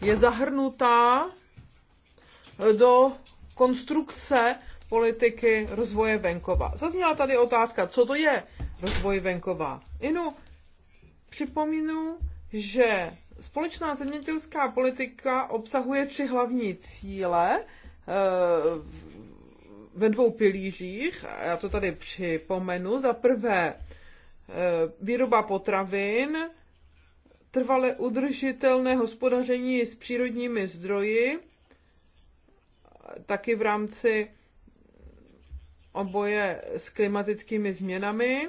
je zahrnutá eh, do konstrukce politiky rozvoje venkova. Zazněla tady otázka, co to je rozvoj venkova. Inu, připomínu, že společná zemědělská politika obsahuje tři hlavní cíle eh, ve dvou pilířích, a já to tady připomenu. Za prvé e, výroba potravin, trvale udržitelné hospodaření s přírodními zdroji, taky v rámci oboje s klimatickými změnami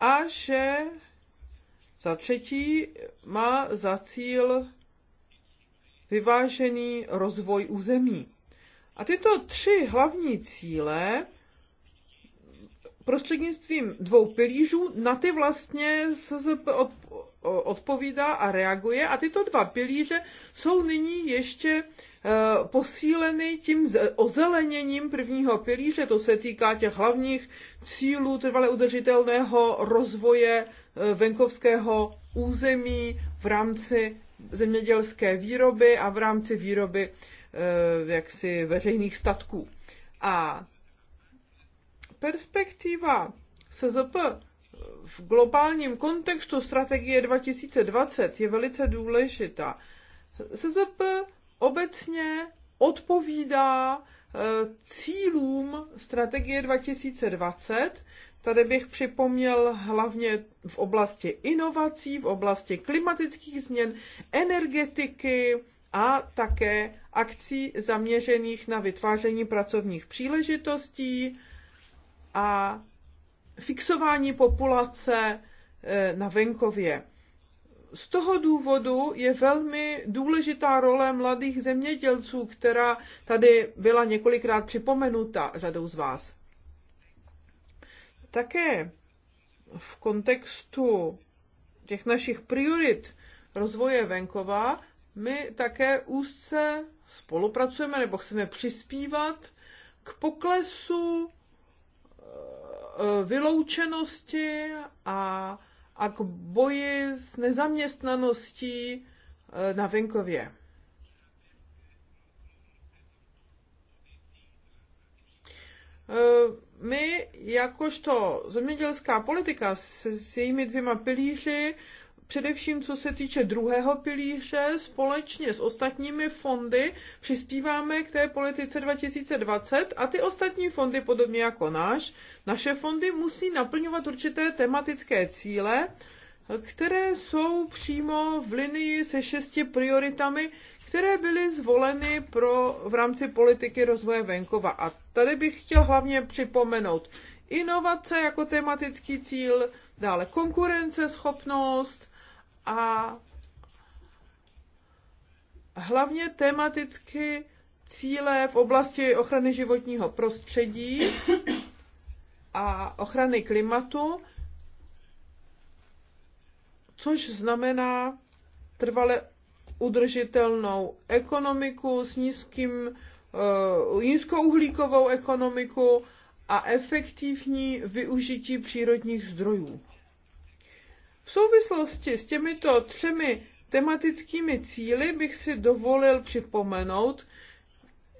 a že za třetí má za cíl vyvážený rozvoj území. A tyto tři hlavní cíle prostřednictvím dvou pilířů na ty vlastně SZP odpovídá a reaguje. A tyto dva pilíře jsou nyní ještě e, posíleny tím ozeleněním prvního pilíře. To se týká těch hlavních cílů trvale udržitelného rozvoje e, venkovského území v rámci zemědělské výroby a v rámci výroby Eh, jaksi veřejných statků. A perspektiva SZP v globálním kontextu strategie 2020 je velice důležitá. SZP obecně odpovídá eh, cílům strategie 2020. Tady bych připomněl hlavně v oblasti inovací, v oblasti klimatických změn, energetiky, a také akcí zaměřených na vytváření pracovních příležitostí a fixování populace e, na venkově. Z toho důvodu je velmi důležitá role mladých zemědělců, která tady byla několikrát připomenuta řadou z vás. Také v kontextu těch našich priorit rozvoje venkova my také úzce spolupracujeme nebo chceme přispívat k poklesu eh, eh, vyloučenosti a, a k boji s nezaměstnaností eh, na venkově. My, jakožto zemědělská politika se s jejími dvěma pilíři, Především co se týče druhého pilíře, společně s ostatními fondy přispíváme k té politice 2020 a ty ostatní fondy, podobně jako náš, naše fondy musí naplňovat určité tematické cíle, které jsou přímo v linii se šesti prioritami, které byly zvoleny pro, v rámci politiky rozvoje venkova. A tady bych chtěl hlavně připomenout inovace jako tematický cíl, dále konkurenceschopnost, a hlavně tematicky cíle v oblasti ochrany životního prostředí a ochrany klimatu, což znamená trvale udržitelnou ekonomiku s nízkým, eh, nízkouhlíkovou ekonomiku a efektivní využití přírodních zdrojů souvislosti s těmito třemi tematickými cíly bych si dovolil připomenout,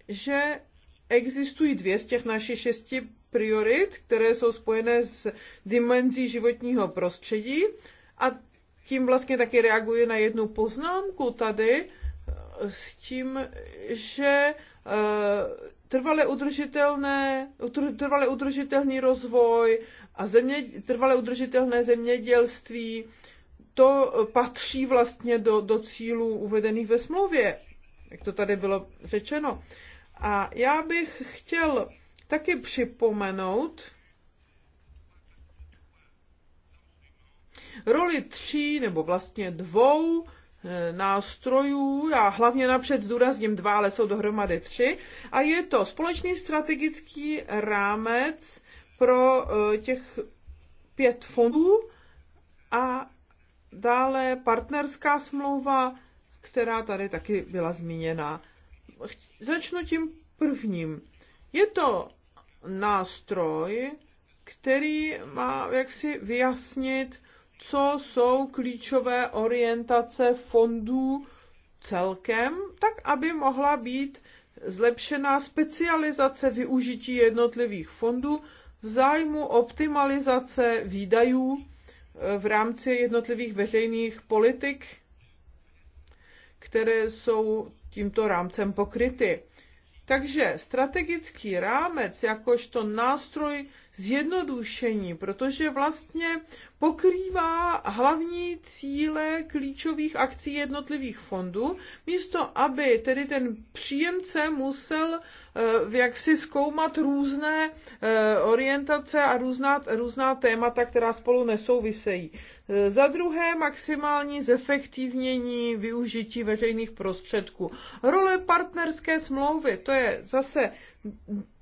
že existují dvě z těch našich šesti priorit, které jsou spojené s dimenzí životního prostředí a tím vlastně taky reaguji na jednu poznámku tady eh, s tím, že eh, trvale udržitelné, trvale udržitelný rozvoj, a země, trvale udržitelné zemědělství, to patří vlastně do, do cílů uvedených ve smlouvě, jak to tady bylo řečeno. A já bych chtěl taky připomenout roli tří nebo vlastně dvou eh, nástrojů, já hlavně napřed zdůrazním dva, ale jsou dohromady tři, a je to společný strategický rámec pro eh, těch pět fondů a dále partnerská smlouva, která tady taky byla zmíněna. Začnu tím prvním. Je to nástroj, který má jaksi vyjasnit, co jsou klíčové orientace fondů celkem, tak aby mohla být zlepšená specializace využití jednotlivých fondů v zájmu optimalizace výdajů eh, v rámci jednotlivých veřejných politik, které jsou tímto rámcem pokryty. Takže strategický rámec jakožto nástroj zjednodušení, protože vlastně pokrývá hlavní cíle klíčových akcí jednotlivých fondů, místo aby tedy ten příjemce musel eh, v jaksi zkoumat různé eh, orientace a různá, různá témata, která spolu nesouvisejí. E, za druhé maximální zefektivnění využití veřejných prostředků. Role partnerské smlouvy, to je zase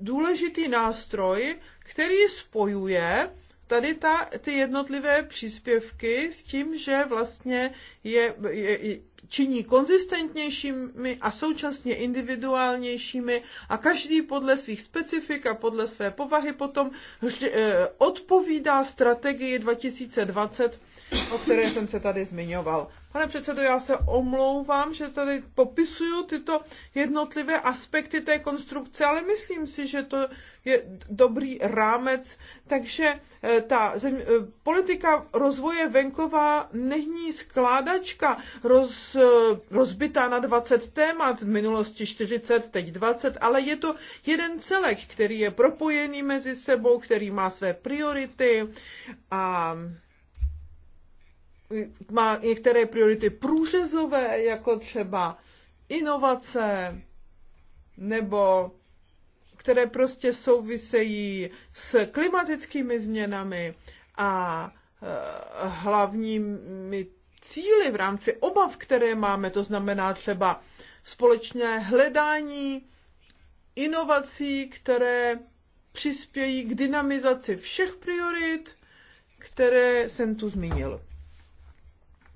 důležitý nástroj, který spojuje tady ta, ty jednotlivé příspěvky s tím, že vlastně je, je, činí konzistentnějšími a současně individuálnějšími a každý podle svých specifik a podle své povahy potom eh, odpovídá strategii 2020, o které jsem se tady zmiňoval. Pane předsedo, já se omlouvám, že tady popisuju tyto jednotlivé aspekty té konstrukce, ale myslím si, že to je dobrý rámec. Takže eh, ta zem, eh, politika rozvoje venková není skládačka roz rozbitá na 20 témat, v minulosti 40, teď 20, ale je to jeden celek, který je propojený mezi sebou, který má své priority a má některé priority průřezové, jako třeba inovace nebo které prostě souvisejí s klimatickými změnami a eh, hlavními cíly, v rámci obav, které máme, to znamená třeba společné hledání inovací, které přispějí k dynamizaci všech priorit, které jsem tu zmínil.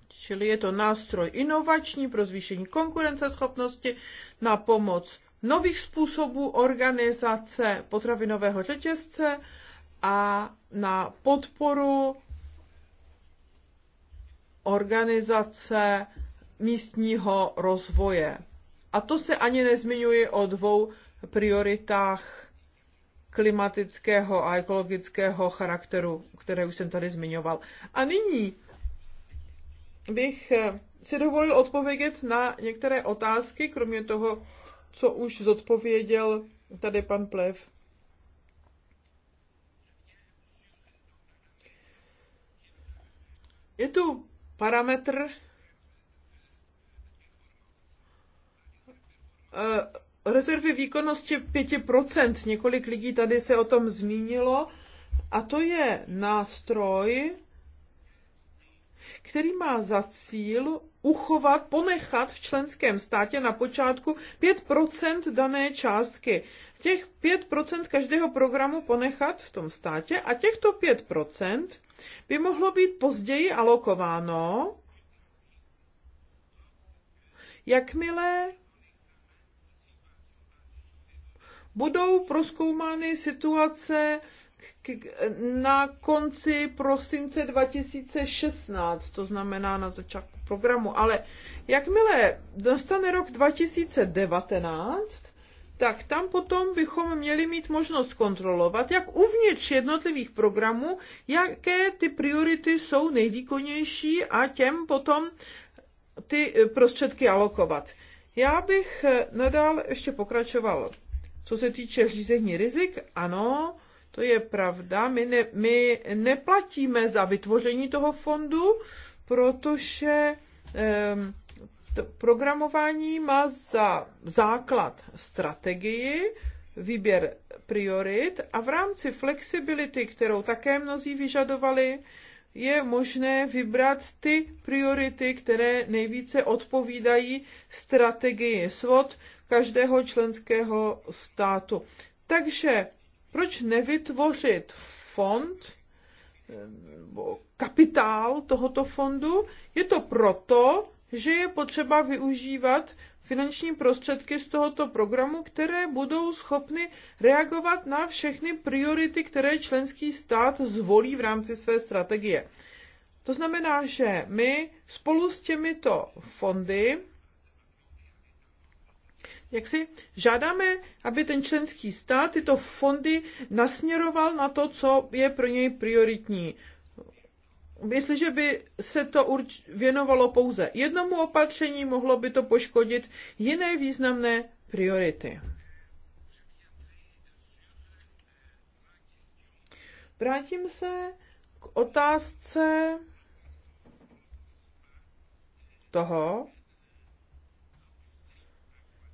Čili je to nástroj inovační pro zvýšení konkurenceschopnosti na pomoc nových způsobů organizace potravinového řetězce a na podporu organizace místního rozvoje. A to se ani nezmiňuji o dvou prioritách klimatického a ekologického charakteru, které už jsem tady zmiňoval. A nyní bych eh, si dovolil odpovědět na některé otázky, kromě toho, co už zodpověděl tady pan Plev. Je tu parametr eh, rezervy výkonnosti 5%. Několik lidí tady se o tom zmínilo. A to je nástroj, který má za cíl uchovat, ponechat v členském státě na počátku 5% dané částky. Těch 5% každého programu ponechat v tom státě a těchto 5% by mohlo být později alokováno, jakmile budou proskoumány situace na konci prosince 2016, to znamená na začátku programu, ale jakmile dostane rok 2019, tak tam potom bychom měli mít možnost kontrolovat, jak uvnitř jednotlivých programů, jaké ty priority jsou nejvýkonnější a těm potom ty eh, prostředky alokovat. Já bych eh, nadal, ještě pokračoval. Co se týče řízení rizik, ano, to je pravda, my, ne, my neplatíme za vytvoření toho fondu, protože eh, to programování má za základ strategii, výběr priorit a v rámci flexibility, kterou také mnozí vyžadovali, je možné vybrat ty priority, které nejvíce odpovídají strategii SWOT každého členského státu. Takže proč nevytvořit fond, kapitál tohoto fondu? Je to proto, že je potřeba využívat finanční prostředky z tohoto programu, které budou schopny reagovat na všechny priority, které členský stát zvolí v rámci své strategie. To znamená, že my spolu s těmito fondy jak si žádáme, aby ten členský stát tyto fondy nasměroval na to, co je pro něj prioritní. Jestliže by se to urč- věnovalo pouze jednomu opatření, mohlo by to poškodit jiné významné priority. Vrátím se k otázce toho,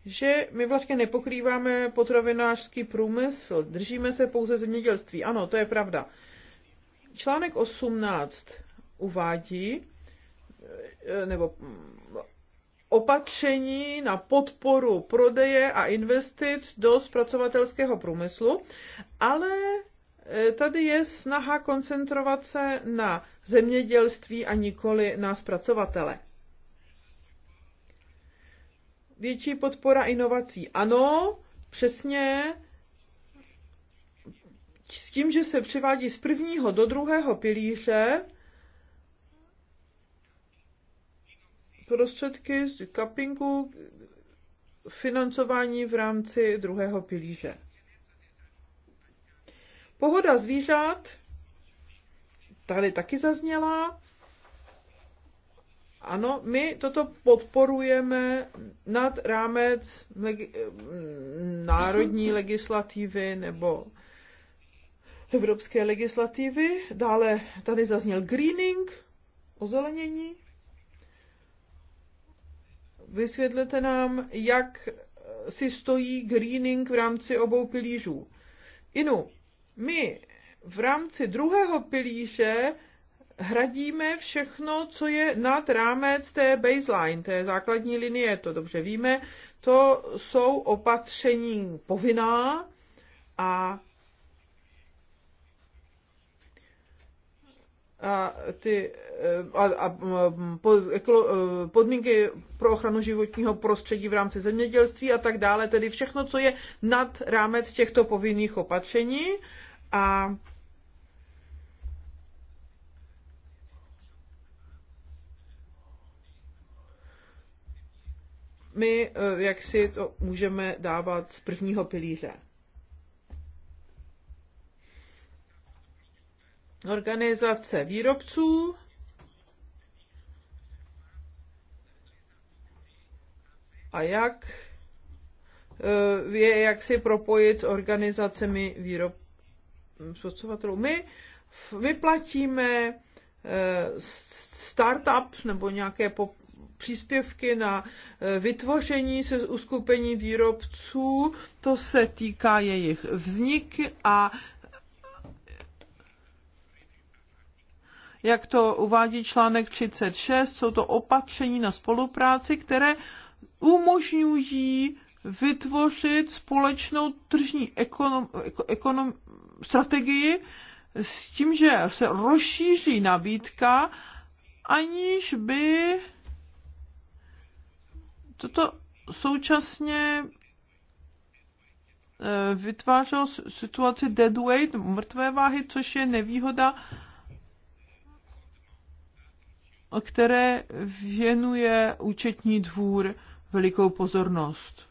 že my vlastně nepokrýváme potravinářský průmysl, držíme se pouze zemědělství. Ano, to je pravda. Článek 18 uvádí, eh, nebo mm, opatření na podporu prodeje a investic do zpracovatelského průmyslu, ale eh, tady je snaha koncentrovat se na zemědělství a nikoli na zpracovatele. Větší podpora inovací. Ano, přesně. S tím, že se převádí z prvního do druhého pilíře prostředky z kapinku financování v rámci druhého pilíře. Pohoda zvířat tady taky zazněla. Ano, my toto podporujeme nad rámec legi- národní legislativy nebo evropské legislativy. Dále tady zazněl greening, ozelenění. Vysvětlete nám, jak si stojí greening v rámci obou pilířů. Inu, my v rámci druhého pilíře hradíme všechno, co je nad rámec té baseline, té základní linie, to dobře víme, to jsou opatření povinná a, a ty eh, a, a eh, podmínky pro ochranu životního prostředí v rámci zemědělství a tak dále, tedy všechno, co je nad rámec těchto povinných opatření a my eh, jak si to můžeme dávat z prvního pilíře. Organizace výrobců, a jak eh, je, jak si propojit s organizacemi výrob My vyplatíme eh, startup nebo nějaké příspěvky na eh, vytvoření se uskupení výrobců, to se týká jejich vznik a jak to uvádí článek 36, jsou to opatření na spolupráci, které umožňují vytvořit společnou tržní ekonom, ekonom, strategii s tím, že se rozšíří nabídka, aniž by Toto současně eh, vytvářelo situaci dead weight, mrtvé váhy, což je nevýhoda, které věnuje účetní dvůr velikou pozornost.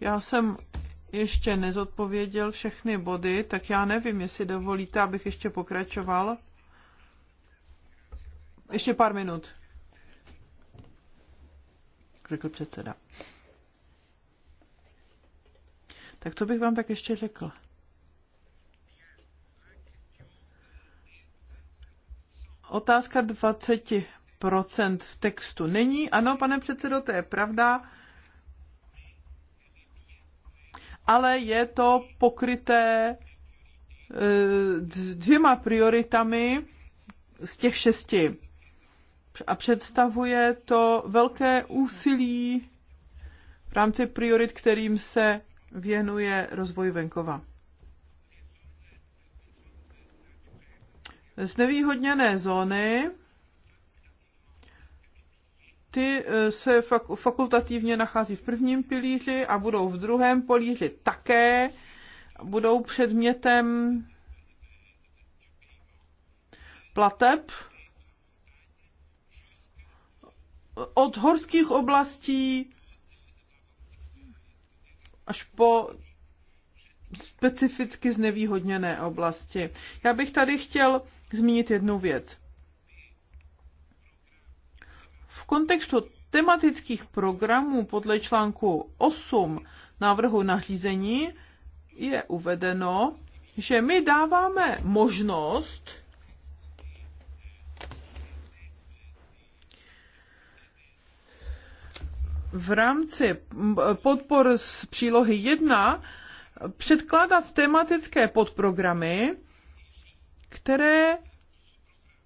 Já jsem ještě nezodpověděl všechny body, tak já nevím, jestli dovolíte, abych ještě pokračoval. Ještě pár minut, řekl předseda. Tak co bych vám tak ještě řekl? Otázka 20% v textu není. Ano, pane předsedo, to je pravda. Ale je to pokryté eh, dvěma prioritami z těch šesti a představuje to velké úsilí v rámci priorit, kterým se věnuje rozvoj venkova. Znevýhodněné zóny ty eh, se fakultativně nachází v prvním pilíři a budou v druhém pilíři také, budou předmětem plateb od horských oblastí až po specificky znevýhodněné oblasti. Já bych tady chtěl zmínit jednu věc. V kontextu tematických programů podle článku 8 návrhu nařízení je uvedeno, že my dáváme možnost v rámci podpor z přílohy 1 předkládat tematické podprogramy, které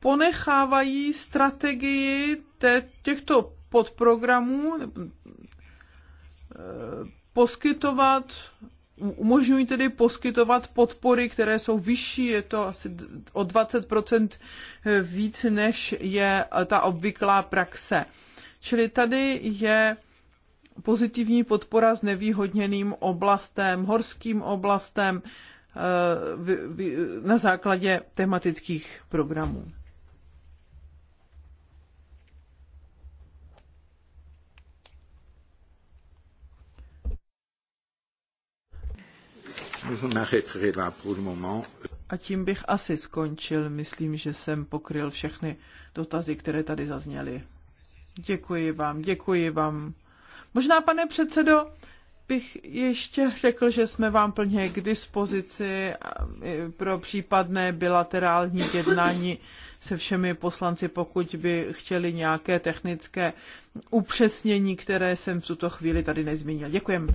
ponechávají strategii těchto podprogramů e, poskytovat, umožňují tedy poskytovat podpory, které jsou vyšší, je to asi o 20% e, víc, než je ta obvyklá praxe. Čili tady je pozitivní podpora s nevýhodněným oblastem, horským oblastem eh, na základě tematických programů. A tím bych asi skončil. Myslím, že jsem pokryl všechny dotazy, které tady zazněly. Děkuji vám, děkuji vám. Možná, pane předsedo, bych ještě řekl, že jsme vám plně k dispozici pro případné bilaterální jednání se všemi poslanci, pokud by chtěli nějaké technické upřesnění, které jsem v tuto chvíli tady nezmínil. Děkujem.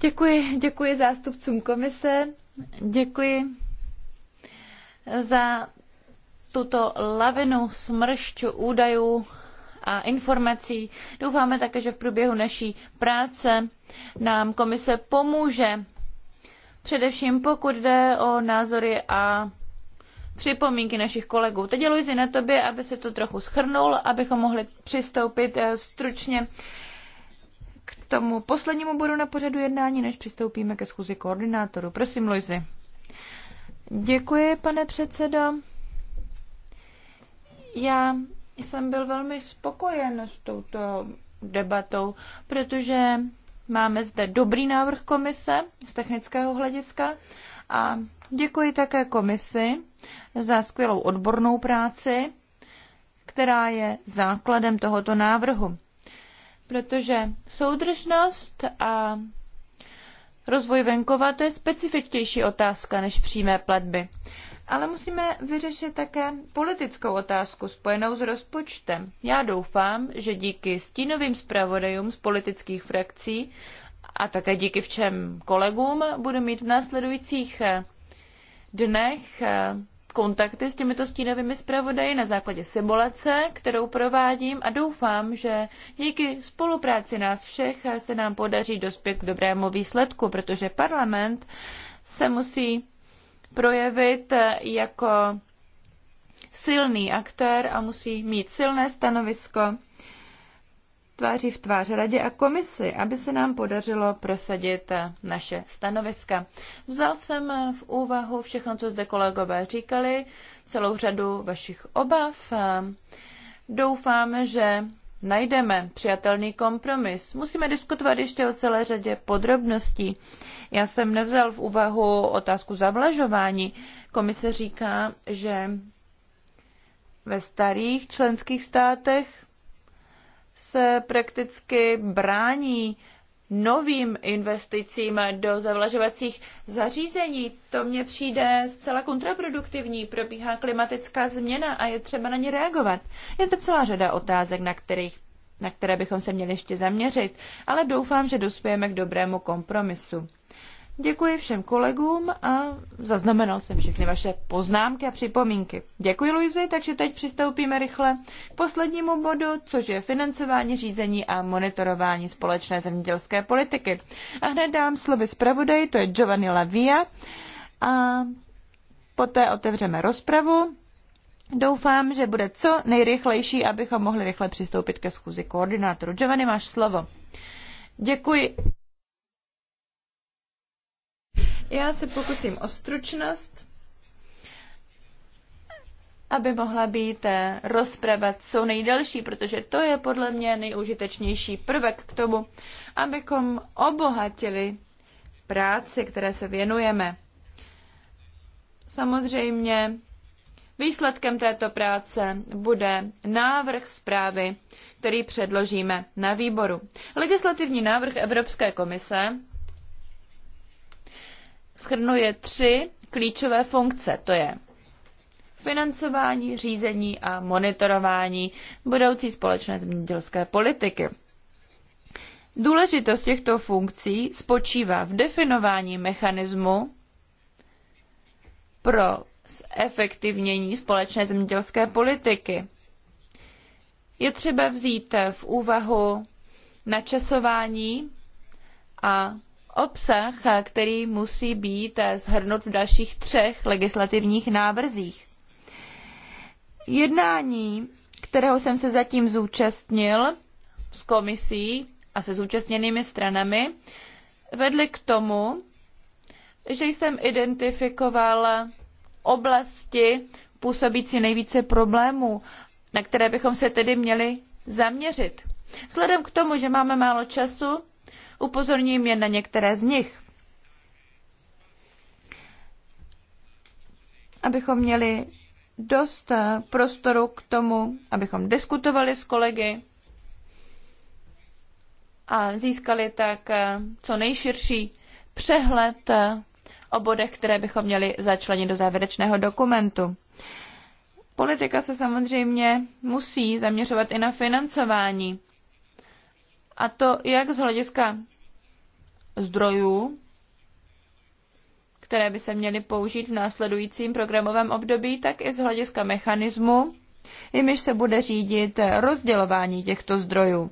Děkuji,
děkuji zástupcům komise, děkuji za tuto lavinu smršť údajů a informací. Doufáme také, že v průběhu naší práce nám komise pomůže, především pokud jde o názory a připomínky našich kolegů. Teď je na tobě, aby se to trochu schrnul, abychom mohli přistoupit eh, stručně k tomu poslednímu bodu na pořadu jednání, než přistoupíme ke schůzi koordinátoru. Prosím, Luizi. Děkuji, pane předsedo. Já jsem byl velmi spokojen s touto debatou, protože máme zde dobrý návrh komise z technického hlediska a děkuji také komisi za skvělou odbornou práci, která je základem tohoto návrhu. Protože soudržnost a rozvoj venkova to je specifičtější otázka než přímé platby. Ale musíme vyřešit také politickou otázku spojenou s rozpočtem. Já doufám, že díky stínovým zpravodajům z politických frakcí a také díky všem kolegům budu mít v následujících eh, dnech eh, kontakty s těmito stínovými zpravodaji na základě simulace, kterou provádím a doufám, že díky spolupráci nás všech eh, se nám podaří dospět k dobrému výsledku, protože parlament se musí projevit jako silný aktér a musí mít silné stanovisko tváří v tvář radě a komisi, aby se nám podařilo prosadit naše stanoviska. Vzal jsem v úvahu všechno, co zde kolegové říkali, celou řadu vašich obav. Doufám, že najdeme přijatelný kompromis. Musíme diskutovat ještě o celé řadě podrobností. Já jsem nevzal v úvahu otázku zavlažování. Komise říká, že ve starých členských státech se prakticky brání novým investicím do zavlažovacích zařízení. To mně přijde zcela kontraproduktivní. Probíhá klimatická změna a je třeba na ně reagovat. Je to celá řada otázek, na kterých na které bychom se měli ještě zaměřit, ale doufám, že dospějeme k dobrému kompromisu. Děkuji všem kolegům a zaznamenal jsem všechny vaše poznámky a připomínky. Děkuji, Luizi, takže teď přistoupíme rychle k poslednímu bodu, což je financování, řízení a monitorování společné zemědělské politiky. A hned dám slovy zpravodaji, to je Giovanni Lavia. A poté otevřeme rozpravu. Doufám, že bude co nejrychlejší, abychom mohli rychle přistoupit ke schůzi koordinátoru. Giovanni, máš slovo. Děkuji. Já se pokusím o stručnost, aby mohla být eh, rozprava co nejdelší, protože to je podle mě nejúžitečnější prvek k tomu, abychom obohatili práci, které se věnujeme. Samozřejmě Výsledkem této práce bude návrh zprávy, který předložíme na výboru. Legislativní návrh Evropské komise schrnuje tři klíčové funkce, to je financování, řízení a monitorování budoucí společné zemědělské politiky. Důležitost těchto funkcí spočívá v definování mechanismu pro zefektivnění společné zemědělské politiky. Je třeba vzít v úvahu načasování a obsah, který musí být shrnut v dalších třech legislativních návrzích. Jednání, kterého jsem se zatím zúčastnil s komisí a se zúčastněnými stranami, vedly k tomu, že jsem identifikoval oblasti působící nejvíce problémů, na které bychom se tedy měli zaměřit. Vzhledem k tomu, že máme málo času, upozorním jen na některé z nich. Abychom měli dost eh, prostoru k tomu, abychom diskutovali s kolegy a získali tak eh, co nejširší přehled eh, o bodech, které bychom měli začlenit do závěrečného dokumentu. Politika se samozřejmě musí zaměřovat i na financování. A to jak z hlediska zdrojů, které by se měly použít v následujícím programovém období, tak i z hlediska mechanismu, jimiž se bude řídit rozdělování těchto zdrojů.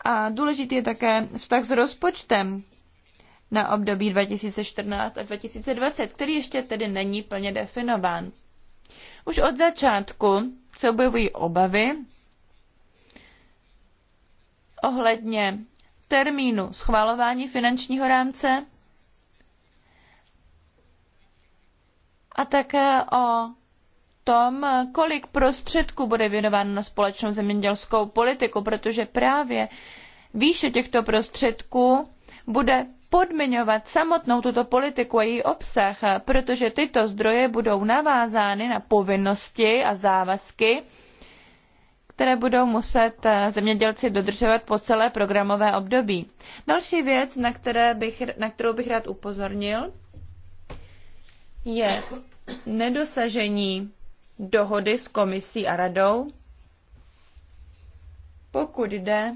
A důležitý je také vztah s rozpočtem, na období 2014 až 2020, který ještě tedy není plně definován. Už od začátku se objevují obavy ohledně termínu schvalování finančního rámce a také o tom, kolik prostředků bude věnováno na společnou zemědělskou politiku, protože právě výše těchto prostředků bude podmiňovat samotnou tuto politiku a její obsah, protože tyto zdroje budou navázány na povinnosti a závazky, které budou muset eh, zemědělci dodržovat po celé programové období. Další věc, na, které bych, na kterou bych rád upozornil, je nedosažení dohody s komisí a radou, pokud jde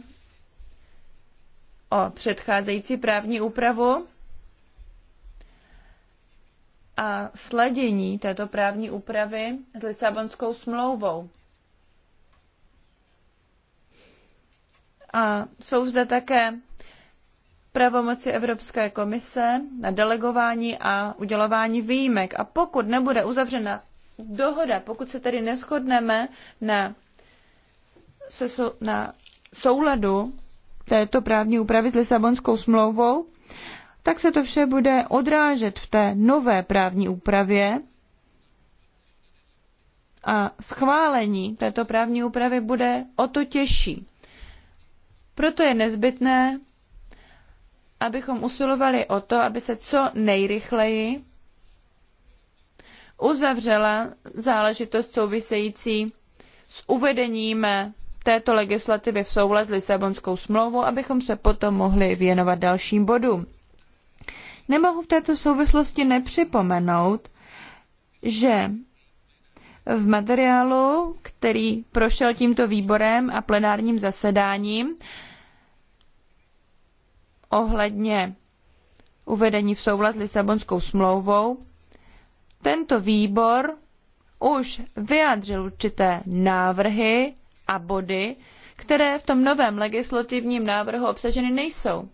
o předcházející právní úpravu a sladění této právní úpravy s Lisabonskou smlouvou. A jsou zde také pravomoci Evropské komise na delegování a udělování výjimek. A pokud nebude uzavřena dohoda, pokud se tedy neschodneme na, se, na souladu této právní úpravy s Lisabonskou smlouvou, tak se to vše bude odrážet v té nové právní úpravě a schválení této právní úpravy bude o to těžší. Proto je nezbytné, abychom usilovali o to, aby se co nejrychleji uzavřela záležitost související s uvedením této legislativy v soulad s Lisabonskou smlouvou, abychom se potom mohli věnovat dalším bodům. Nemohu v této souvislosti nepřipomenout, že v materiálu, který prošel tímto výborem a plenárním zasedáním ohledně uvedení v souhlas Lisabonskou smlouvou, tento výbor už vyjádřil určité návrhy a body, které v tom novém legislativním návrhu obsaženy nejsou.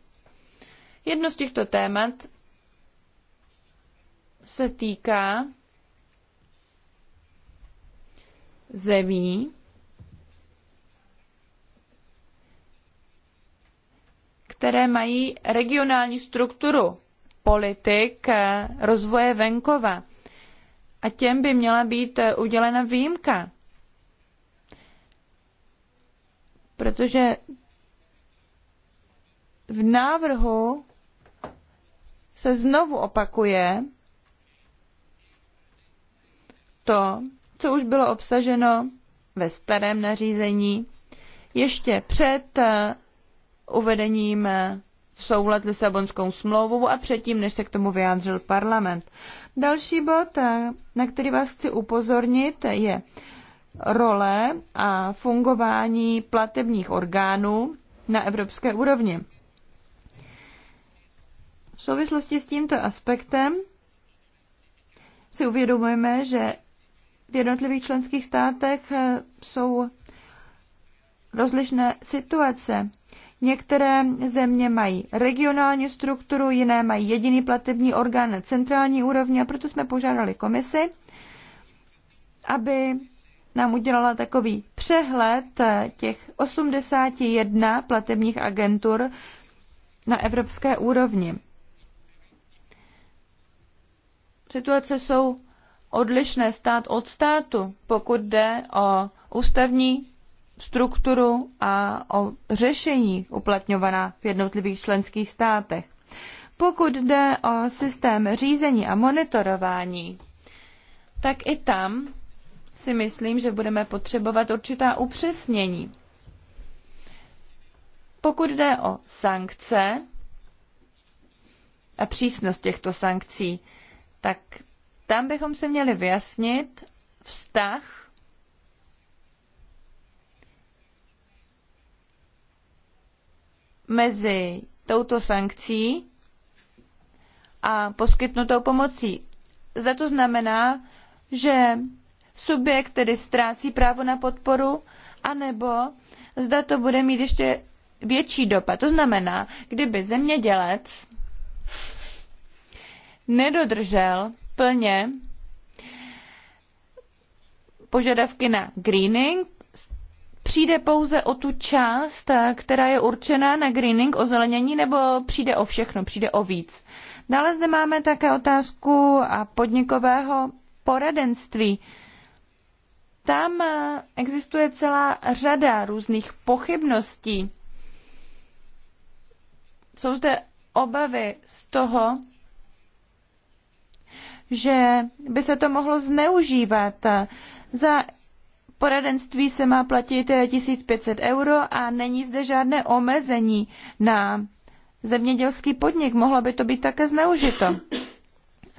Jedno z těchto témat se týká zemí, které mají regionální strukturu politik eh, rozvoje venkova. A těm by měla být eh, udělena výjimka. protože v návrhu se znovu opakuje to, co už bylo obsaženo ve starém nařízení ještě před eh, uvedením eh, v soulad Lisabonskou smlouvou a předtím, než se k tomu vyjádřil parlament. Další bod, eh, na který vás chci upozornit, je role a fungování platebních orgánů na evropské úrovni. V souvislosti s tímto aspektem si uvědomujeme, že v jednotlivých členských státech eh, jsou rozlišné situace. Některé země mají regionální strukturu, jiné mají jediný platební orgán na centrální úrovni a proto jsme požádali komisi, aby nám udělala takový přehled eh, těch 81 platebních agentur na evropské úrovni. Situace jsou odlišné stát od státu, pokud jde o ústavní strukturu a o řešení uplatňovaná v jednotlivých členských státech. Pokud jde o systém řízení a monitorování, tak i tam si myslím, že budeme potřebovat určitá upřesnění. Pokud jde o sankce a přísnost těchto sankcí, tak tam bychom se měli vyjasnit vztah mezi touto sankcí a poskytnutou pomocí. Zda to znamená, že subjekt tedy ztrácí právo na podporu, anebo zda to bude mít ještě větší dopad. To znamená, kdyby zemědělec nedodržel plně požadavky na greening, přijde pouze o tu část, která je určená na greening, o zelenění, nebo přijde o všechno, přijde o víc. Dále zde máme také otázku podnikového poradenství tam eh, existuje celá řada různých pochybností. Jsou zde obavy z toho, že by se to mohlo zneužívat. Za poradenství se má platit 1500 euro a není zde žádné omezení na zemědělský podnik. Mohlo by to být také zneužito.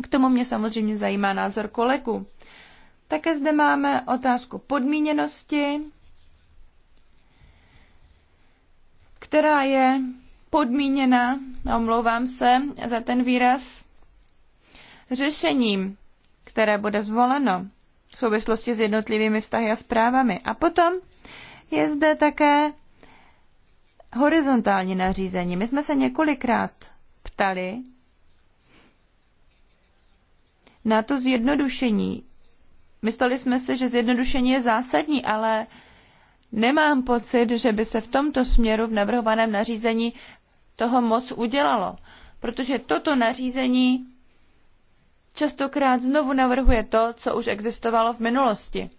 K tomu mě samozřejmě zajímá názor kolegů. Také zde máme otázku podmíněnosti, která je podmíněna, omlouvám se za ten výraz, řešením, které bude zvoleno v souvislosti s jednotlivými vztahy a zprávami. A potom je zde také horizontální nařízení. My jsme se několikrát ptali na to zjednodušení, Mysleli jsme si, že zjednodušení je zásadní, ale nemám pocit, že by se v tomto směru v navrhovaném nařízení toho moc udělalo, protože toto nařízení častokrát znovu navrhuje to, co už existovalo v minulosti.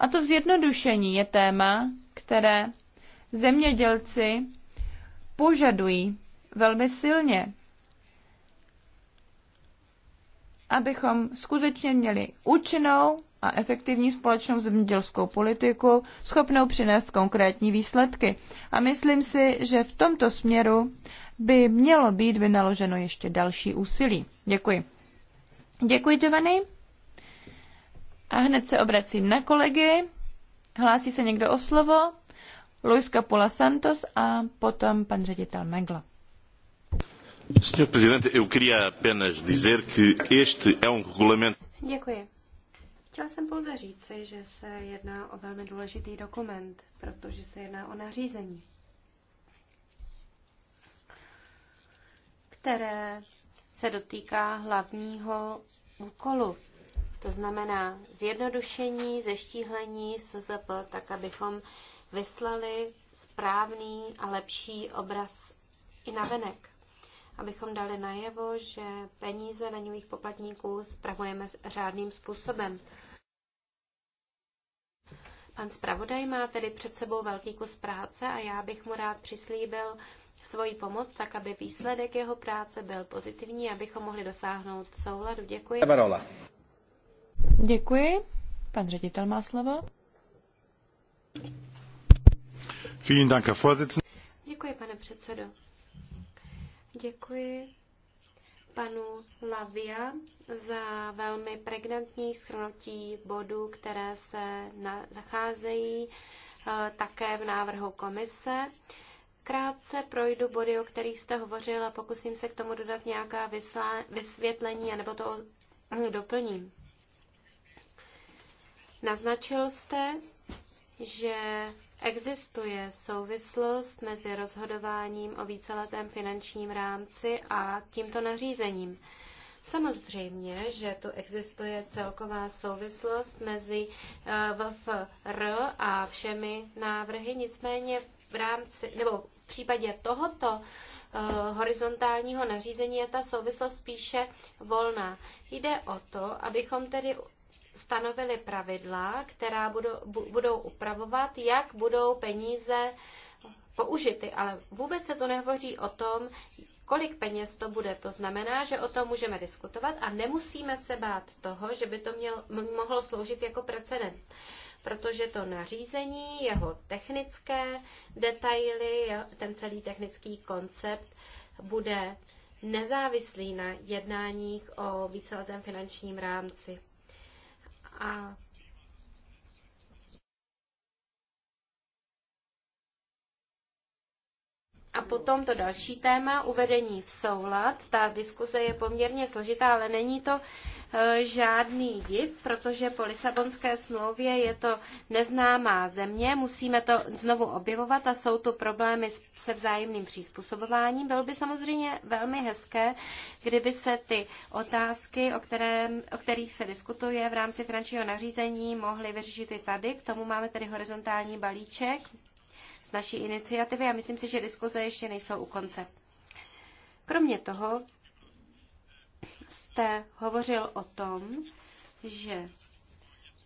A to zjednodušení je téma, které zemědělci požadují velmi silně, abychom skutečně měli účinnou a efektivní společnou zemědělskou politiku, schopnou přinést konkrétní výsledky. A myslím si, že v tomto směru by mělo být vynaloženo ještě další úsilí. Děkuji. Děkuji, Giovanni. A hned se obracím na kolegy. Hlásí se někdo o slovo? Luis Capola Santos a potom pan ředitel Megla.
Um
Děkuji. Chtěla jsem pouze říci, že se jedná o velmi důležitý dokument, protože se jedná o nařízení, které se dotýká hlavního úkolu. To znamená zjednodušení, zeštíhlení SZP, tak abychom vyslali správný a lepší obraz i venek. Abychom dali najevo, že peníze daňových poplatníků spravujeme řádným způsobem. Pan zpravodaj má tedy před sebou velký kus práce a já bych mu rád přislíbil svoji pomoc, tak aby výsledek jeho práce byl pozitivní, abychom mohli dosáhnout souladu. Děkuji.
Barola.
Děkuji. Pan ředitel má slovo.
Vielen Dank,
Herr Děkuji, pane předsedo. Děkuji panu Lavia za velmi pregnantní schrnutí bodů, které se na, zacházejí eh, také v návrhu komise. Krátce projdu body, o kterých jste hovořil a pokusím se k tomu dodat nějaká vyslá, vysvětlení, anebo to eh, doplním. Naznačil jste, že Existuje souvislost mezi rozhodováním o víceletém finančním rámci a tímto nařízením. Samozřejmě, že tu existuje celková souvislost mezi eh, VFR a všemi návrhy, nicméně v rámci, nebo v případě tohoto eh, horizontálního nařízení je ta souvislost spíše volná. Jde o to, abychom tedy stanovili pravidla, která budou, budou upravovat, jak budou peníze použity, ale vůbec se to nehovoří o tom, kolik peněz to bude. To znamená, že o tom můžeme diskutovat a nemusíme se bát toho, že by to měl, mohlo sloužit jako precedent. Protože to nařízení, jeho technické detaily, ten celý technický koncept bude nezávislý na jednáních o víceletém finančním rámci a A potom to další téma, uvedení v soulad. Ta diskuze je poměrně složitá, ale není to e, žádný div, protože po Lisabonské smlouvě je to neznámá země, musíme to znovu objevovat a jsou tu problémy se vzájemným přizpůsobováním. Bylo by samozřejmě velmi hezké, kdyby se ty otázky, o, kterém, o kterých se diskutuje v rámci finančního nařízení, mohly vyřešit i tady. K tomu máme tedy horizontální balíček, z naší iniciativy a myslím si, že diskuze ještě nejsou u konce. Kromě toho jste hovořil o tom, že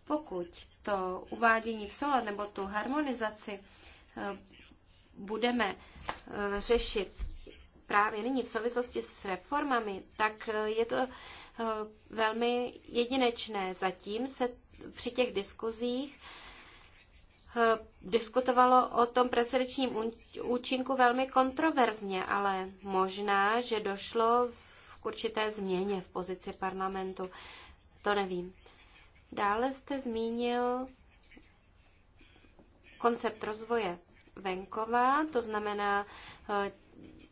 pokud to uvádění v soulad nebo tu harmonizaci eh, budeme eh, řešit právě nyní v souvislosti s reformami, tak eh, je to velmi jedinečné. Zatím se při těch diskuzích Eh, diskutovalo o tom precedenčním účinku velmi kontroverzně, ale možná, že došlo k určité změně v pozici parlamentu. To nevím. Dále jste zmínil koncept rozvoje venkova, to znamená eh,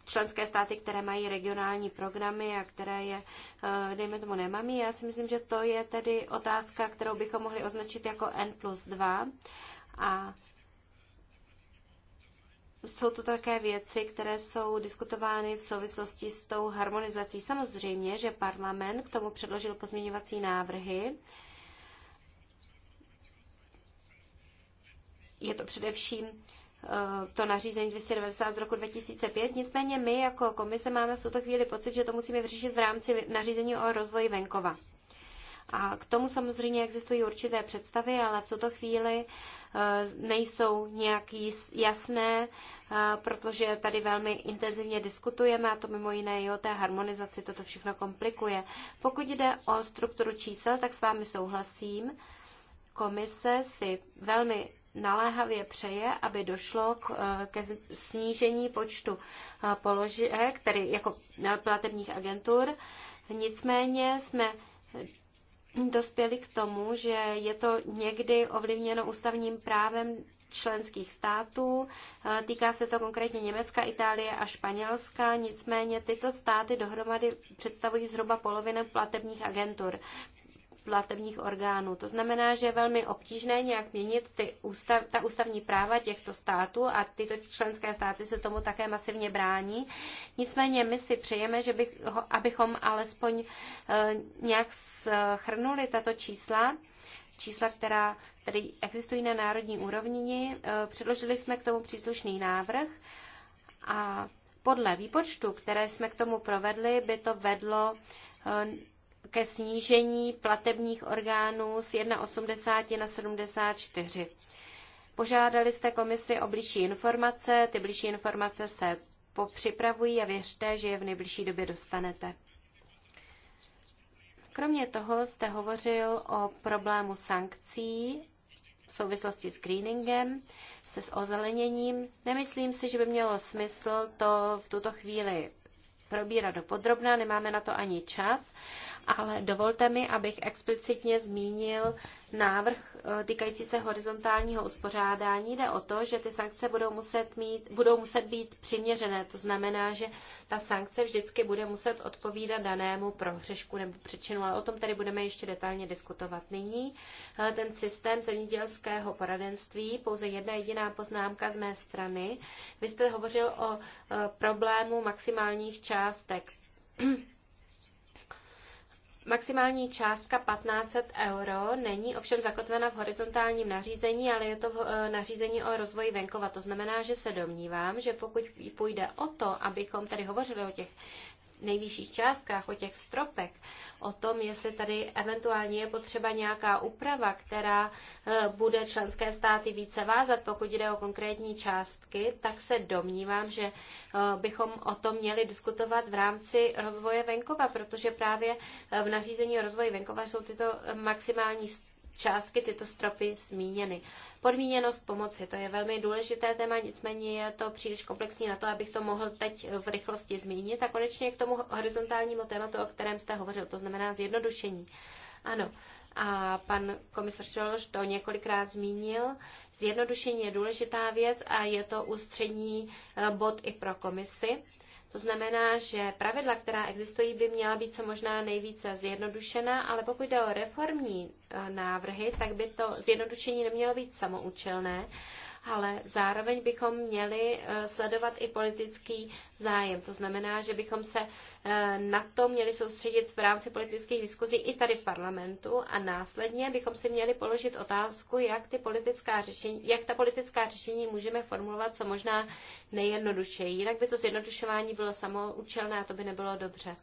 členské státy, které mají regionální programy a které je, eh, dejme tomu, nemají. Já si myslím, že to je tedy otázka, kterou bychom mohli označit jako N plus 2. A jsou to také věci, které jsou diskutovány v souvislosti s tou harmonizací. Samozřejmě, že parlament k tomu předložil pozměňovací návrhy. Je to především eh, to nařízení 290 z roku 2005. Nicméně my jako komise máme v tuto chvíli pocit, že to musíme vyřešit v rámci nařízení o rozvoji venkova. A k tomu samozřejmě existují určité představy, ale v tuto chvíli e, nejsou nějak jasné, e, protože tady velmi intenzivně diskutujeme a to mimo jiné i o té harmonizaci toto všechno komplikuje. Pokud jde o strukturu čísel, tak s vámi souhlasím. Komise si velmi naléhavě přeje, aby došlo k, e, ke snížení počtu položek, tedy jako platebních agentur. Nicméně jsme dospěli k tomu, že je to někdy ovlivněno ústavním právem členských států. Eh, týká se to konkrétně Německa, Itálie a Španělska, nicméně tyto státy dohromady představují zhruba polovinu platebních agentur platebních orgánů. To znamená, že je velmi obtížné nějak měnit ty ústav, ta ústavní práva těchto států a tyto členské státy se tomu také masivně brání. Nicméně my si přejeme, že bych, abychom alespoň e, nějak schrnuli tato čísla čísla, která tedy existují na národní úrovni. E, předložili jsme k tomu příslušný návrh a podle výpočtu, které jsme k tomu provedli, by to vedlo e, ke snížení platebních orgánů z 1,80 na 74. Požádali jste komisi o blížší informace, ty blížší informace se popřipravují a věřte, že je v nejbližší době dostanete. Kromě toho jste hovořil o problému sankcí v souvislosti s greeningem, se s ozeleněním. Nemyslím si, že by mělo smysl to v tuto chvíli probírat do podrobna, nemáme na to ani čas ale dovolte mi, abych explicitně zmínil návrh eh, týkající se horizontálního uspořádání. Jde o to, že ty sankce budou muset, mít, budou muset být přiměřené. To znamená, že ta sankce vždycky bude muset odpovídat danému prohřešku nebo příčinu, ale o tom tady budeme ještě detailně diskutovat nyní. Eh, ten systém zemědělského poradenství, pouze jedna jediná poznámka z mé strany. Vy jste hovořil o eh, problému maximálních částek. Maximální částka 1500 euro není ovšem zakotvena v horizontálním nařízení, ale je to v eh, nařízení o rozvoji venkova. To znamená, že se domnívám, že pokud půjde o to, abychom tady hovořili o těch nejvyšších částkách, o těch stropech, o tom, jestli tady eventuálně je potřeba nějaká úprava, která eh, bude členské státy více vázat, pokud jde o konkrétní částky, tak se domnívám, že eh, bychom o tom měli diskutovat v rámci rozvoje venkova, protože právě eh, v nařízení o rozvoji venkova jsou tyto maximální stropy částky tyto stropy zmíněny. Podmíněnost pomoci, to je velmi důležité téma, nicméně je to příliš komplexní na to, abych to mohl teď v rychlosti zmínit. A konečně k tomu horizontálnímu tématu, o kterém jste hovořil, to znamená zjednodušení. Ano, a pan komisař Čološ to několikrát zmínil. Zjednodušení je důležitá věc a je to ústřední eh, bod i pro komisi. To znamená, že pravidla, která existují, by měla být co možná nejvíce zjednodušena, ale pokud jde o reformní eh, návrhy, tak by to zjednodušení nemělo být samoučelné ale zároveň bychom měli eh, sledovat i politický zájem. To znamená, že bychom se eh, na to měli soustředit v rámci politických diskuzí i tady v parlamentu a následně bychom si měli položit otázku, jak, ty politická řešení, jak ta politická řešení můžeme formulovat co možná nejjednodušeji. Jinak by to zjednodušování bylo samoučelné a to by nebylo dobře.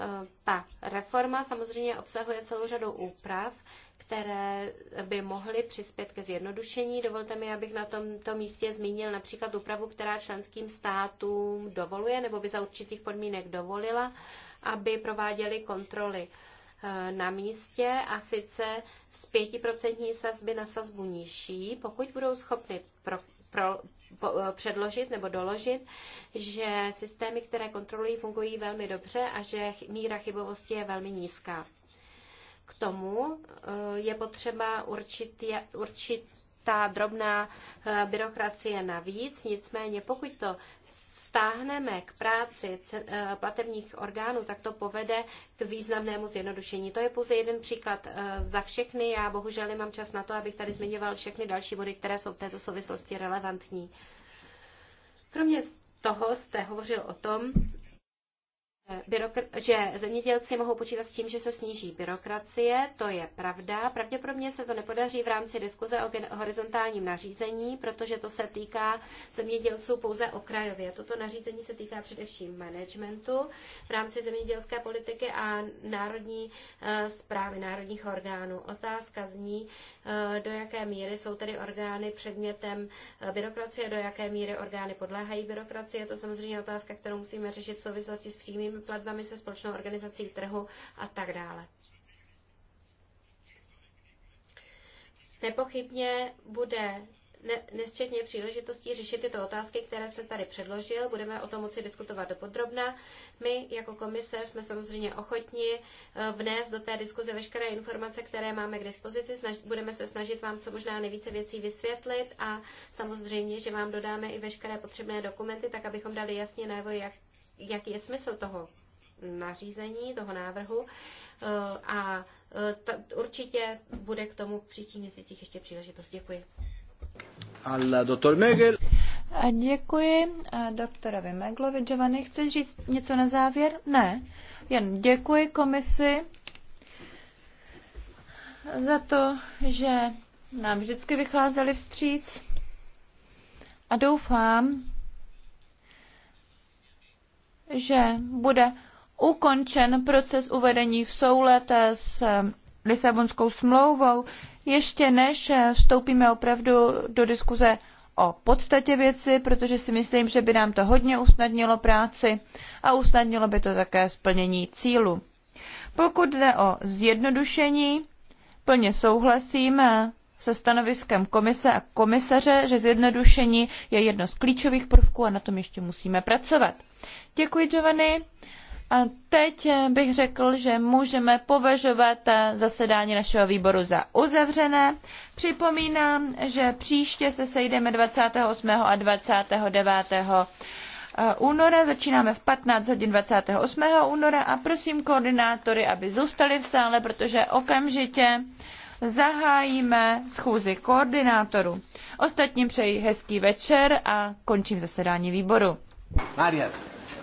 Eh, ta reforma samozřejmě obsahuje celou řadu úprav, které by mohly přispět ke zjednodušení. Dovolte mi, abych na tomto místě zmínil například úpravu, která členským státům dovoluje nebo by za určitých podmínek dovolila, aby prováděli kontroly eh, na místě a sice z 5% sazby na sazbu nižší, pokud budou schopny pro, pro, po, eh, předložit nebo doložit, že systémy, které kontrolují, fungují velmi dobře a že míra chybovosti je velmi nízká. K tomu eh, je potřeba určitě, určitá drobná eh, byrokracie navíc, nicméně pokud to stáhneme k práci eh, platebních orgánů, tak to povede k významnému zjednodušení. To je pouze jeden příklad za všechny. Já bohužel nemám čas na to, abych tady zmiňoval všechny další body, které jsou v této souvislosti relevantní. Kromě toho jste hovořil o tom, Eh, že zemědělci mohou počítat s tím, že se sníží byrokracie, to je pravda. Pravděpodobně se to nepodaří v rámci diskuze o horizontálním nařízení, protože to se týká zemědělců pouze okrajově. Toto nařízení se týká především managementu v rámci zemědělské politiky a národní zprávy eh, národních orgánů. Otázka zní, eh, do jaké míry jsou tedy orgány předmětem byrokracie, do jaké míry orgány podléhají byrokracie. Je to samozřejmě otázka, kterou musíme řešit v souvislosti s přímým společnými platbami, se společnou organizací trhu a tak dále. Nepochybně bude nesčetně příležitostí řešit tyto otázky, které jste tady předložil. Budeme o tom moci diskutovat dopodrobna. My jako komise jsme samozřejmě ochotni eh, vnést do té diskuze veškeré informace, které máme k dispozici. budeme se snažit vám co možná nejvíce věcí vysvětlit a samozřejmě, že vám dodáme i veškeré potřebné dokumenty, tak abychom dali jasně najevo, jak, jaký je smysl toho nařízení, toho návrhu eh, a eh, ta, určitě bude k tomu v příštích měsících ještě příležitost. Děkuji.
Alla, doktor Megel.
A
děkuji a doktorovi Meglovi. Giovanni, chceš říct něco na závěr? Ne. Jen děkuji komisi za to, že nám vždycky vycházeli vstříc a doufám, že bude ukončen proces uvedení v soulad s eh, Lisabonskou smlouvou, ještě než eh, vstoupíme opravdu do diskuze o podstatě věci, protože si myslím, že by nám to hodně usnadnilo práci a usnadnilo by to také splnění cílu. Pokud jde o zjednodušení, plně souhlasím eh, se stanoviskem komise a komisaře, že zjednodušení je jedno z klíčových prvků a na tom ještě musíme pracovat. Děkuji, Giovanni. A teď eh, bych řekl, že můžeme považovat eh, zasedání našeho výboru za uzavřené. Připomínám, že příště se sejdeme 28. a 29. Eh, února. Začínáme v 15 hodin 28. února a prosím koordinátory, aby zůstali v sále, protože okamžitě zahájíme schůzi koordinátorů. Ostatním přeji hezký večer a končím zasedání výboru. Mariet.